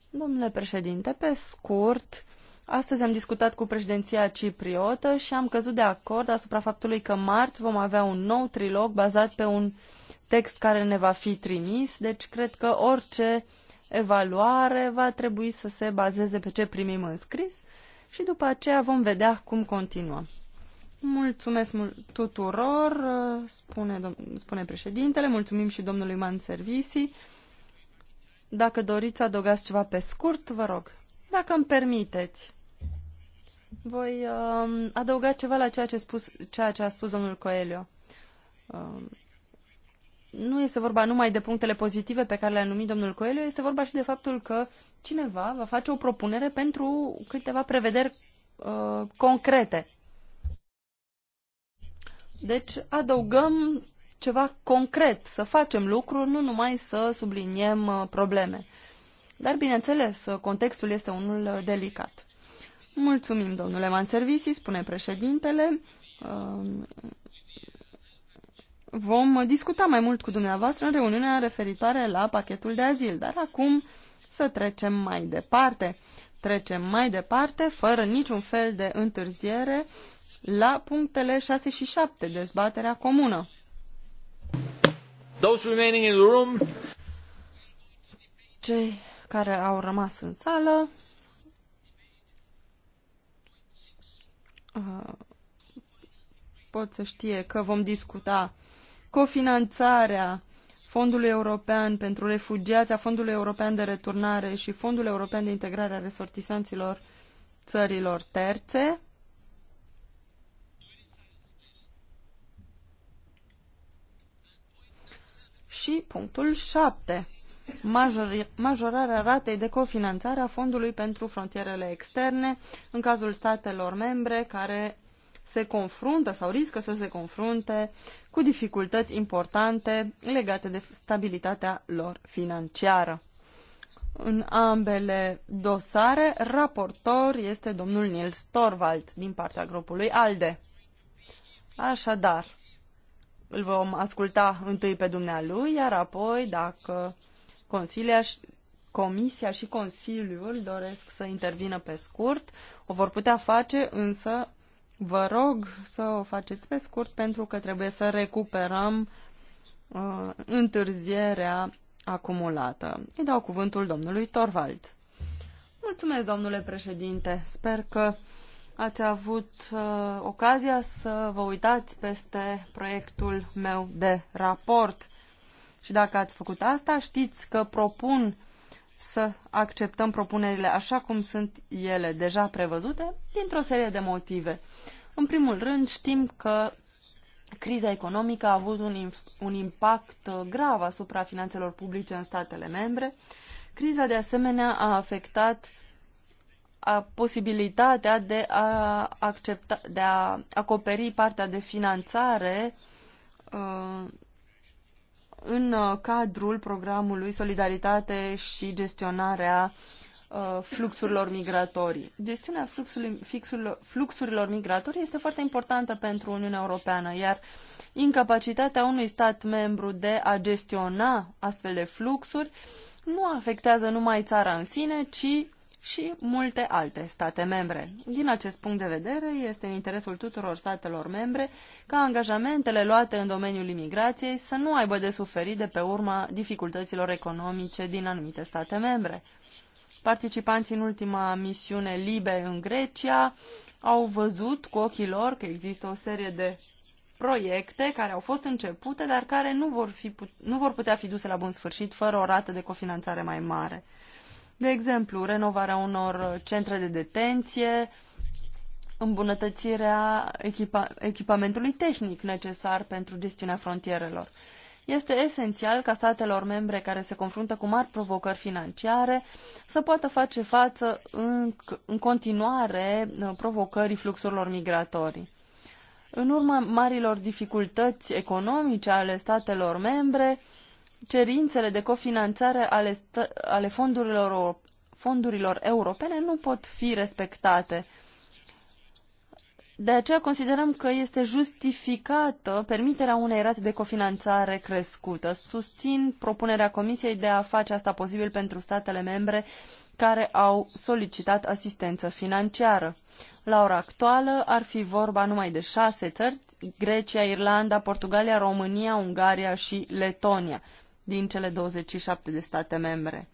domnule președinte, pe scurt, astăzi am discutat cu președinția cipriotă și am căzut de acord asupra faptului că marți vom avea un nou trilog bazat pe un text care ne va fi trimis, deci cred că orice evaluare va trebui să se bazeze pe ce primim în scris și după aceea vom vedea cum continuăm. Mulțumesc tuturor, uh, spune, spune președintele, mulțumim și domnului Man Servisi. Dacă doriți să adăugați ceva pe scurt, vă rog, dacă îmi permiteți. Voi uh, adăuga ceva la ceea ce, spus, ceea ce a spus domnul Coelho. Uh, nu este vorba numai de punctele pozitive pe care le-a numit domnul Coelho, este vorba și de faptul că cineva va face o propunere pentru câteva prevederi uh, concrete. Deci adăugăm ceva concret, să facem lucruri, nu numai să subliniem uh, probleme. Dar, bineînțeles, uh, contextul este unul uh, delicat. Mulțumim, domnule Manservisi, spune președintele. Uh, vom discuta mai mult cu dumneavoastră în reuniunea referitoare la pachetul de azil, dar acum să trecem mai departe. Trecem mai departe, fără niciun fel de întârziere, la punctele 6 și 7, dezbaterea comună. Those remaining in the room. Cei care au rămas în sală uh, pot să știe că vom discuta cofinanțarea Fondului European pentru Refugiați, a Fondului European de Returnare și Fondul European de Integrare a Resortisanților țărilor terțe. Și punctul 7. majorarea ratei de cofinanțare a Fondului pentru Frontierele Externe în cazul statelor membre care se confruntă sau riscă să se confrunte cu dificultăți importante legate de stabilitatea lor financiară. În ambele dosare, raportor este domnul Nils Torvald din partea grupului ALDE. Așadar, îl vom asculta întâi pe dumnealui, iar apoi, dacă Consilia și, Comisia și Consiliul doresc să intervină pe scurt, o vor putea face, însă Vă rog să o faceți pe scurt pentru că trebuie să recuperăm uh, întârzierea acumulată. Îi dau cuvântul domnului Torvald. Mulțumesc, domnule președinte. Sper că ați avut uh, ocazia să vă uitați peste proiectul meu de raport. Și dacă ați făcut asta, știți că propun uh, să acceptăm propunerile așa cum sunt ele deja prevăzute, dintr-o serie de motive. În primul rând, știm că criza economică a avut un, un impact uh, grav asupra finanțelor publice în statele membre. Criza, de asemenea, a afectat a posibilitatea de a, accepta, de a acoperi partea de finanțare uh, în uh, cadrul programului Solidaritate și gestionarea uh, fluxurilor migratorii. Gestiunea fluxului, fixul, fluxurilor migratorii este foarte importantă pentru Uniunea Europeană, iar incapacitatea unui stat membru de a gestiona astfel de fluxuri nu afectează numai țara în sine, ci și multe alte state membre. Din acest punct de vedere, este în interesul tuturor statelor membre ca angajamentele luate în domeniul imigrației să nu aibă de suferit de pe urma dificultăților economice din anumite state membre. Participanții în ultima misiune Libe în Grecia au văzut cu ochii lor că există o serie de proiecte care au fost începute, dar care nu vor, fi, nu vor putea fi duse la bun sfârșit fără o rată de cofinanțare mai mare. De exemplu, renovarea unor centre de detenție, îmbunătățirea echipa echipamentului tehnic necesar pentru gestiunea frontierelor. Este esențial ca statelor membre care se confruntă cu mari provocări financiare să poată face față în, în continuare uh, provocării fluxurilor migratorii. În urma marilor dificultăți economice ale statelor membre, cerințele de cofinanțare ale, ale fondurilor, fondurilor europene nu pot fi respectate. De aceea considerăm că este justificată permiterea unei rate de cofinanțare crescută. Susțin propunerea Comisiei de a face asta posibil pentru statele membre care au solicitat asistență financiară. La ora actuală ar fi vorba numai de șase țări, Grecia, Irlanda, Portugalia, România, Ungaria și Letonia din cele 27 de state membre.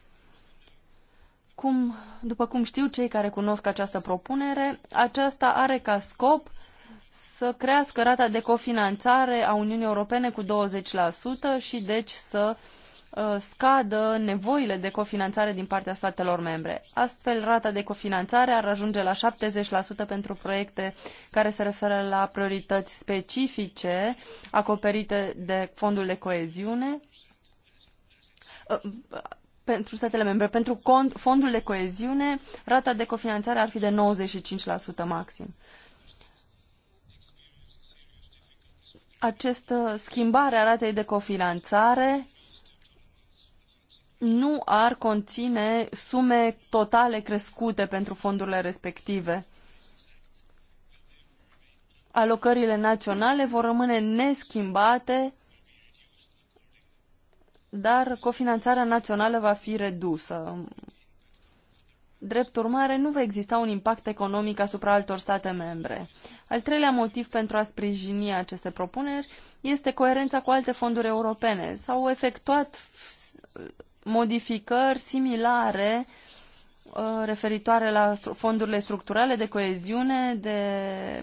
Cum, după cum știu cei care cunosc această propunere, aceasta are ca scop să crească rata de cofinanțare a Uniunii Europene cu 20% și deci să uh, scadă nevoile de cofinanțare din partea statelor membre. Astfel, rata de cofinanțare ar ajunge la 70% pentru proiecte care se referă la priorități specifice acoperite de fondul de coeziune pentru statele membre, pentru fondul de coeziune, rata de cofinanțare ar fi de 95% maxim. Această schimbare a ratei de cofinanțare nu ar conține sume totale crescute pentru fondurile respective. Alocările naționale vor rămâne neschimbate dar cofinanțarea națională va fi redusă. Drept urmare, nu va exista un impact economic asupra altor state membre. Al treilea motiv pentru a sprijini aceste propuneri este coerența cu alte fonduri europene. S-au efectuat modificări similare uh, referitoare la fondurile structurale de coeziune, de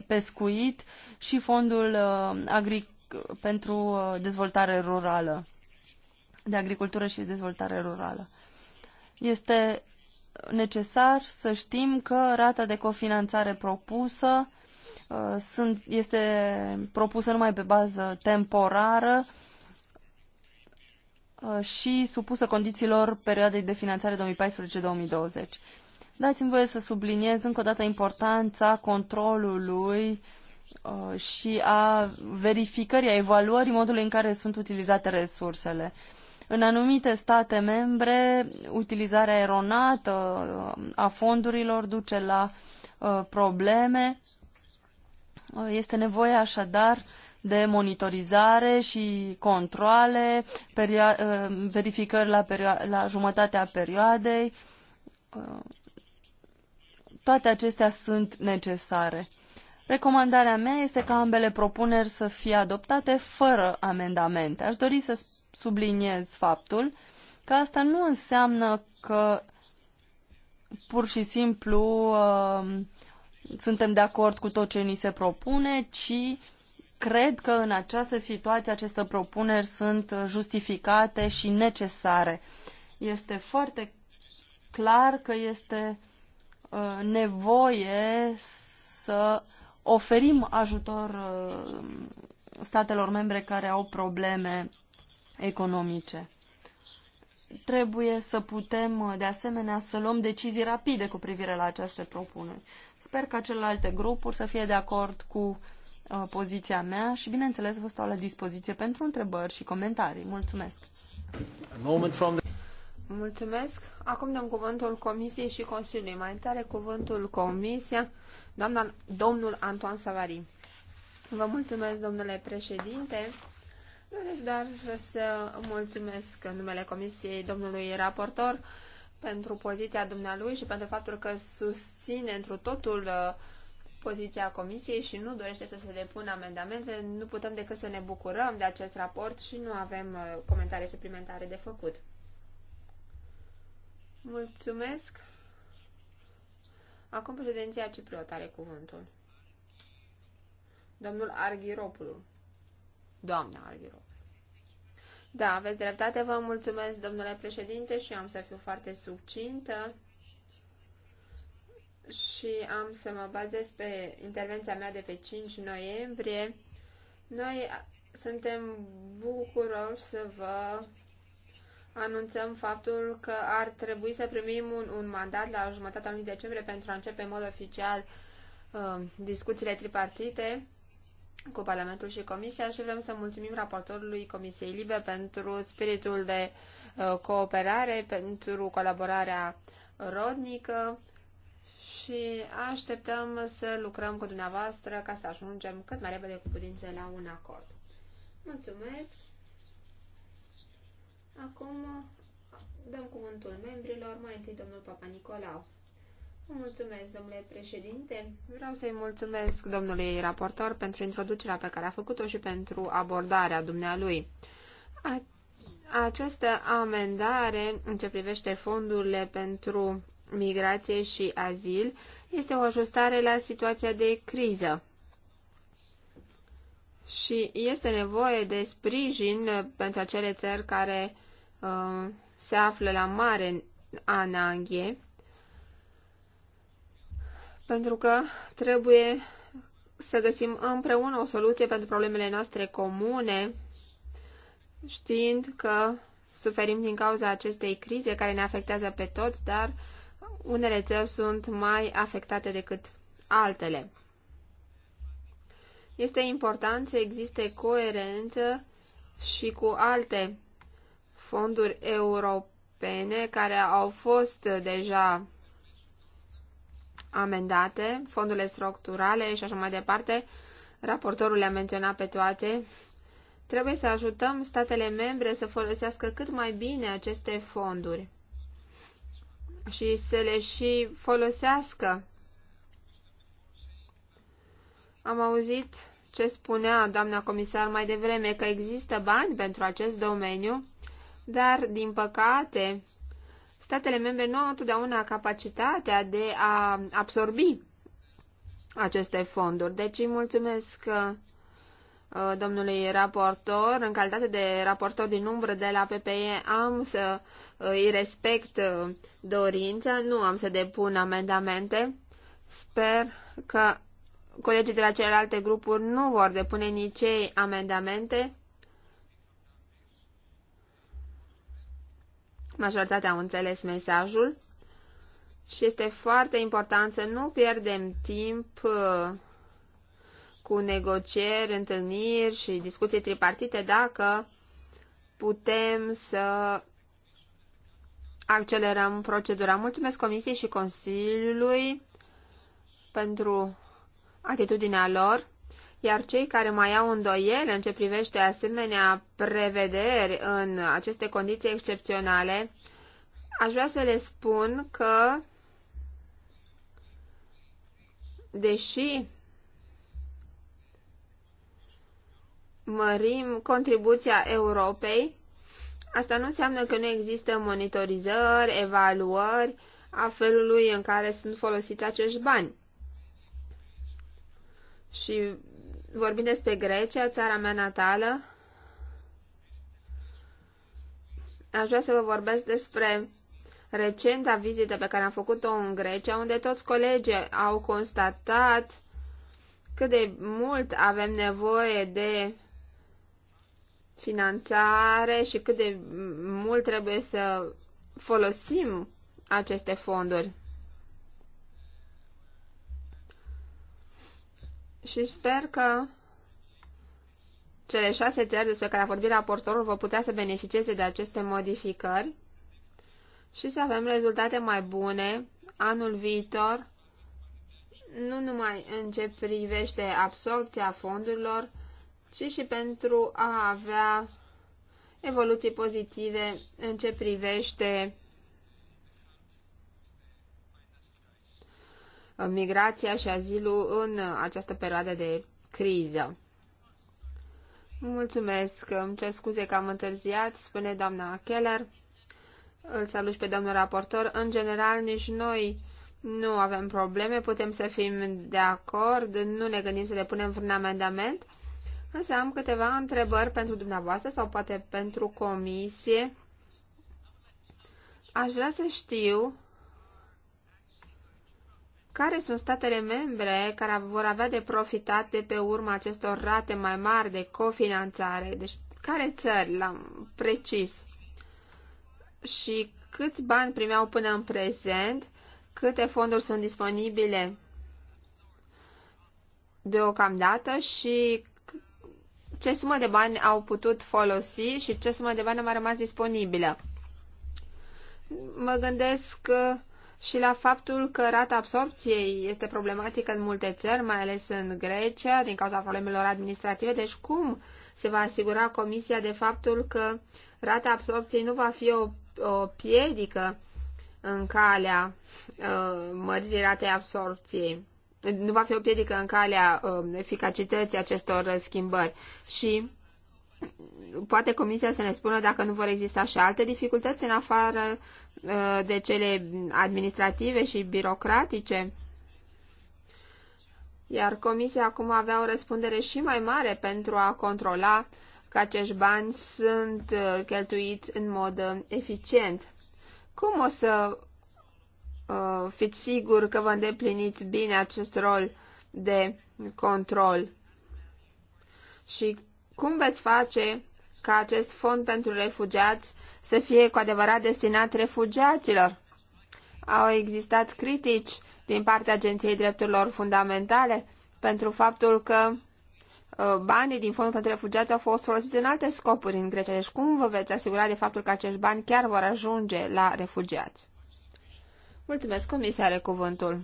pescuit și fondul uh, agric pentru uh, dezvoltare rurală de agricultură și dezvoltare rurală. Este necesar să știm că rata de cofinanțare propusă uh, sunt, este propusă numai pe bază temporară uh, și supusă condițiilor perioadei de finanțare 2014-2020. Dați-mi voie să subliniez încă o dată importanța controlului uh, și a verificării, a evaluării modului în care sunt utilizate resursele. În anumite state membre, utilizarea eronată a fondurilor duce la uh, probleme. Uh, este nevoie așadar de monitorizare și controle, uh, verificări la, la jumătatea perioadei. Toate acestea sunt necesare. Recomandarea mea este ca ambele propuneri să fie adoptate fără amendamente. Aș dori să subliniez faptul că asta nu înseamnă că pur și simplu uh, suntem de acord cu tot ce ni se propune, ci cred că în această situație aceste propuneri sunt justificate și necesare. Este foarte clar că este uh, nevoie să oferim ajutor uh, statelor membre care au probleme economice. Trebuie să putem, uh, de asemenea, să luăm decizii rapide cu privire la aceste propuneri. Sper ca celelalte grupuri să fie de acord cu uh, poziția mea și, bineînțeles, vă stau la dispoziție pentru întrebări și comentarii. Mulțumesc! Mulțumesc. Acum dăm cuvântul Comisiei și Consiliului. Mai întare cuvântul Comisia, doamna, domnul Antoan Savari. Vă mulțumesc, domnule președinte. Doresc doar să mulțumesc în numele Comisiei domnului raportor pentru poziția dumnealui și pentru faptul că susține întru totul uh, poziția Comisiei și nu dorește să se depună amendamente. Nu putem decât să ne bucurăm de acest raport și nu avem uh, comentarii suplimentare de făcut. Mulțumesc. Acum președinția Cipriot are cuvântul. Domnul Arghiropulu. Doamna Alviro. Da, aveți dreptate, vă mulțumesc, domnule președinte, și am să fiu foarte subcintă și am să mă bazez pe intervenția mea de pe 5 noiembrie. Noi suntem bucuroși să vă anunțăm faptul că ar trebui să primim un, un mandat la jumătatea lunii decembrie pentru a începe în mod oficial uh, discuțiile tripartite cu Parlamentul și Comisia și vrem să mulțumim raportorului Comisiei Libe pentru spiritul de uh, cooperare, pentru colaborarea rodnică și așteptăm să lucrăm cu dumneavoastră ca să ajungem cât mai repede cu putință la un acord. Mulțumesc! Acum dăm cuvântul membrilor, mai întâi domnul Papa Nicolau. Mulțumesc, domnule președinte. Vreau să-i mulțumesc domnului raportor pentru introducerea pe care a făcut-o și pentru abordarea dumnealui. această amendare în ce privește fondurile pentru migrație și azil este o ajustare la situația de criză. Și este nevoie de sprijin pentru acele țări care uh, se află la mare ananghie pentru că trebuie să găsim împreună o soluție pentru problemele noastre comune, știind că suferim din cauza acestei crize care ne afectează pe toți, dar unele țări sunt mai afectate decât altele. Este important să existe coerență și cu alte fonduri europene care au fost deja amendate, fondurile structurale și așa mai departe, raportorul le-a menționat pe toate, trebuie să ajutăm statele membre să folosească cât mai bine aceste fonduri și să le și folosească. Am auzit ce spunea doamna comisar mai devreme, că există bani pentru acest domeniu, dar, din păcate, statele membre nu au întotdeauna capacitatea de a absorbi aceste fonduri. Deci îi mulțumesc uh, domnului raportor. În calitate de raportor din umbră de la PPE am să uh, îi respect uh, dorința, nu am să depun amendamente. Sper că colegii de la celelalte grupuri nu vor depune nici ei amendamente majoritatea au înțeles mesajul și este foarte important să nu pierdem timp uh, cu negocieri, întâlniri și discuții tripartite dacă putem să accelerăm procedura. Mulțumesc Comisiei și Consiliului pentru atitudinea lor iar cei care mai au îndoiele în ce privește asemenea prevederi în aceste condiții excepționale, aș vrea să le spun că, deși mărim contribuția Europei, asta nu înseamnă că nu există monitorizări, evaluări a felului în care sunt folosiți acești bani. Și vorbim despre Grecia, țara mea natală, aș vrea să vă vorbesc despre recenta vizită pe care am făcut-o în Grecia, unde toți colegii au constatat cât de mult avem nevoie de finanțare și cât de mult trebuie să folosim aceste fonduri. și sper că cele șase țări despre care a vorbit raportorul vor putea să beneficieze de aceste modificări și să avem rezultate mai bune anul viitor, nu numai în ce privește absorpția fondurilor, ci și pentru a avea evoluții pozitive în ce privește migrația și azilul în această perioadă de criză. Mulțumesc, îmi cer scuze că am întârziat, spune doamna Keller. Îl salut pe domnul raportor. În general, nici noi nu avem probleme, putem să fim de acord, nu ne gândim să depunem vreun amendament, însă am câteva întrebări pentru dumneavoastră sau poate pentru comisie. Aș vrea să știu care sunt statele membre care vor avea de profitat de pe urma acestor rate mai mari de cofinanțare? Deci, care țări, la precis? Și câți bani primeau până în prezent? Câte fonduri sunt disponibile deocamdată și ce sumă de bani au putut folosi și ce sumă de bani a mai rămas disponibilă? Mă gândesc că și la faptul că rata absorpției este problematică în multe țări, mai ales în Grecia, din cauza problemelor administrative. Deci cum se va asigura Comisia de faptul că rata absorpției nu va fi o, o piedică în calea uh, măririi ratei absorpției? Nu va fi o piedică în calea uh, eficacității acestor schimbări. Și poate Comisia să ne spună dacă nu vor exista și alte dificultăți în afară uh, de cele administrative și birocratice. Iar Comisia acum avea o răspundere și mai mare pentru a controla că acești bani sunt uh, cheltuiți în mod uh, eficient. Cum o să fiți sigur că vă îndepliniți bine acest rol de control? Și cum veți face ca acest fond pentru refugiați să fie cu adevărat destinat refugiaților? Au existat critici din partea Agenției Drepturilor Fundamentale pentru faptul că uh, banii din fondul pentru refugiați au fost folosiți în alte scopuri în Grecia. Deci cum vă veți asigura de faptul că acești bani chiar vor ajunge la refugiați? Mulțumesc, comisia are cuvântul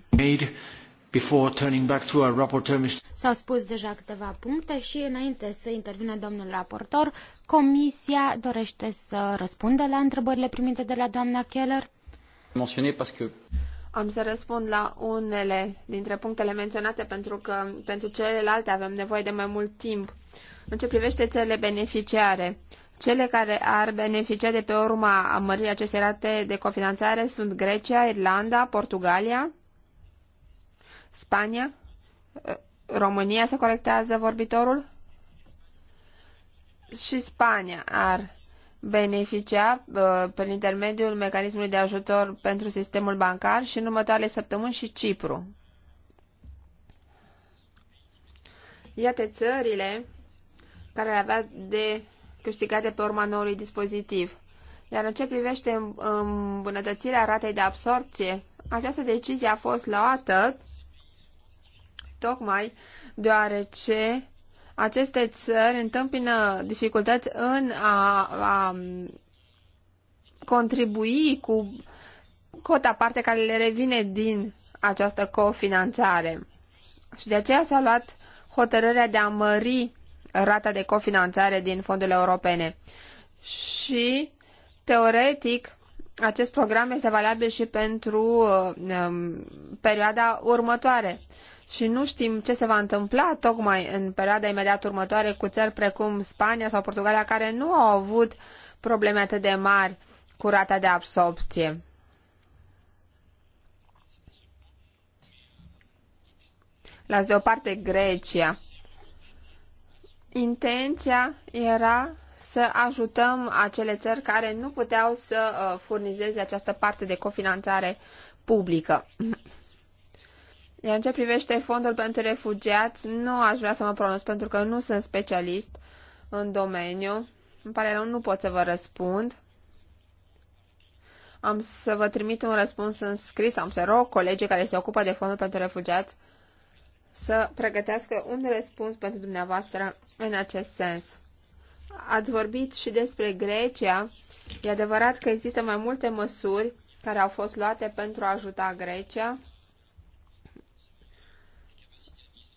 before turning back to our rapporteur, S-au spus deja câteva puncte și înainte să intervină domnul raportor, Comisia dorește să răspundă la întrebările primite de la doamna Keller? Am să răspund la unele dintre punctele menționate pentru că pentru celelalte avem nevoie de mai mult timp. În ce privește țările beneficiare, cele care ar beneficia de pe urma mării acestei rate de cofinanțare sunt Grecia, Irlanda, Portugalia, Spania? România se corectează vorbitorul? Și Spania ar beneficia uh, prin intermediul mecanismului de ajutor pentru sistemul bancar și în următoarele săptămâni și Cipru. Iată țările care ar avea de câștigate pe urma noului dispozitiv. Iar în ce privește îmbunătățirea ratei de absorpție, această decizie a fost luată tocmai deoarece aceste țări întâmpină dificultăți în a, a contribui cu cota parte care le revine din această cofinanțare. Și de aceea s-a luat hotărârea de a mări rata de cofinanțare din fondurile europene. Și, teoretic, acest program este valabil și pentru uh, um, perioada următoare și nu știm ce se va întâmpla tocmai în perioada imediat următoare cu țări precum Spania sau Portugalia care nu au avut probleme atât de mari cu rata de absorpție. Las deoparte Grecia. Intenția era să ajutăm acele țări care nu puteau să uh, furnizeze această parte de cofinanțare publică. Iar în ce privește fondul pentru refugiați, nu aș vrea să mă pronunț pentru că nu sunt specialist în domeniu. Îmi pare rău, nu pot să vă răspund. Am să vă trimit un răspuns în scris, am să rog colegii care se ocupă de fondul pentru refugiați să pregătească un răspuns pentru dumneavoastră în acest sens. Ați vorbit și despre Grecia. E adevărat că există mai multe măsuri care au fost luate pentru a ajuta Grecia.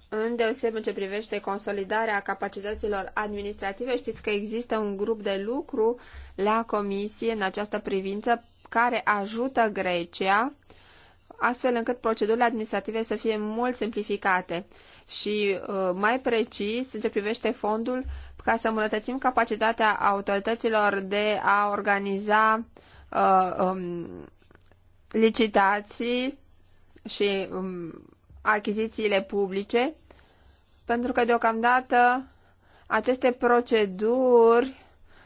Îndeosebit ce privește consolidarea capacităților administrative, știți că există un grup de lucru la comisie în această privință care ajută Grecia astfel încât procedurile administrative să fie mult simplificate și uh, mai precis în ce privește fondul ca să îmbunătățim capacitatea autorităților de a organiza uh, um, licitații și um, achizițiile publice, pentru că deocamdată aceste proceduri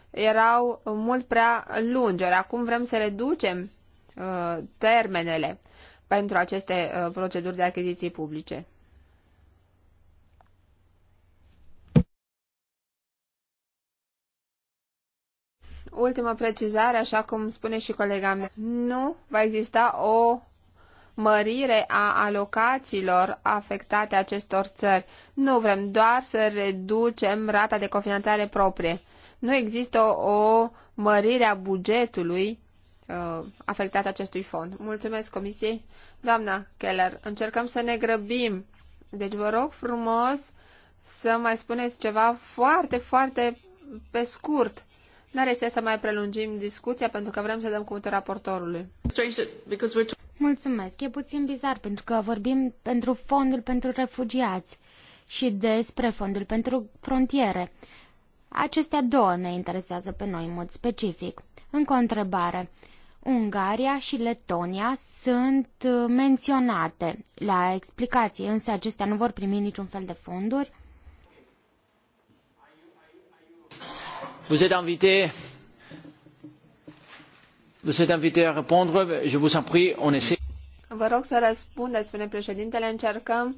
erau mult prea lungi. Acum vrem să reducem uh, termenele pentru aceste uh, proceduri de achiziții publice. Ultima precizare, așa cum spune și colega mea, nu va exista o mărire a alocațiilor afectate acestor țări. Nu vrem doar să reducem rata de cofinanțare proprie. Nu există o, o mărire a bugetului uh, afectat acestui fond. Mulțumesc Comisiei. Doamna Keller, încercăm să ne grăbim. Deci vă rog frumos să mai spuneți ceva foarte, foarte pe scurt. N-are să mai prelungim discuția pentru că vrem să dăm cuvântul raportorului. Mulțumesc. E puțin bizar pentru că vorbim pentru fondul pentru refugiați și despre fondul pentru frontiere. Acestea două ne interesează pe noi în mod specific. Încă o întrebare. Ungaria și Letonia sunt uh, menționate la explicație, însă acestea nu vor primi niciun fel de fonduri. Vous êtes invité Vous êtes invité à répondre, je vous en prie, on essaie. Vă rog să răspundeți, spune președintele, încercăm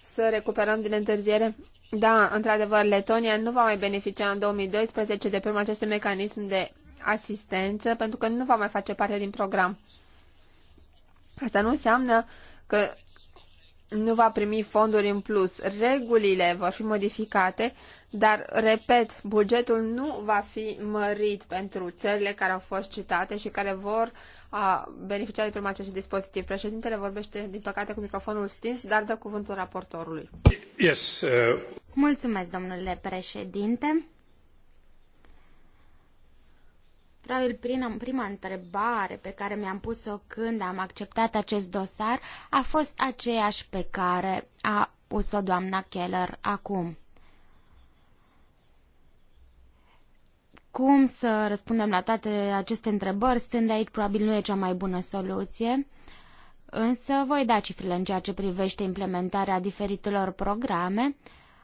să recuperăm din întârziere. Da, într-adevăr, Letonia nu va mai beneficia în 2012 de primul urma acestui mecanism de asistență, pentru că nu va mai face parte din program. Asta nu înseamnă că nu va primi fonduri în plus. Regulile vor fi modificate, dar, repet, bugetul nu va fi mărit pentru țările care au fost citate și care vor a, beneficia de prima acest dispozitiv. Președintele vorbește, din păcate, cu microfonul stins, dar dă cuvântul raportorului. Yes, uh... Mulțumesc, domnule președinte. Probabil prima prima întrebare pe care mi-am pus-o când am acceptat acest dosar a fost aceeași pe care a pus-o doamna Keller acum. Cum să răspundem la toate aceste întrebări, stând aici probabil nu e cea mai bună soluție, însă voi da cifrele în ceea ce privește implementarea diferitelor programe,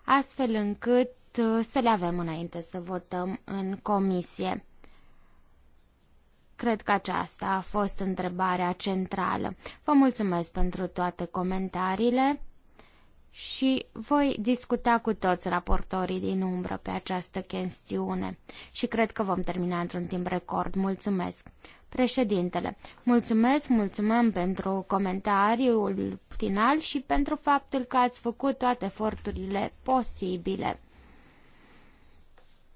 astfel încât uh, să le avem înainte să votăm în comisie. Cred că aceasta a fost întrebarea centrală. Vă mulțumesc pentru toate comentariile și voi discuta cu toți raportorii din umbră pe această chestiune și cred că vom termina într-un timp record. Mulțumesc! Președintele, mulțumesc, mulțumim pentru comentariul final și pentru faptul că ați făcut toate eforturile posibile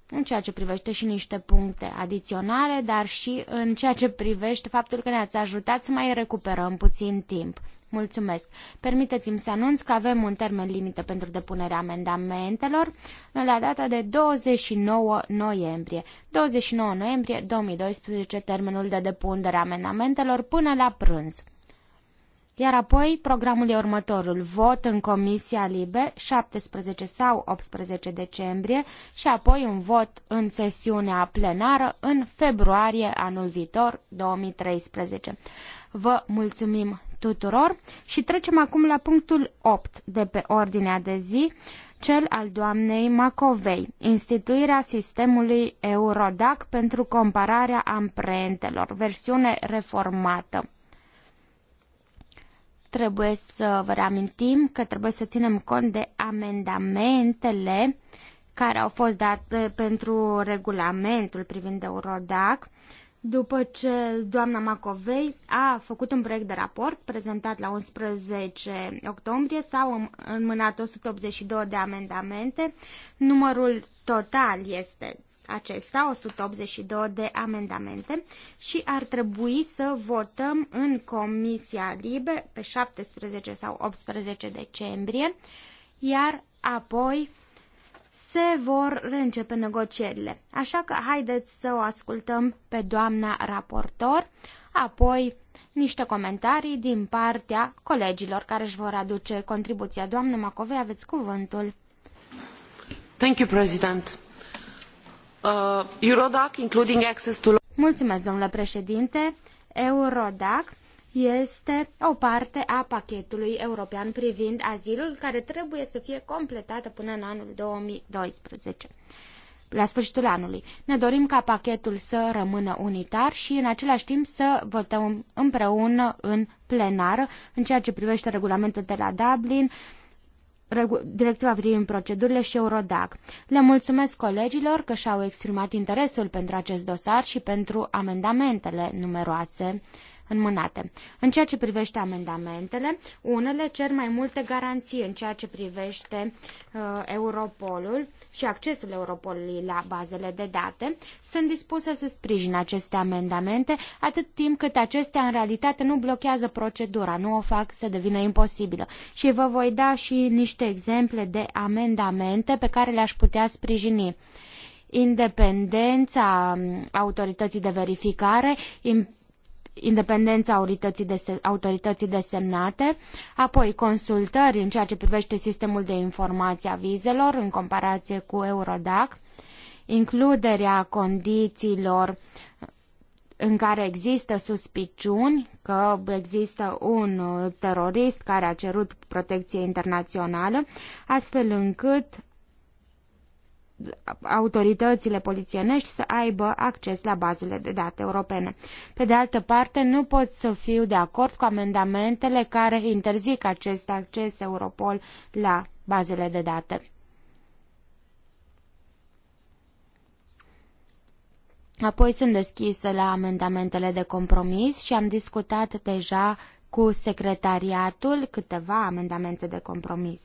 în ceea ce privește și niște puncte adiționale, dar și în ceea ce privește faptul că ne-ați ajutat să mai recuperăm puțin timp. Mulțumesc. Permiteți-mi să anunț că avem un termen limită pentru depunerea amendamentelor la data de 29 noiembrie. 29 noiembrie 2012, termenul de depunere a amendamentelor până la prânz. Iar apoi programul e următorul. Vot în Comisia Libe 17 sau 18 decembrie și apoi un vot în sesiunea plenară în februarie anul viitor 2013. Vă mulțumim tuturor și trecem acum la punctul 8 de pe ordinea de zi, cel al doamnei Macovei, instituirea sistemului Eurodac pentru compararea amprentelor, versiune reformată. Trebuie să vă reamintim că trebuie să ținem cont de amendamentele care au fost date pentru regulamentul privind Eurodac, după ce doamna Macovei a făcut un proiect de raport prezentat la 11 octombrie, s-au înmânat 182 de amendamente. Numărul total este acesta, 182 de amendamente și ar trebui să votăm în Comisia Libe pe 17 sau 18 decembrie, iar apoi se vor reîncepe negocierile. Așa că haideți să o ascultăm pe doamna raportor, apoi niște comentarii din partea colegilor care își vor aduce contribuția. Doamne Macovei, aveți cuvântul. Thank you, President. Uh, Eurodac, domnule președinte. Eurodac este o parte a pachetului european privind azilul, care trebuie să fie completată până în anul 2012 la sfârșitul anului. Ne dorim ca pachetul să rămână unitar și în același timp să votăm împreună în plenară în ceea ce privește regulamentul de la Dublin, uh, directiva privind procedurile și Eurodac. Le mulțumesc colegilor că și-au exprimat interesul pentru acest dosar și pentru amendamentele numeroase înmânate. În ceea ce privește amendamentele, unele cer mai multe garanții în ceea ce privește uh, Europolul și accesul Europolului la bazele de date. Sunt dispuse să sprijin aceste amendamente atât timp cât acestea în realitate nu blochează procedura, nu o fac să devină imposibilă. Și vă voi da și niște exemple de amendamente pe care le-aș putea sprijini independența um, autorității de verificare, independența autorității, desemnate, apoi consultări în ceea ce privește sistemul de informație a vizelor în comparație cu Eurodac, includerea condițiilor în care există suspiciuni că există un terorist care a cerut protecție internațională, astfel încât autoritățile polițienești să aibă acces la bazele de date europene. Pe de altă parte, nu pot să fiu de acord cu amendamentele care interzic acest acces Europol la bazele de date. Apoi sunt deschisă la amendamentele de compromis și am discutat deja cu secretariatul câteva amendamente de compromis.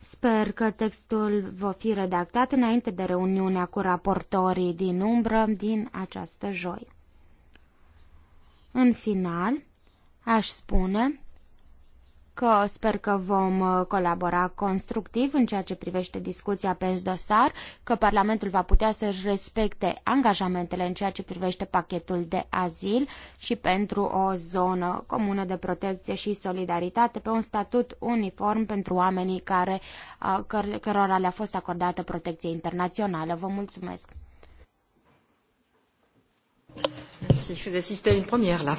Sper că textul va fi redactat înainte de reuniunea cu raportorii din umbră din această joi. În final, aș spune că sper că vom uh, colabora constructiv în ceea ce privește discuția pe dosar, că Parlamentul va putea să-și respecte angajamentele în ceea ce privește pachetul de azil și pentru o zonă comună de protecție și solidaritate, pe un statut uniform pentru oamenii care, uh, căr- cărora le-a fost acordată protecție internațională. Vă mulțumesc! Merci, je faisais assister à une première là.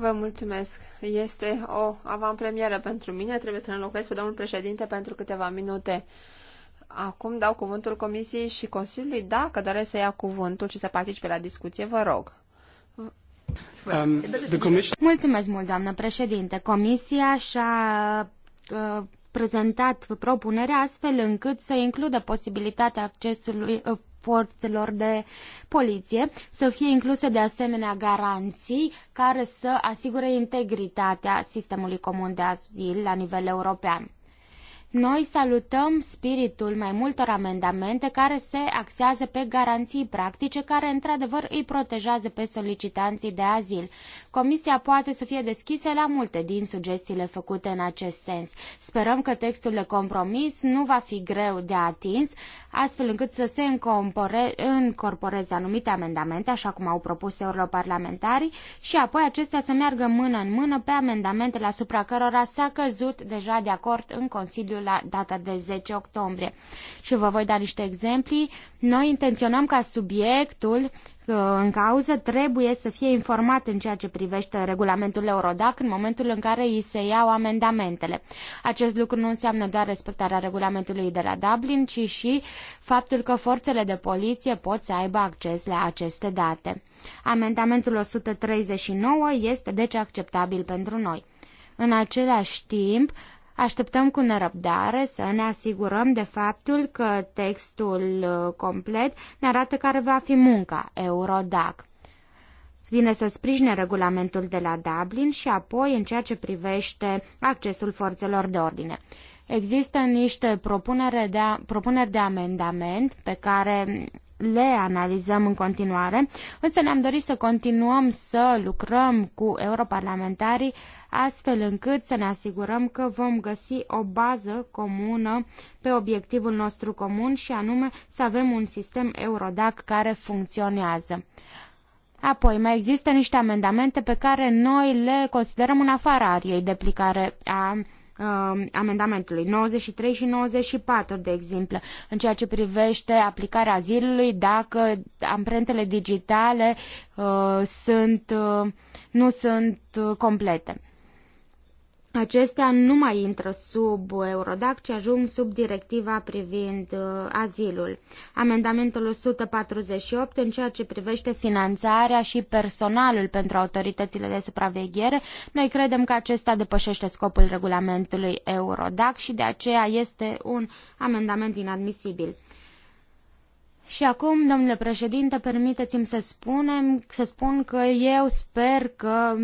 Vă mulțumesc. Este o avantpremieră pentru mine. Trebuie să înlocuiesc pe domnul președinte pentru câteva minute. Acum dau cuvântul Comisiei și Consiliului. Dacă doresc să ia cuvântul și să participe la discuție, vă rog. Um, Mulțumesc mult, doamnă președinte. Comisia și-a uh, prezentat propunerea astfel încât să includă posibilitatea accesului uh, forțelor de poliție, să fie incluse de asemenea garanții care să asigure integritatea sistemului comun de azil la nivel european. Noi salutăm spiritul mai multor amendamente care se axează pe garanții practice care într-adevăr îi protejează pe solicitanții de azil. Comisia poate să fie deschisă la multe din sugestiile făcute în acest sens. Sperăm că textul de compromis nu va fi greu de atins, astfel încât să se încorporeze anumite amendamente, așa cum au propus europarlamentarii, și apoi acestea să meargă mână în mână pe amendamentele asupra cărora s-a căzut deja de acord în Consiliu Consiliu la data de 10 octombrie. Și vă voi da niște exemplii. Noi intenționăm ca subiectul uh, în cauză trebuie să fie informat în ceea ce privește regulamentul Eurodac în momentul în care îi se iau amendamentele. Acest lucru nu înseamnă doar respectarea regulamentului de la Dublin, ci și faptul că forțele de poliție pot să aibă acces la aceste date. Amendamentul 139 este deci acceptabil pentru noi. În același timp, Așteptăm cu nerăbdare să ne asigurăm de faptul că textul uh, complet ne arată care va fi munca Eurodac. Vine să sprijine regulamentul de la Dublin și apoi în ceea ce privește accesul forțelor de ordine. Există niște propunere de, propuneri de amendament pe care le analizăm în continuare, însă ne-am dorit să continuăm să lucrăm cu europarlamentarii astfel încât să ne asigurăm că vom găsi o bază comună pe obiectivul nostru comun și anume să avem un sistem Eurodac care funcționează. Apoi, mai există niște amendamente pe care noi le considerăm în afara ariei de aplicare a amendamentului 93 și 94, de exemplu, în ceea ce privește aplicarea zilului dacă amprentele digitale uh, sunt, uh, nu sunt uh, complete. Acestea nu mai intră sub Eurodac, ci ajung sub directiva privind uh, azilul. Amendamentul 148 în ceea ce privește finanțarea și personalul pentru autoritățile de supraveghere, noi credem că acesta depășește scopul regulamentului Eurodac și de aceea este un amendament inadmisibil. Și acum, domnule președinte, permiteți-mi să, spunem, să spun că eu sper că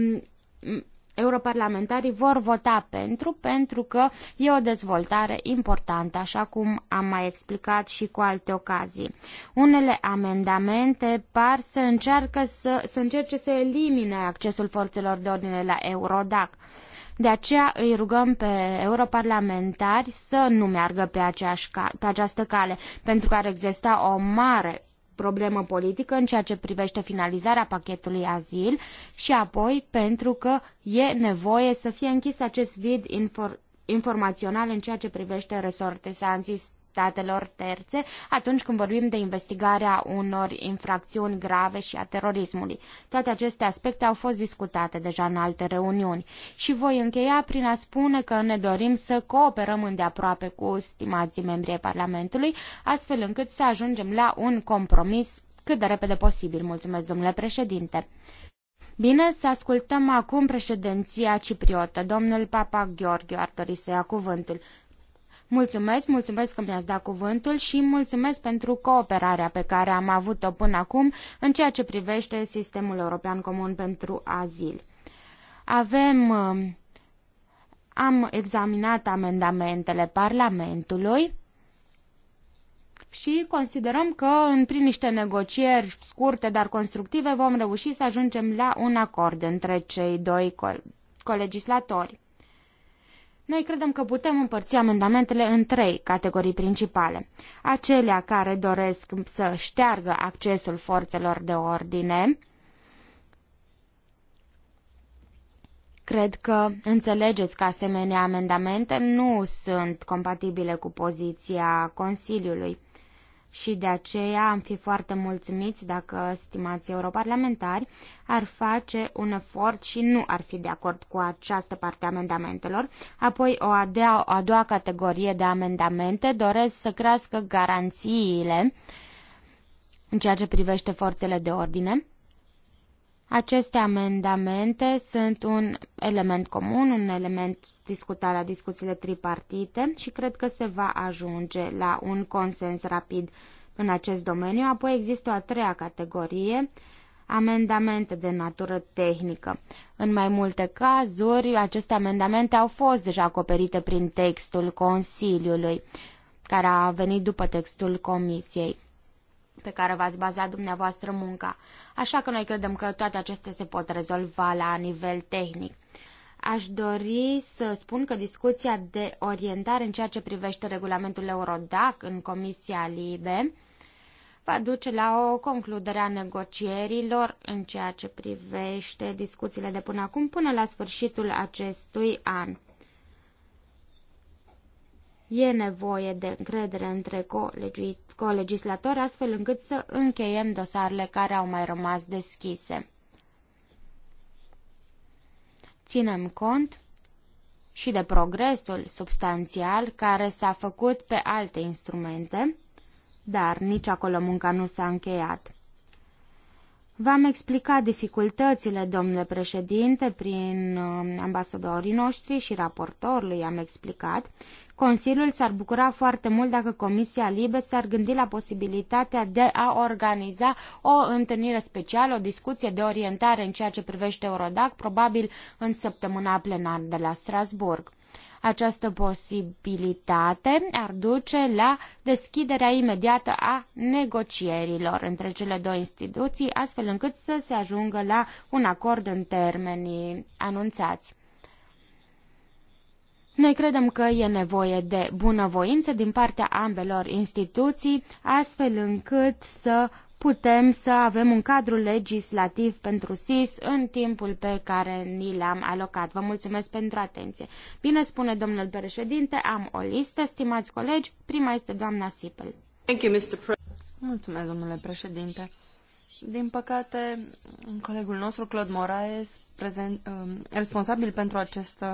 europarlamentarii vor vota pentru, pentru că e o dezvoltare importantă, așa cum am mai explicat și cu alte ocazii. Unele amendamente par să, încearcă să, să încerce să elimine accesul forțelor de ordine la Eurodac. De aceea îi rugăm pe europarlamentari să nu meargă pe, aceeași pe această cale, pentru că ar exista o mare problemă politică în ceea ce privește finalizarea pachetului azil și apoi pentru că e nevoie să fie închis acest vid infor- informațional în ceea ce privește resortesanții statelor terțe atunci când vorbim de investigarea unor infracțiuni grave și a terorismului. Toate aceste aspecte au fost discutate deja în alte reuniuni și voi încheia prin a spune că ne dorim să cooperăm îndeaproape cu stimații membrii Parlamentului, astfel încât să ajungem la un compromis cât de repede posibil. Mulțumesc, domnule președinte. Bine, să ascultăm acum președinția cipriotă. Domnul Papa Gheorghe ar dori să ia cuvântul. Mulțumesc, mulțumesc că mi-ați dat cuvântul și mulțumesc pentru cooperarea pe care am avut-o până acum în ceea ce privește sistemul european comun pentru azil. Avem, uh, am examinat amendamentele Parlamentului și considerăm că prin niște negocieri scurte, dar constructive, vom reuși să ajungem la un acord între cei doi colegislatori. Noi credem că putem împărți amendamentele în trei categorii principale. Acelea care doresc să șteargă accesul forțelor de ordine, Cred că înțelegeți că asemenea amendamente nu sunt compatibile cu poziția Consiliului și de aceea am fi foarte mulțumiți dacă stimați europarlamentari ar face un efort și nu ar fi de acord cu această parte a amendamentelor. Apoi, o a, doua, o a doua categorie de amendamente doresc să crească garanțiile în ceea ce privește forțele de ordine. Aceste amendamente sunt un element comun, un element discutat la discuțiile tripartite și cred că se va ajunge la un consens rapid în acest domeniu. Apoi există o a treia categorie, amendamente de natură tehnică. În mai multe cazuri, aceste amendamente au fost deja acoperite prin textul Consiliului, care a venit după textul Comisiei pe care v-ați bazat dumneavoastră munca. Așa că noi credem că toate acestea se pot rezolva la nivel tehnic. Aș dori să spun că discuția de orientare în ceea ce privește regulamentul Eurodac în Comisia Libe va duce la o concludere a negocierilor în ceea ce privește discuțiile de până acum până la sfârșitul acestui an. E nevoie de încredere între colegislatori, astfel încât să încheiem dosarele care au mai rămas deschise. Ținem cont și de progresul substanțial care s-a făcut pe alte instrumente, dar nici acolo munca nu s-a încheiat. V-am explicat dificultățile, domnule președinte, prin uh, ambasadorii noștri și raportorului am explicat Consiliul s-ar bucura foarte mult dacă Comisia Libe s-ar gândi la posibilitatea de a organiza o întâlnire specială, o discuție de orientare în ceea ce privește Eurodac, probabil în săptămâna plenară de la Strasburg. Această posibilitate ar duce la deschiderea imediată a negocierilor între cele două instituții, astfel încât să se ajungă la un acord în termenii anunțați. Noi credem că e nevoie de bunăvoință din partea ambelor instituții, astfel încât să putem să avem un cadru legislativ pentru SIS în timpul pe care ni l-am alocat. Vă mulțumesc pentru atenție. Bine spune domnul președinte, am o listă, stimați colegi, prima este doamna Sipel. Thank you, Mr. Pre- mulțumesc, domnule președinte. Din păcate, colegul nostru, Claude Moraes, prezent, um, responsabil pentru acest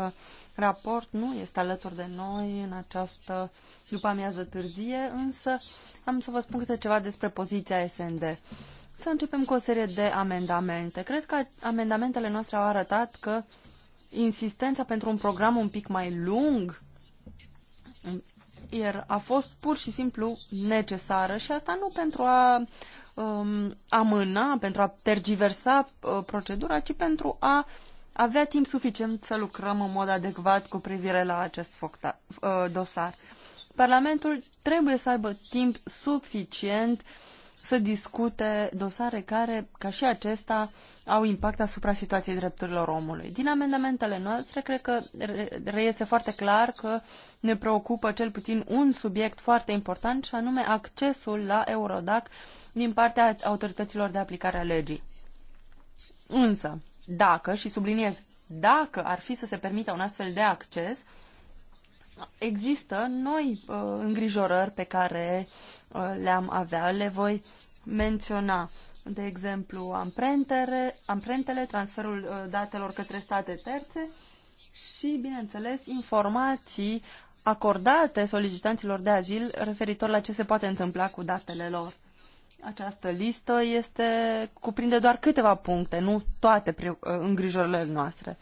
raport nu este alături de noi în această după amiază târzie, însă am să vă spun câte ceva despre poziția SND. Să începem cu o serie de amendamente. Cred că amendamentele noastre au arătat că insistența pentru un program un pic mai lung iar a fost pur și simplu necesară și asta nu pentru a um, amâna, pentru a tergiversa uh, procedura, ci pentru a uh, avea timp suficient să lucrăm în mod adecvat cu privire la acest da, uh, dosar. Parlamentul trebuie să aibă timp suficient să discute dosare care, ca și acesta, au impact asupra situației drepturilor omului. Din amendamentele noastre, cred că reiese foarte clar că ne preocupă cel puțin un subiect foarte important, și anume accesul la Eurodac din partea autorităților de aplicare a legii. Însă, dacă, și subliniez, dacă ar fi să se permită un astfel de acces, există noi uh, îngrijorări pe care uh, le-am avea, le voi menționa. De exemplu, amprentele, amprentele transferul uh, datelor către state terțe și, bineînțeles, informații acordate solicitanților de azil referitor la ce se poate întâmpla cu datele lor. Această listă este, cuprinde doar câteva puncte, nu toate ă, îngrijorările noastre.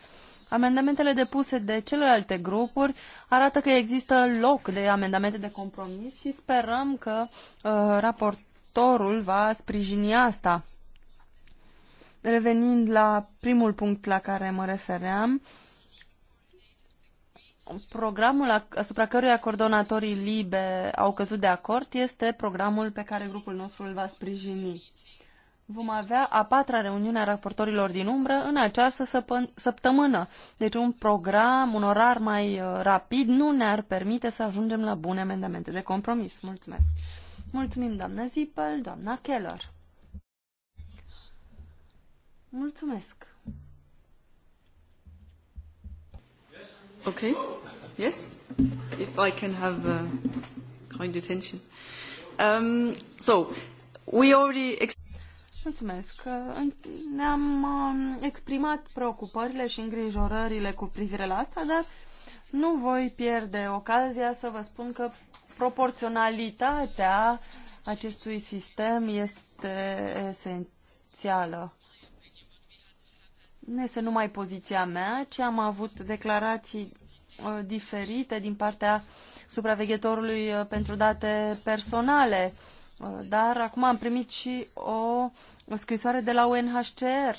Amendamentele depuse de celelalte grupuri arată că există loc de amendamente de compromis și sperăm că uh, raportorul va sprijini asta. Revenind la primul punct la care mă refeream, uh, programul asupra căruia coordonatorii libe au căzut de acord este programul pe care grupul nostru îl va sprijini. Vom avea a patra reuniune a raportorilor din umbră în această săptămână. Deci un program, un orar mai uh, rapid nu ne-ar permite să ajungem la bune amendamente de compromis. Mulțumesc. Mulțumim, doamna Zipel, doamna Keller. Mulțumesc. Okay. Yes. If I can have uh, kind attention. Um, so, we already. Mulțumesc. Uh, ne-am um, exprimat preocupările și îngrijorările cu privire la asta, dar nu voi pierde ocazia să vă spun că proporționalitatea acestui sistem este esențială. Nu este numai poziția mea, ci am avut declarații uh, diferite din partea supraveghetorului uh, pentru date personale. Uh, dar acum am primit și o, o scrisoare de la UNHCR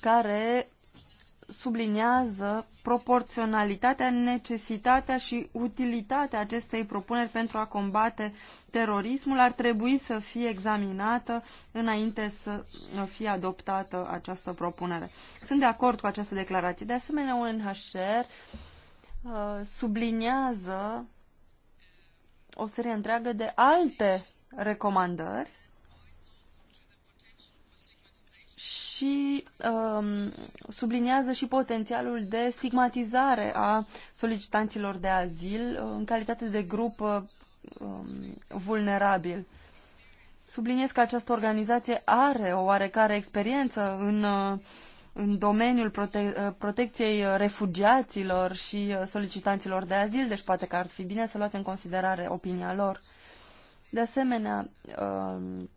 care subliniază proporționalitatea, necesitatea și utilitatea acestei propuneri pentru a combate terorismul ar trebui să fie examinată înainte să fie adoptată această propunere. Sunt de acord cu această declarație. De asemenea, UNHCR uh, subliniază o serie întreagă de alte recomandări și um, subliniază și potențialul de stigmatizare a solicitanților de azil uh, în calitate de grup uh, um, vulnerabil. Subliniez că această organizație are o oarecare experiență în, uh, în domeniul prote- protecției refugiaților și solicitanților de azil, deci poate că ar fi bine să luați în considerare opinia lor. De asemenea, um,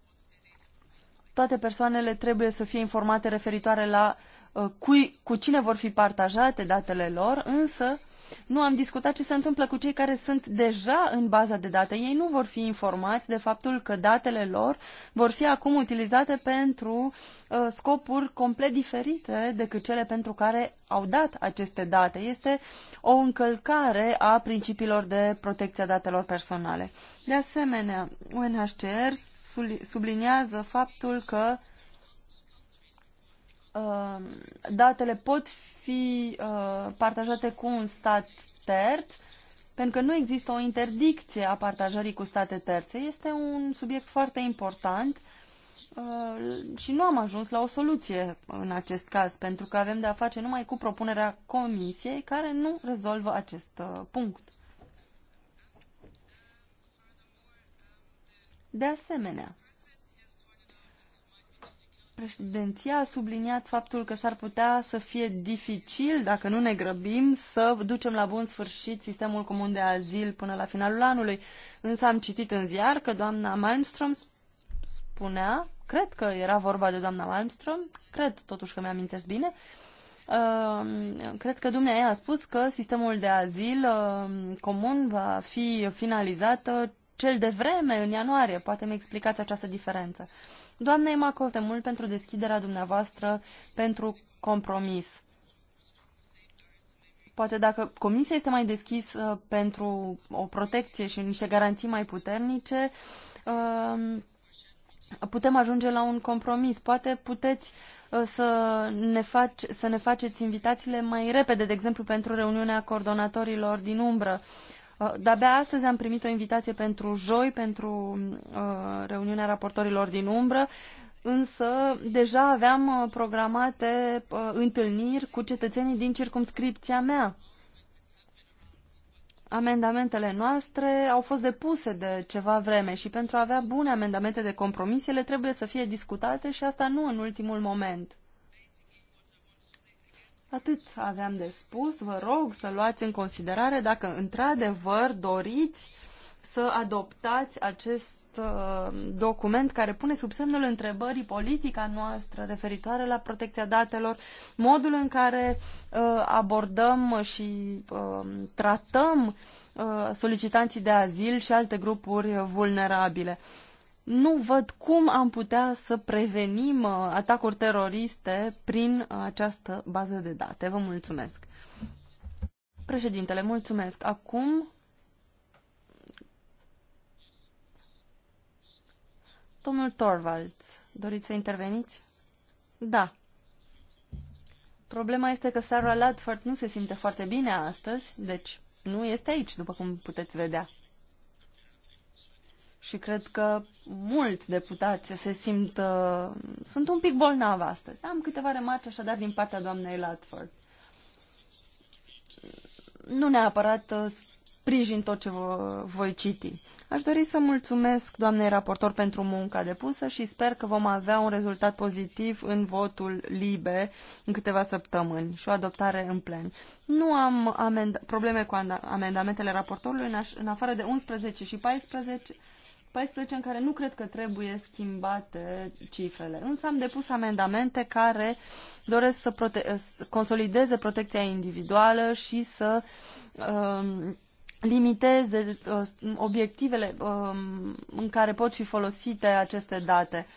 toate persoanele trebuie să fie informate referitoare la uh, cui, cu cine vor fi partajate datele lor, însă nu am discutat ce se întâmplă cu cei care sunt deja în baza de date. Ei nu vor fi informați de faptul că datele lor vor fi acum utilizate pentru uh, scopuri complet diferite decât cele pentru care au dat aceste date. Este o încălcare a principiilor de protecție a datelor personale. De asemenea, UNHCR subliniază faptul că uh, datele pot fi uh, partajate cu un stat terț, pentru că nu există o interdicție a partajării cu state terțe. Este un subiect foarte important uh, și nu am ajuns la o soluție în acest caz, pentru că avem de a face numai cu propunerea Comisiei, care nu rezolvă acest uh, punct. De asemenea, președinția a subliniat faptul că s-ar putea să fie dificil, dacă nu ne grăbim, să ducem la bun sfârșit sistemul comun de azil până la finalul anului. Însă am citit în ziar că doamna Malmström spunea, cred că era vorba de doamna Malmström, cred totuși că mi-amintesc bine, Uh, cred că dumneavoastră a spus că sistemul de azil uh, comun va fi finalizat cel de vreme, în ianuarie. Poate mi explicați această diferență. Doamne, mă acorde mult pentru deschiderea dumneavoastră pentru compromis. Poate dacă comisia este mai deschisă uh, pentru o protecție și niște garanții mai puternice, um, putem ajunge la un compromis. Poate puteți uh, să ne, faci, să ne faceți invitațiile mai repede, de exemplu pentru reuniunea coordonatorilor din umbră. Uh, Uh, de-abia astăzi am primit o invitație pentru joi, pentru uh, reuniunea raportorilor din umbră, însă deja aveam uh, programate întâlniri cu cetățenii din circumscripția mea. Amendamentele noastre au fost depuse de ceva vreme și pentru a avea bune amendamente de compromis, ele trebuie să fie discutate și asta nu în ultimul moment. Atât aveam de spus. Vă rog să luați în considerare dacă într-adevăr doriți să adoptați acest uh, document care pune sub semnul întrebării politica noastră referitoare la protecția datelor, modul în care uh, abordăm și uh, tratăm solicitanții de azil și alte grupuri vulnerabile nu văd cum am putea să prevenim uh, atacuri teroriste prin uh, această bază de date. Vă mulțumesc. Președintele, mulțumesc. Acum. Domnul Torvalds, doriți să interveniți? Da. Problema este că Sarah Ladford nu se simte foarte bine astăzi, deci nu este aici, după cum puteți vedea și cred că mulți deputați se simt, uh, sunt un pic bolnav astăzi. Am câteva remarci așadar din partea doamnei Latford. Nu neapărat uh, sprijin tot ce vă, voi citi. Aș dori să mulțumesc doamnei raportor pentru munca depusă și sper că vom avea un rezultat pozitiv în votul LIBE în câteva săptămâni și o adoptare în plen. Nu am amend- probleme cu amendamentele raportorului în, aș- în afară de 11 și 14 14 în care nu cred că trebuie schimbate cifrele. Însă am depus amendamente care doresc să, prote- consolideze protecția individuală și să um, limiteze uh, obiectivele um, în care pot fi folosite aceste date.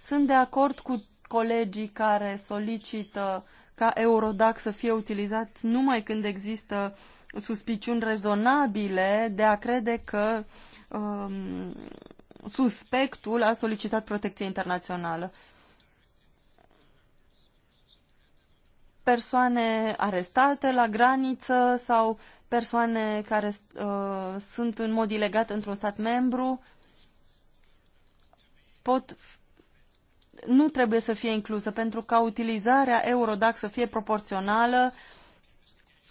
Sunt de acord cu colegii care solicită ca Eurodac să fie utilizat numai când există uh, suspiciuni rezonabile de a crede că um, suspectul a solicitat protecție internațională. Persoane arestate la graniță sau persoane care uh, sunt în mod ilegat într-un stat membru pot nu trebuie să fie inclusă pentru ca utilizarea Eurodac să fie proporțională uh,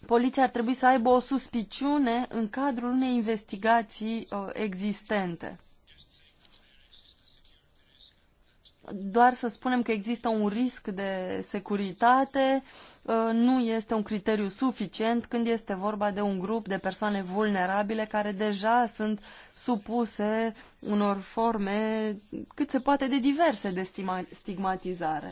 poliția ar trebui să aibă o suspiciune în cadrul unei investigații uh, existente. Doar să spunem că există un risc de securitate uh, nu este un criteriu suficient când este vorba de un grup de persoane vulnerabile care deja sunt supuse unor forme cât se poate de diverse de stigmatizare.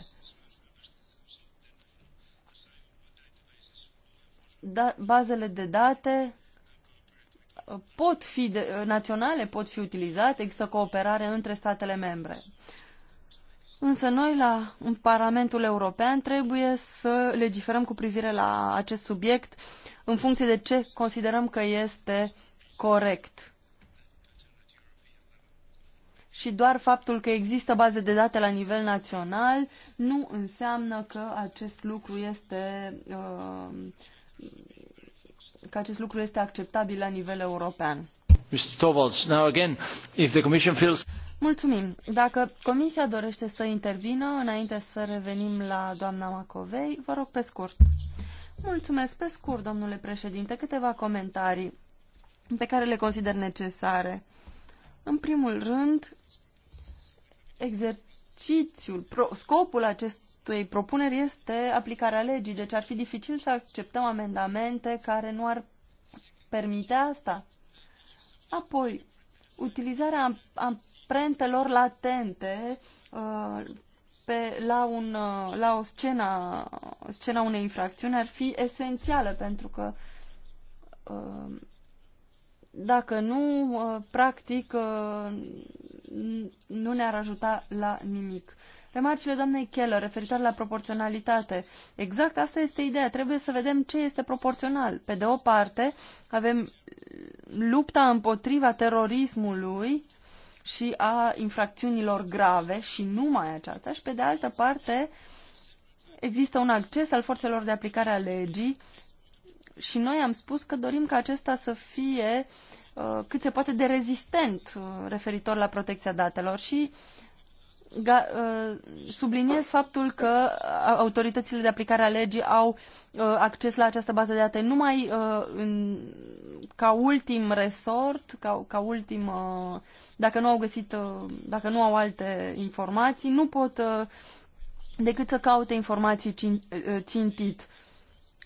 da, bazele de date pot fi de, naționale, pot fi utilizate, există cooperare între statele membre. Însă noi, la, în Parlamentul European, trebuie să legiferăm cu privire la acest subiect în funcție de ce considerăm că este corect. Și doar faptul că există baze de date la nivel național nu înseamnă că acest lucru este uh, că acest lucru este acceptabil la nivel european. Mulțumim. Dacă Comisia dorește să intervină, înainte să revenim la doamna Macovei, vă rog pe scurt. Mulțumesc pe scurt, domnule președinte, câteva comentarii pe care le consider necesare. În primul rând, exercițiul, scopul acest, acestei propuneri este aplicarea legii, deci ar fi dificil să acceptăm amendamente care nu ar permite asta. Apoi, utilizarea amprentelor latente uh, pe, la, un, uh, la o scena, scena unei infracțiuni ar fi esențială, pentru că uh, dacă nu, uh, practic, uh, nu ne-ar ajuta la nimic remarcile doamnei Keller referitoare la proporționalitate. Exact asta este ideea. Trebuie să vedem ce este proporțional. Pe de o parte, avem lupta împotriva terorismului și a infracțiunilor grave și numai aceasta și pe de altă parte există un acces al forțelor de aplicare a legii și noi am spus că dorim ca acesta să fie uh, cât se poate de rezistent uh, referitor la protecția datelor și Uh, subliniez faptul că uh, autoritățile de aplicare a legii au uh, acces la această bază de date numai în, ca ultim resort, ca, ca ultim, dacă nu au găsit, dacă nu au alte informații, nu pot decât să caute informații țintit.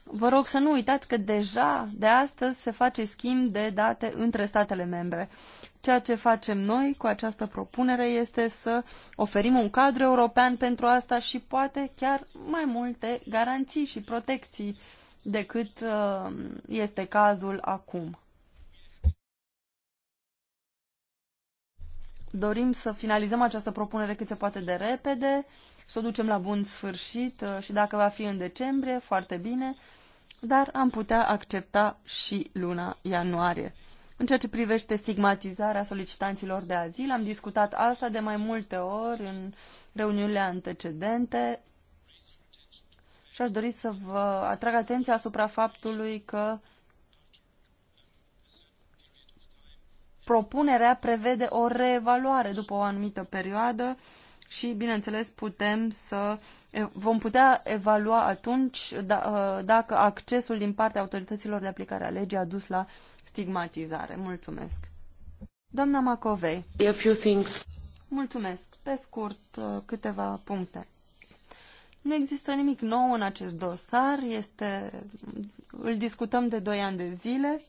Vă rog să nu uitați că deja de astăzi se face schimb de date între statele membre. Uh, Ceea ce facem noi cu această propunere este să oferim un cadru european pentru asta și poate chiar mai multe garanții și protecții decât uh, este cazul acum. Dorim să finalizăm această propunere cât se poate de repede, să o ducem la bun sfârșit uh, și dacă va fi în decembrie, foarte bine, dar am putea accepta și luna ianuarie. În ceea ce privește stigmatizarea solicitanților de azil, am discutat asta de mai multe ori în reuniunile antecedente și aș dori să vă atrag atenția asupra faptului că propunerea prevede o reevaluare după o anumită perioadă și, bineînțeles, putem să vom putea evalua atunci da, ă, dacă accesul din partea autorităților de aplicare a legii a dus la stigmatizare. Mulțumesc. Doamna Macovei. A few things. Mulțumesc. Pe scurt, uh, câteva puncte. Nu există nimic nou în acest dosar, este, îl discutăm de 2 ani de zile.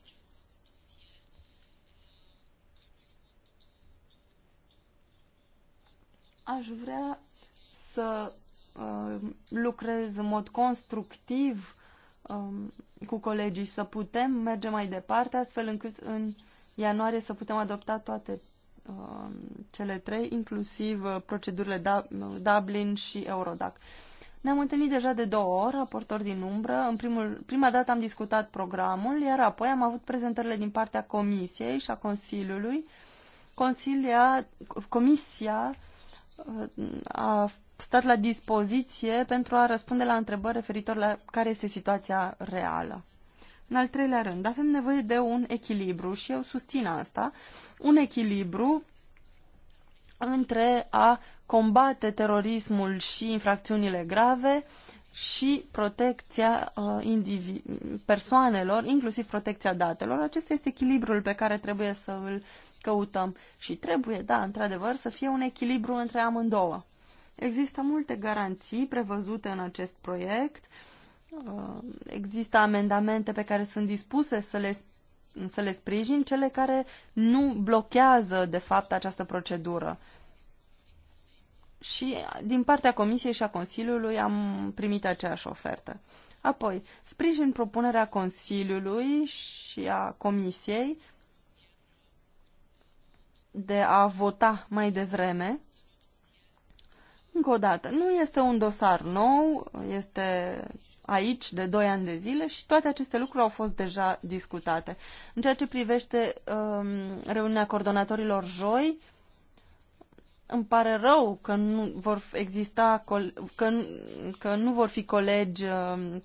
Aș vrea să uh, lucrez în mod constructiv um, cu colegii să putem merge mai departe, astfel încât în ianuarie să putem adopta toate uh, cele trei, inclusiv uh, procedurile da, Dublin și Eurodac. Ne-am întâlnit deja de două ori, raportor din umbră. În primul, prima dată am discutat programul, iar apoi am avut prezentările din partea Comisiei și a Consiliului. Consilia, comisia uh, a stat la dispoziție pentru a răspunde la întrebări referitor la care este situația reală. În al treilea rând, avem nevoie de un echilibru și eu susțin asta, un echilibru între a combate terorismul și infracțiunile grave și protecția uh, persoanelor, inclusiv protecția datelor. Acesta este echilibrul pe care trebuie să îl căutăm și trebuie, da, într-adevăr, să fie un echilibru între amândouă. Există multe garanții prevăzute în acest proiect. Uh, există amendamente pe care sunt dispuse să le, să le sprijin, cele care nu blochează, de fapt, această procedură. Și uh, din partea Comisiei și a Consiliului am primit aceeași ofertă. Apoi, sprijin propunerea Consiliului și a Comisiei de a vota mai devreme încă o dată, nu este un dosar nou, este aici de 2 ani de zile și toate aceste lucruri au fost deja discutate. În ceea ce privește um, reuniunea coordonatorilor joi, îmi pare rău că nu vor exista că, că nu vor fi colegi um,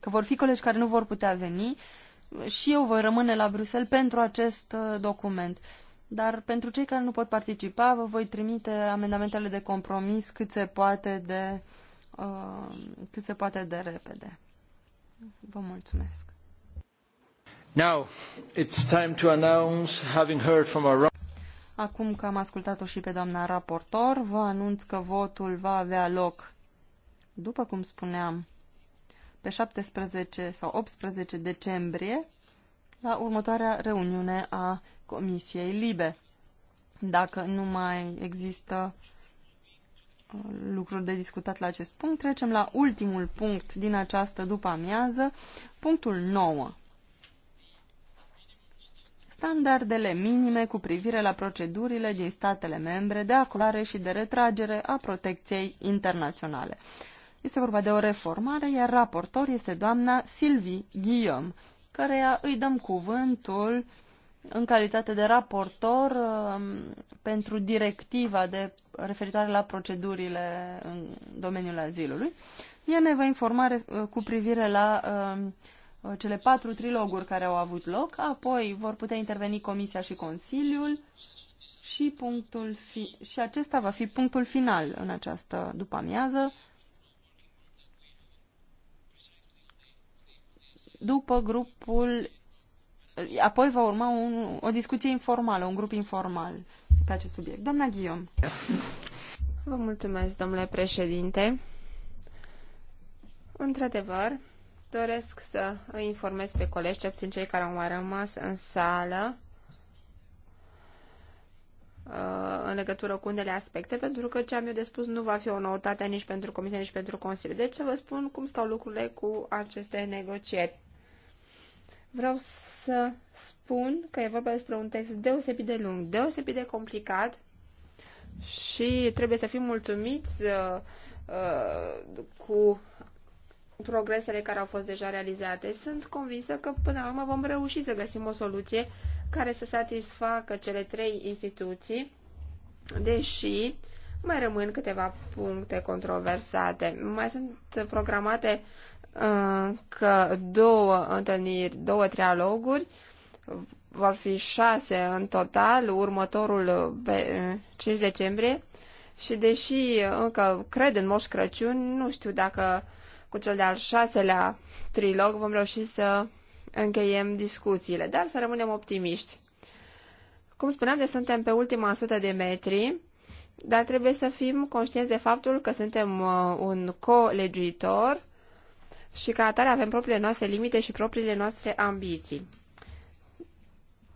că vor fi colegi care nu vor putea veni și eu voi rămâne la Bruxelles pentru acest uh, document. Dar pentru cei care nu pot participa, vă voi trimite amendamentele de compromis cât se poate de, uh, cât se poate de repede. Vă mulțumesc. Now, it's time to announce, having heard from our... Acum că am ascultat-o și pe doamna raportor, vă anunț că votul va avea loc, după cum spuneam, pe 17 sau 18 decembrie, la următoarea reuniune a Comisiei Libe. Dacă nu mai există uh, lucruri de discutat la acest punct, trecem la ultimul punct din această după-amiază, punctul 9. Standardele minime cu privire la procedurile din statele membre de acolare și de retragere a protecției internaționale. Este vorba de o reformare, iar raportor este doamna Sylvie Guillaume, căreia îi dăm cuvântul în calitate de raportor um, pentru directiva de referitoare la procedurile în domeniul azilului. Ea ne va informa uh, cu privire la um, uh, cele patru triloguri care au avut loc, apoi vor putea interveni Comisia și Consiliul și, punctul fi- și acesta va fi punctul final în această după-amiază. După grupul apoi va urma un, o discuție informală, un grup informal pe acest subiect. Doamna Ghion. Vă mulțumesc, domnule președinte. Într-adevăr, doresc să îi informez pe colegi, cel puțin cei care au mai rămas în sală, uh, în legătură cu unele aspecte, pentru că ce am eu de spus nu va fi o noutate nici pentru Comisie, nici pentru Consiliu. Deci să vă spun cum stau lucrurile cu aceste negocieri. Vreau să spun că e vorba despre un text deosebit de lung, deosebit de complicat și trebuie să fim mulțumiți uh, uh, cu progresele care au fost deja realizate. Sunt convinsă că până la urmă vom reuși să găsim o soluție care să satisfacă cele trei instituții, deși mai rămân câteva puncte controversate. Mai sunt programate că două întâlniri, două trialoguri, vor fi șase în total, următorul 5 decembrie. Și deși încă cred în Moș Crăciun, nu știu dacă cu cel de-al șaselea trilog vom reuși să încheiem discuțiile, dar să rămânem optimiști. Cum spuneam, de deci suntem pe ultima sută de metri, dar trebuie să fim conștienți de faptul că suntem uh, un colegiuitor și ca atare avem propriile noastre limite și propriile noastre ambiții.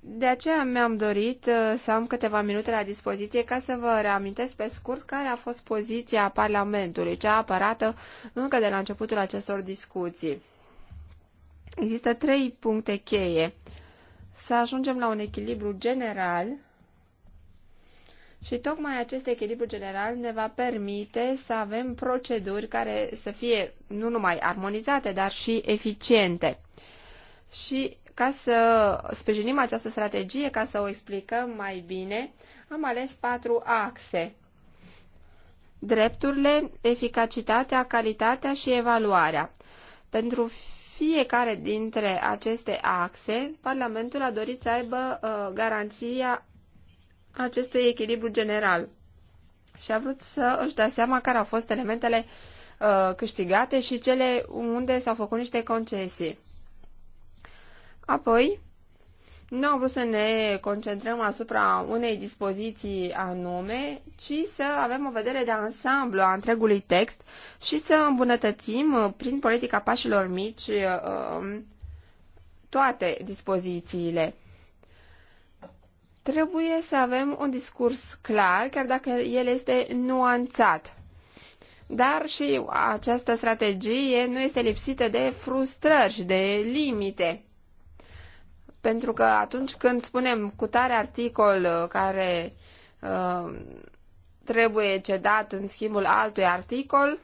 De aceea mi-am dorit uh, să am câteva minute la dispoziție ca să vă reamintesc pe scurt care a fost poziția Parlamentului, cea apărată încă de la începutul acestor discuții. Există trei puncte cheie. Să ajungem la un echilibru general și tocmai acest echilibru general ne va permite să avem proceduri care să fie nu numai armonizate, dar și eficiente. Și ca să sprijinim această strategie, ca să o explicăm mai bine, am ales patru axe. Drepturile, eficacitatea, calitatea și evaluarea. Pentru fiecare dintre aceste axe, Parlamentul a dorit să aibă uh, garanția acestui echilibru general și a vrut să își dea seama care au fost elementele uh, câștigate și cele unde s-au făcut niște concesii. Apoi, nu am vrut să ne concentrăm asupra unei dispoziții anume, ci să avem o vedere de ansamblu a întregului text și să îmbunătățim uh, prin politica pașilor mici uh, toate dispozițiile. Trebuie să avem un discurs clar, chiar dacă el este nuanțat. Dar și această strategie nu este lipsită de frustrări și de limite. Pentru că atunci când spunem cu tare articol uh, care uh, trebuie cedat în schimbul altui articol,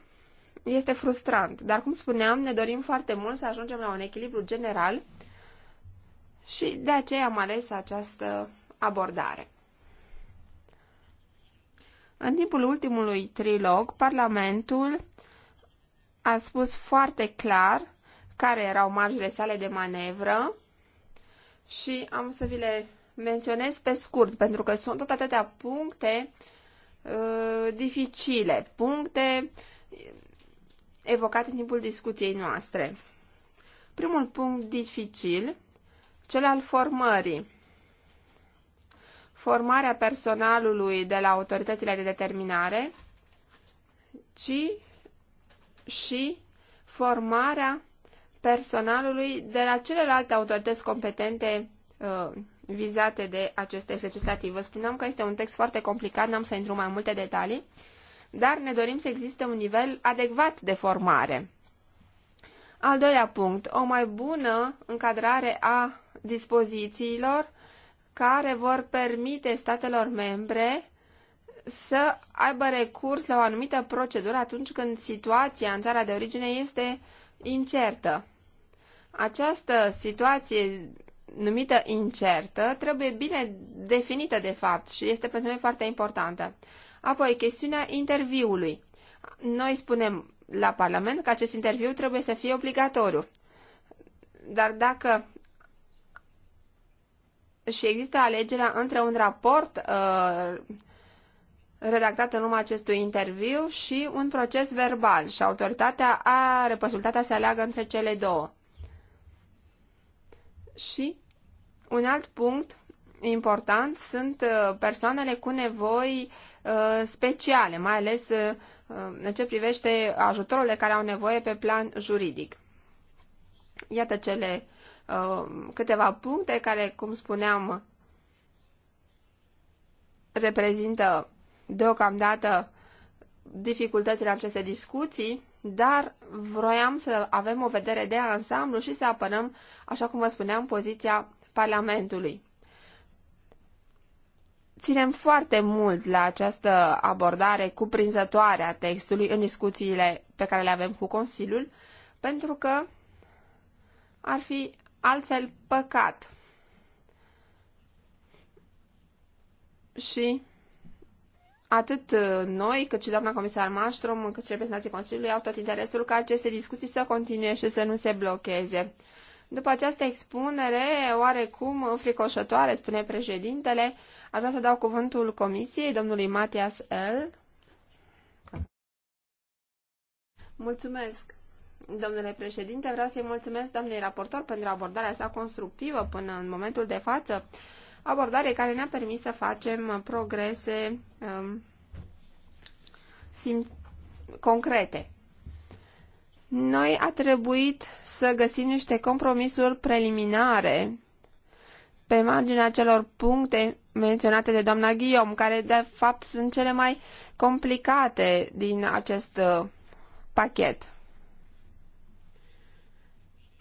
este frustrant. Dar, cum spuneam, ne dorim foarte mult să ajungem la un echilibru general și de aceea am ales această abordare. În timpul ultimului trilog, Parlamentul a spus foarte clar care erau marjele sale de manevră și am să vi le menționez pe scurt, pentru că sunt tot atâtea puncte uh, dificile, puncte evocate în timpul discuției noastre. Primul punct dificil, cel al formării formarea personalului de la autoritățile de determinare, ci și formarea personalului de la celelalte autorități competente uh, vizate de acest text legislativ. Vă spuneam că este un text foarte complicat, n-am să intru mai multe detalii, dar ne dorim să existe un nivel adecvat de formare. Al doilea punct, o mai bună încadrare a dispozițiilor care vor permite statelor membre să aibă recurs la o anumită procedură atunci când situația în țara de origine este incertă. Această situație numită incertă trebuie bine definită de fapt și este pentru noi foarte importantă. Apoi, chestiunea interviului. Noi spunem la Parlament că acest interviu trebuie să fie obligatoriu. Dar dacă și există alegerea între un raport uh, redactat în urma acestui interviu și un proces verbal și autoritatea are posibilitatea să aleagă între cele două. Și un alt punct important sunt uh, persoanele cu nevoi uh, speciale, mai ales uh, uh, în ce privește ajutorul de care au nevoie pe plan juridic. Iată cele Uh, câteva puncte care, cum spuneam, reprezintă deocamdată dificultățile acestei discuții, dar vroiam să avem o vedere de ansamblu și să apărăm, așa cum vă spuneam, poziția Parlamentului. Ținem foarte mult la această abordare cuprinzătoare a textului în discuțiile pe care le avem cu Consiliul, pentru că ar fi altfel păcat. Și atât uh, noi, cât și doamna comisar Maștrom, cât și reprezentanții Consiliului au tot interesul ca aceste discuții să continue și să nu se blocheze. După această expunere, oarecum fricoșătoare, spune președintele, aș vrea să dau cuvântul comisiei domnului Matias L. Mulțumesc! Domnule președinte, vreau să-i mulțumesc doamnei raportor pentru abordarea sa constructivă până în momentul de față, abordare care ne-a permis să facem progrese um, sim- concrete. Noi a trebuit să găsim niște compromisuri preliminare pe marginea celor puncte menționate de doamna Guillaume, care de fapt sunt cele mai complicate din acest uh, pachet.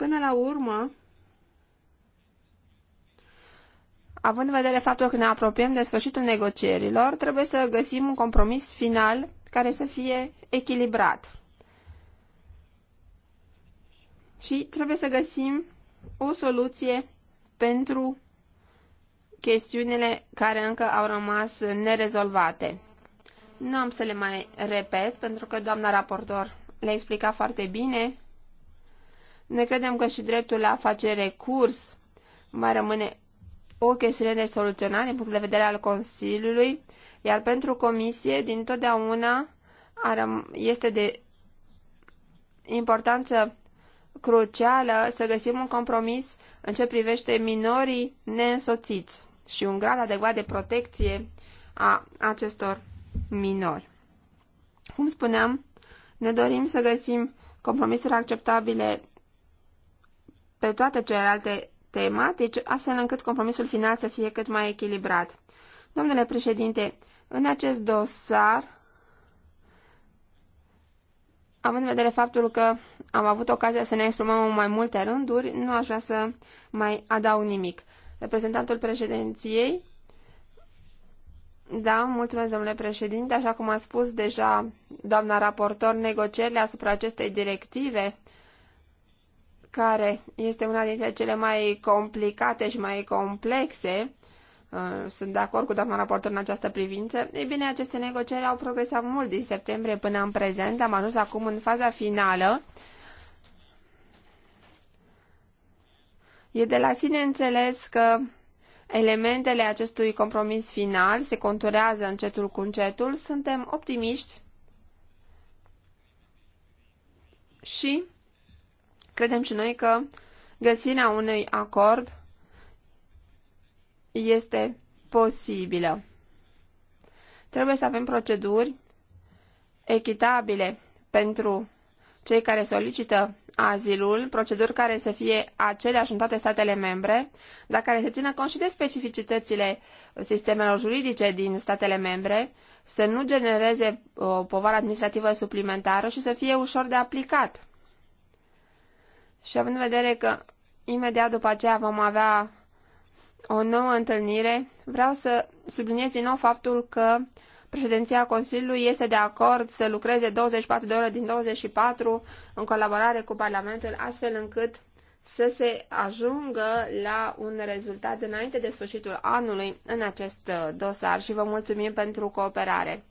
Până la urmă, având în vedere faptul că ne apropiem de sfârșitul negocierilor, trebuie să găsim un compromis final care să fie echilibrat. Și trebuie să găsim o soluție pentru chestiunile care încă au rămas nerezolvate. Nu am să le mai repet, pentru că doamna raportor le-a explicat foarte bine ne credem că și dreptul la a face recurs mai rămâne o chestiune de soluționat din punct de vedere al Consiliului, iar pentru Comisie, din totdeauna este de importanță crucială să găsim un compromis în ce privește minorii neînsoțiți și un grad adecvat de protecție a acestor minori. Cum spuneam, ne dorim să găsim compromisuri acceptabile pe toate celelalte tematici, astfel încât compromisul final să fie cât mai echilibrat. Domnule președinte, în acest dosar, având în vedere faptul că am avut ocazia să ne exprimăm în mai multe rânduri, nu aș vrea să mai adaug nimic. Reprezentantul președinției, da, mulțumesc, domnule președinte. Așa cum a spus deja doamna raportor, negocierile asupra acestei directive care este una dintre cele mai complicate și mai complexe, uh, sunt de acord cu doamna raportor în această privință, ei bine, aceste negocieri au progresat mult din septembrie până în prezent, am ajuns acum în faza finală. E de la sine înțeles că elementele acestui compromis final se conturează încetul cu încetul, suntem optimiști și Credem și noi că găsirea unui acord este posibilă. Trebuie să avem proceduri echitabile pentru cei care solicită azilul, proceduri care să fie aceleași în toate statele membre, dar care să țină cont și de specificitățile sistemelor juridice din statele membre, să nu genereze o povară administrativă suplimentară și să fie ușor de aplicat. Și având în vedere că imediat după aceea vom avea o nouă întâlnire, vreau să subliniez din nou faptul că președinția Consiliului este de acord să lucreze 24 de ore din 24 în colaborare cu Parlamentul, astfel încât să se ajungă la un rezultat înainte de sfârșitul anului în acest uh, dosar și vă mulțumim pentru cooperare.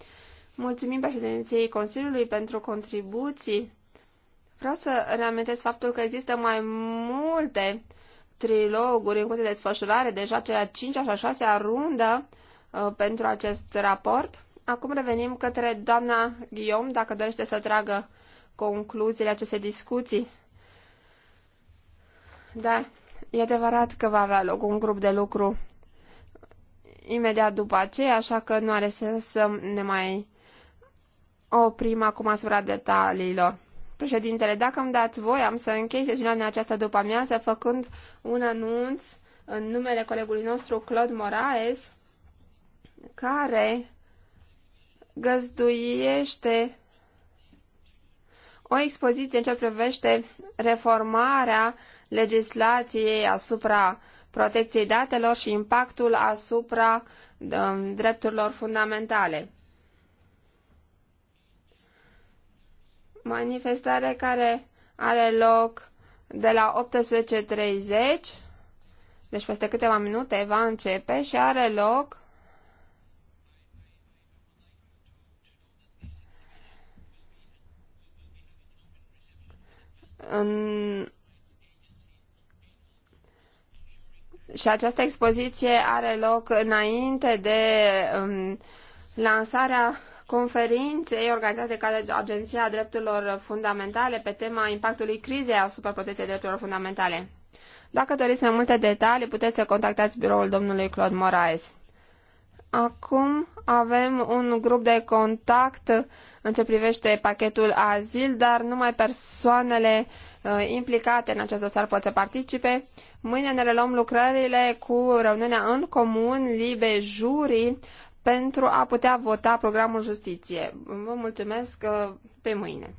Mulțumim președinției Consiliului pentru contribuții Vreau să reamintesc faptul că există mai multe triloguri în curs de desfășurare, deja cea 5-a și a șasea rundă uh, pentru acest raport. Acum revenim către doamna Guillaume, dacă dorește să tragă concluziile acestei discuții. Da, e adevărat că va avea loc un grup de lucru imediat după aceea, așa că nu are sens să ne mai oprim acum asupra detaliilor. Președintele, dacă îmi dați voi, am să închei sesiunea în această după-amiază făcând un anunț în numele colegului nostru Claude Moraes, care găzduiește o expoziție în ce privește reformarea legislației asupra protecției datelor și impactul asupra um, drepturilor fundamentale. manifestare care are loc de la 18.30, deci peste câteva minute va începe și are loc în... Și această expoziție are loc înainte de um, lansarea conferinței organizate de către Agenția Drepturilor Fundamentale pe tema impactului crizei asupra protecției drepturilor fundamentale. Dacă doriți mai multe detalii, puteți să contactați biroul domnului Claude Moraes. Acum avem un grup de contact în ce privește pachetul azil, dar numai persoanele uh, implicate în acest dosar pot să participe. Mâine ne reluăm lucrările cu reuniunea în comun, libe, jurii, pentru a putea vota programul justiție. Vă mulțumesc uh, pe mâine.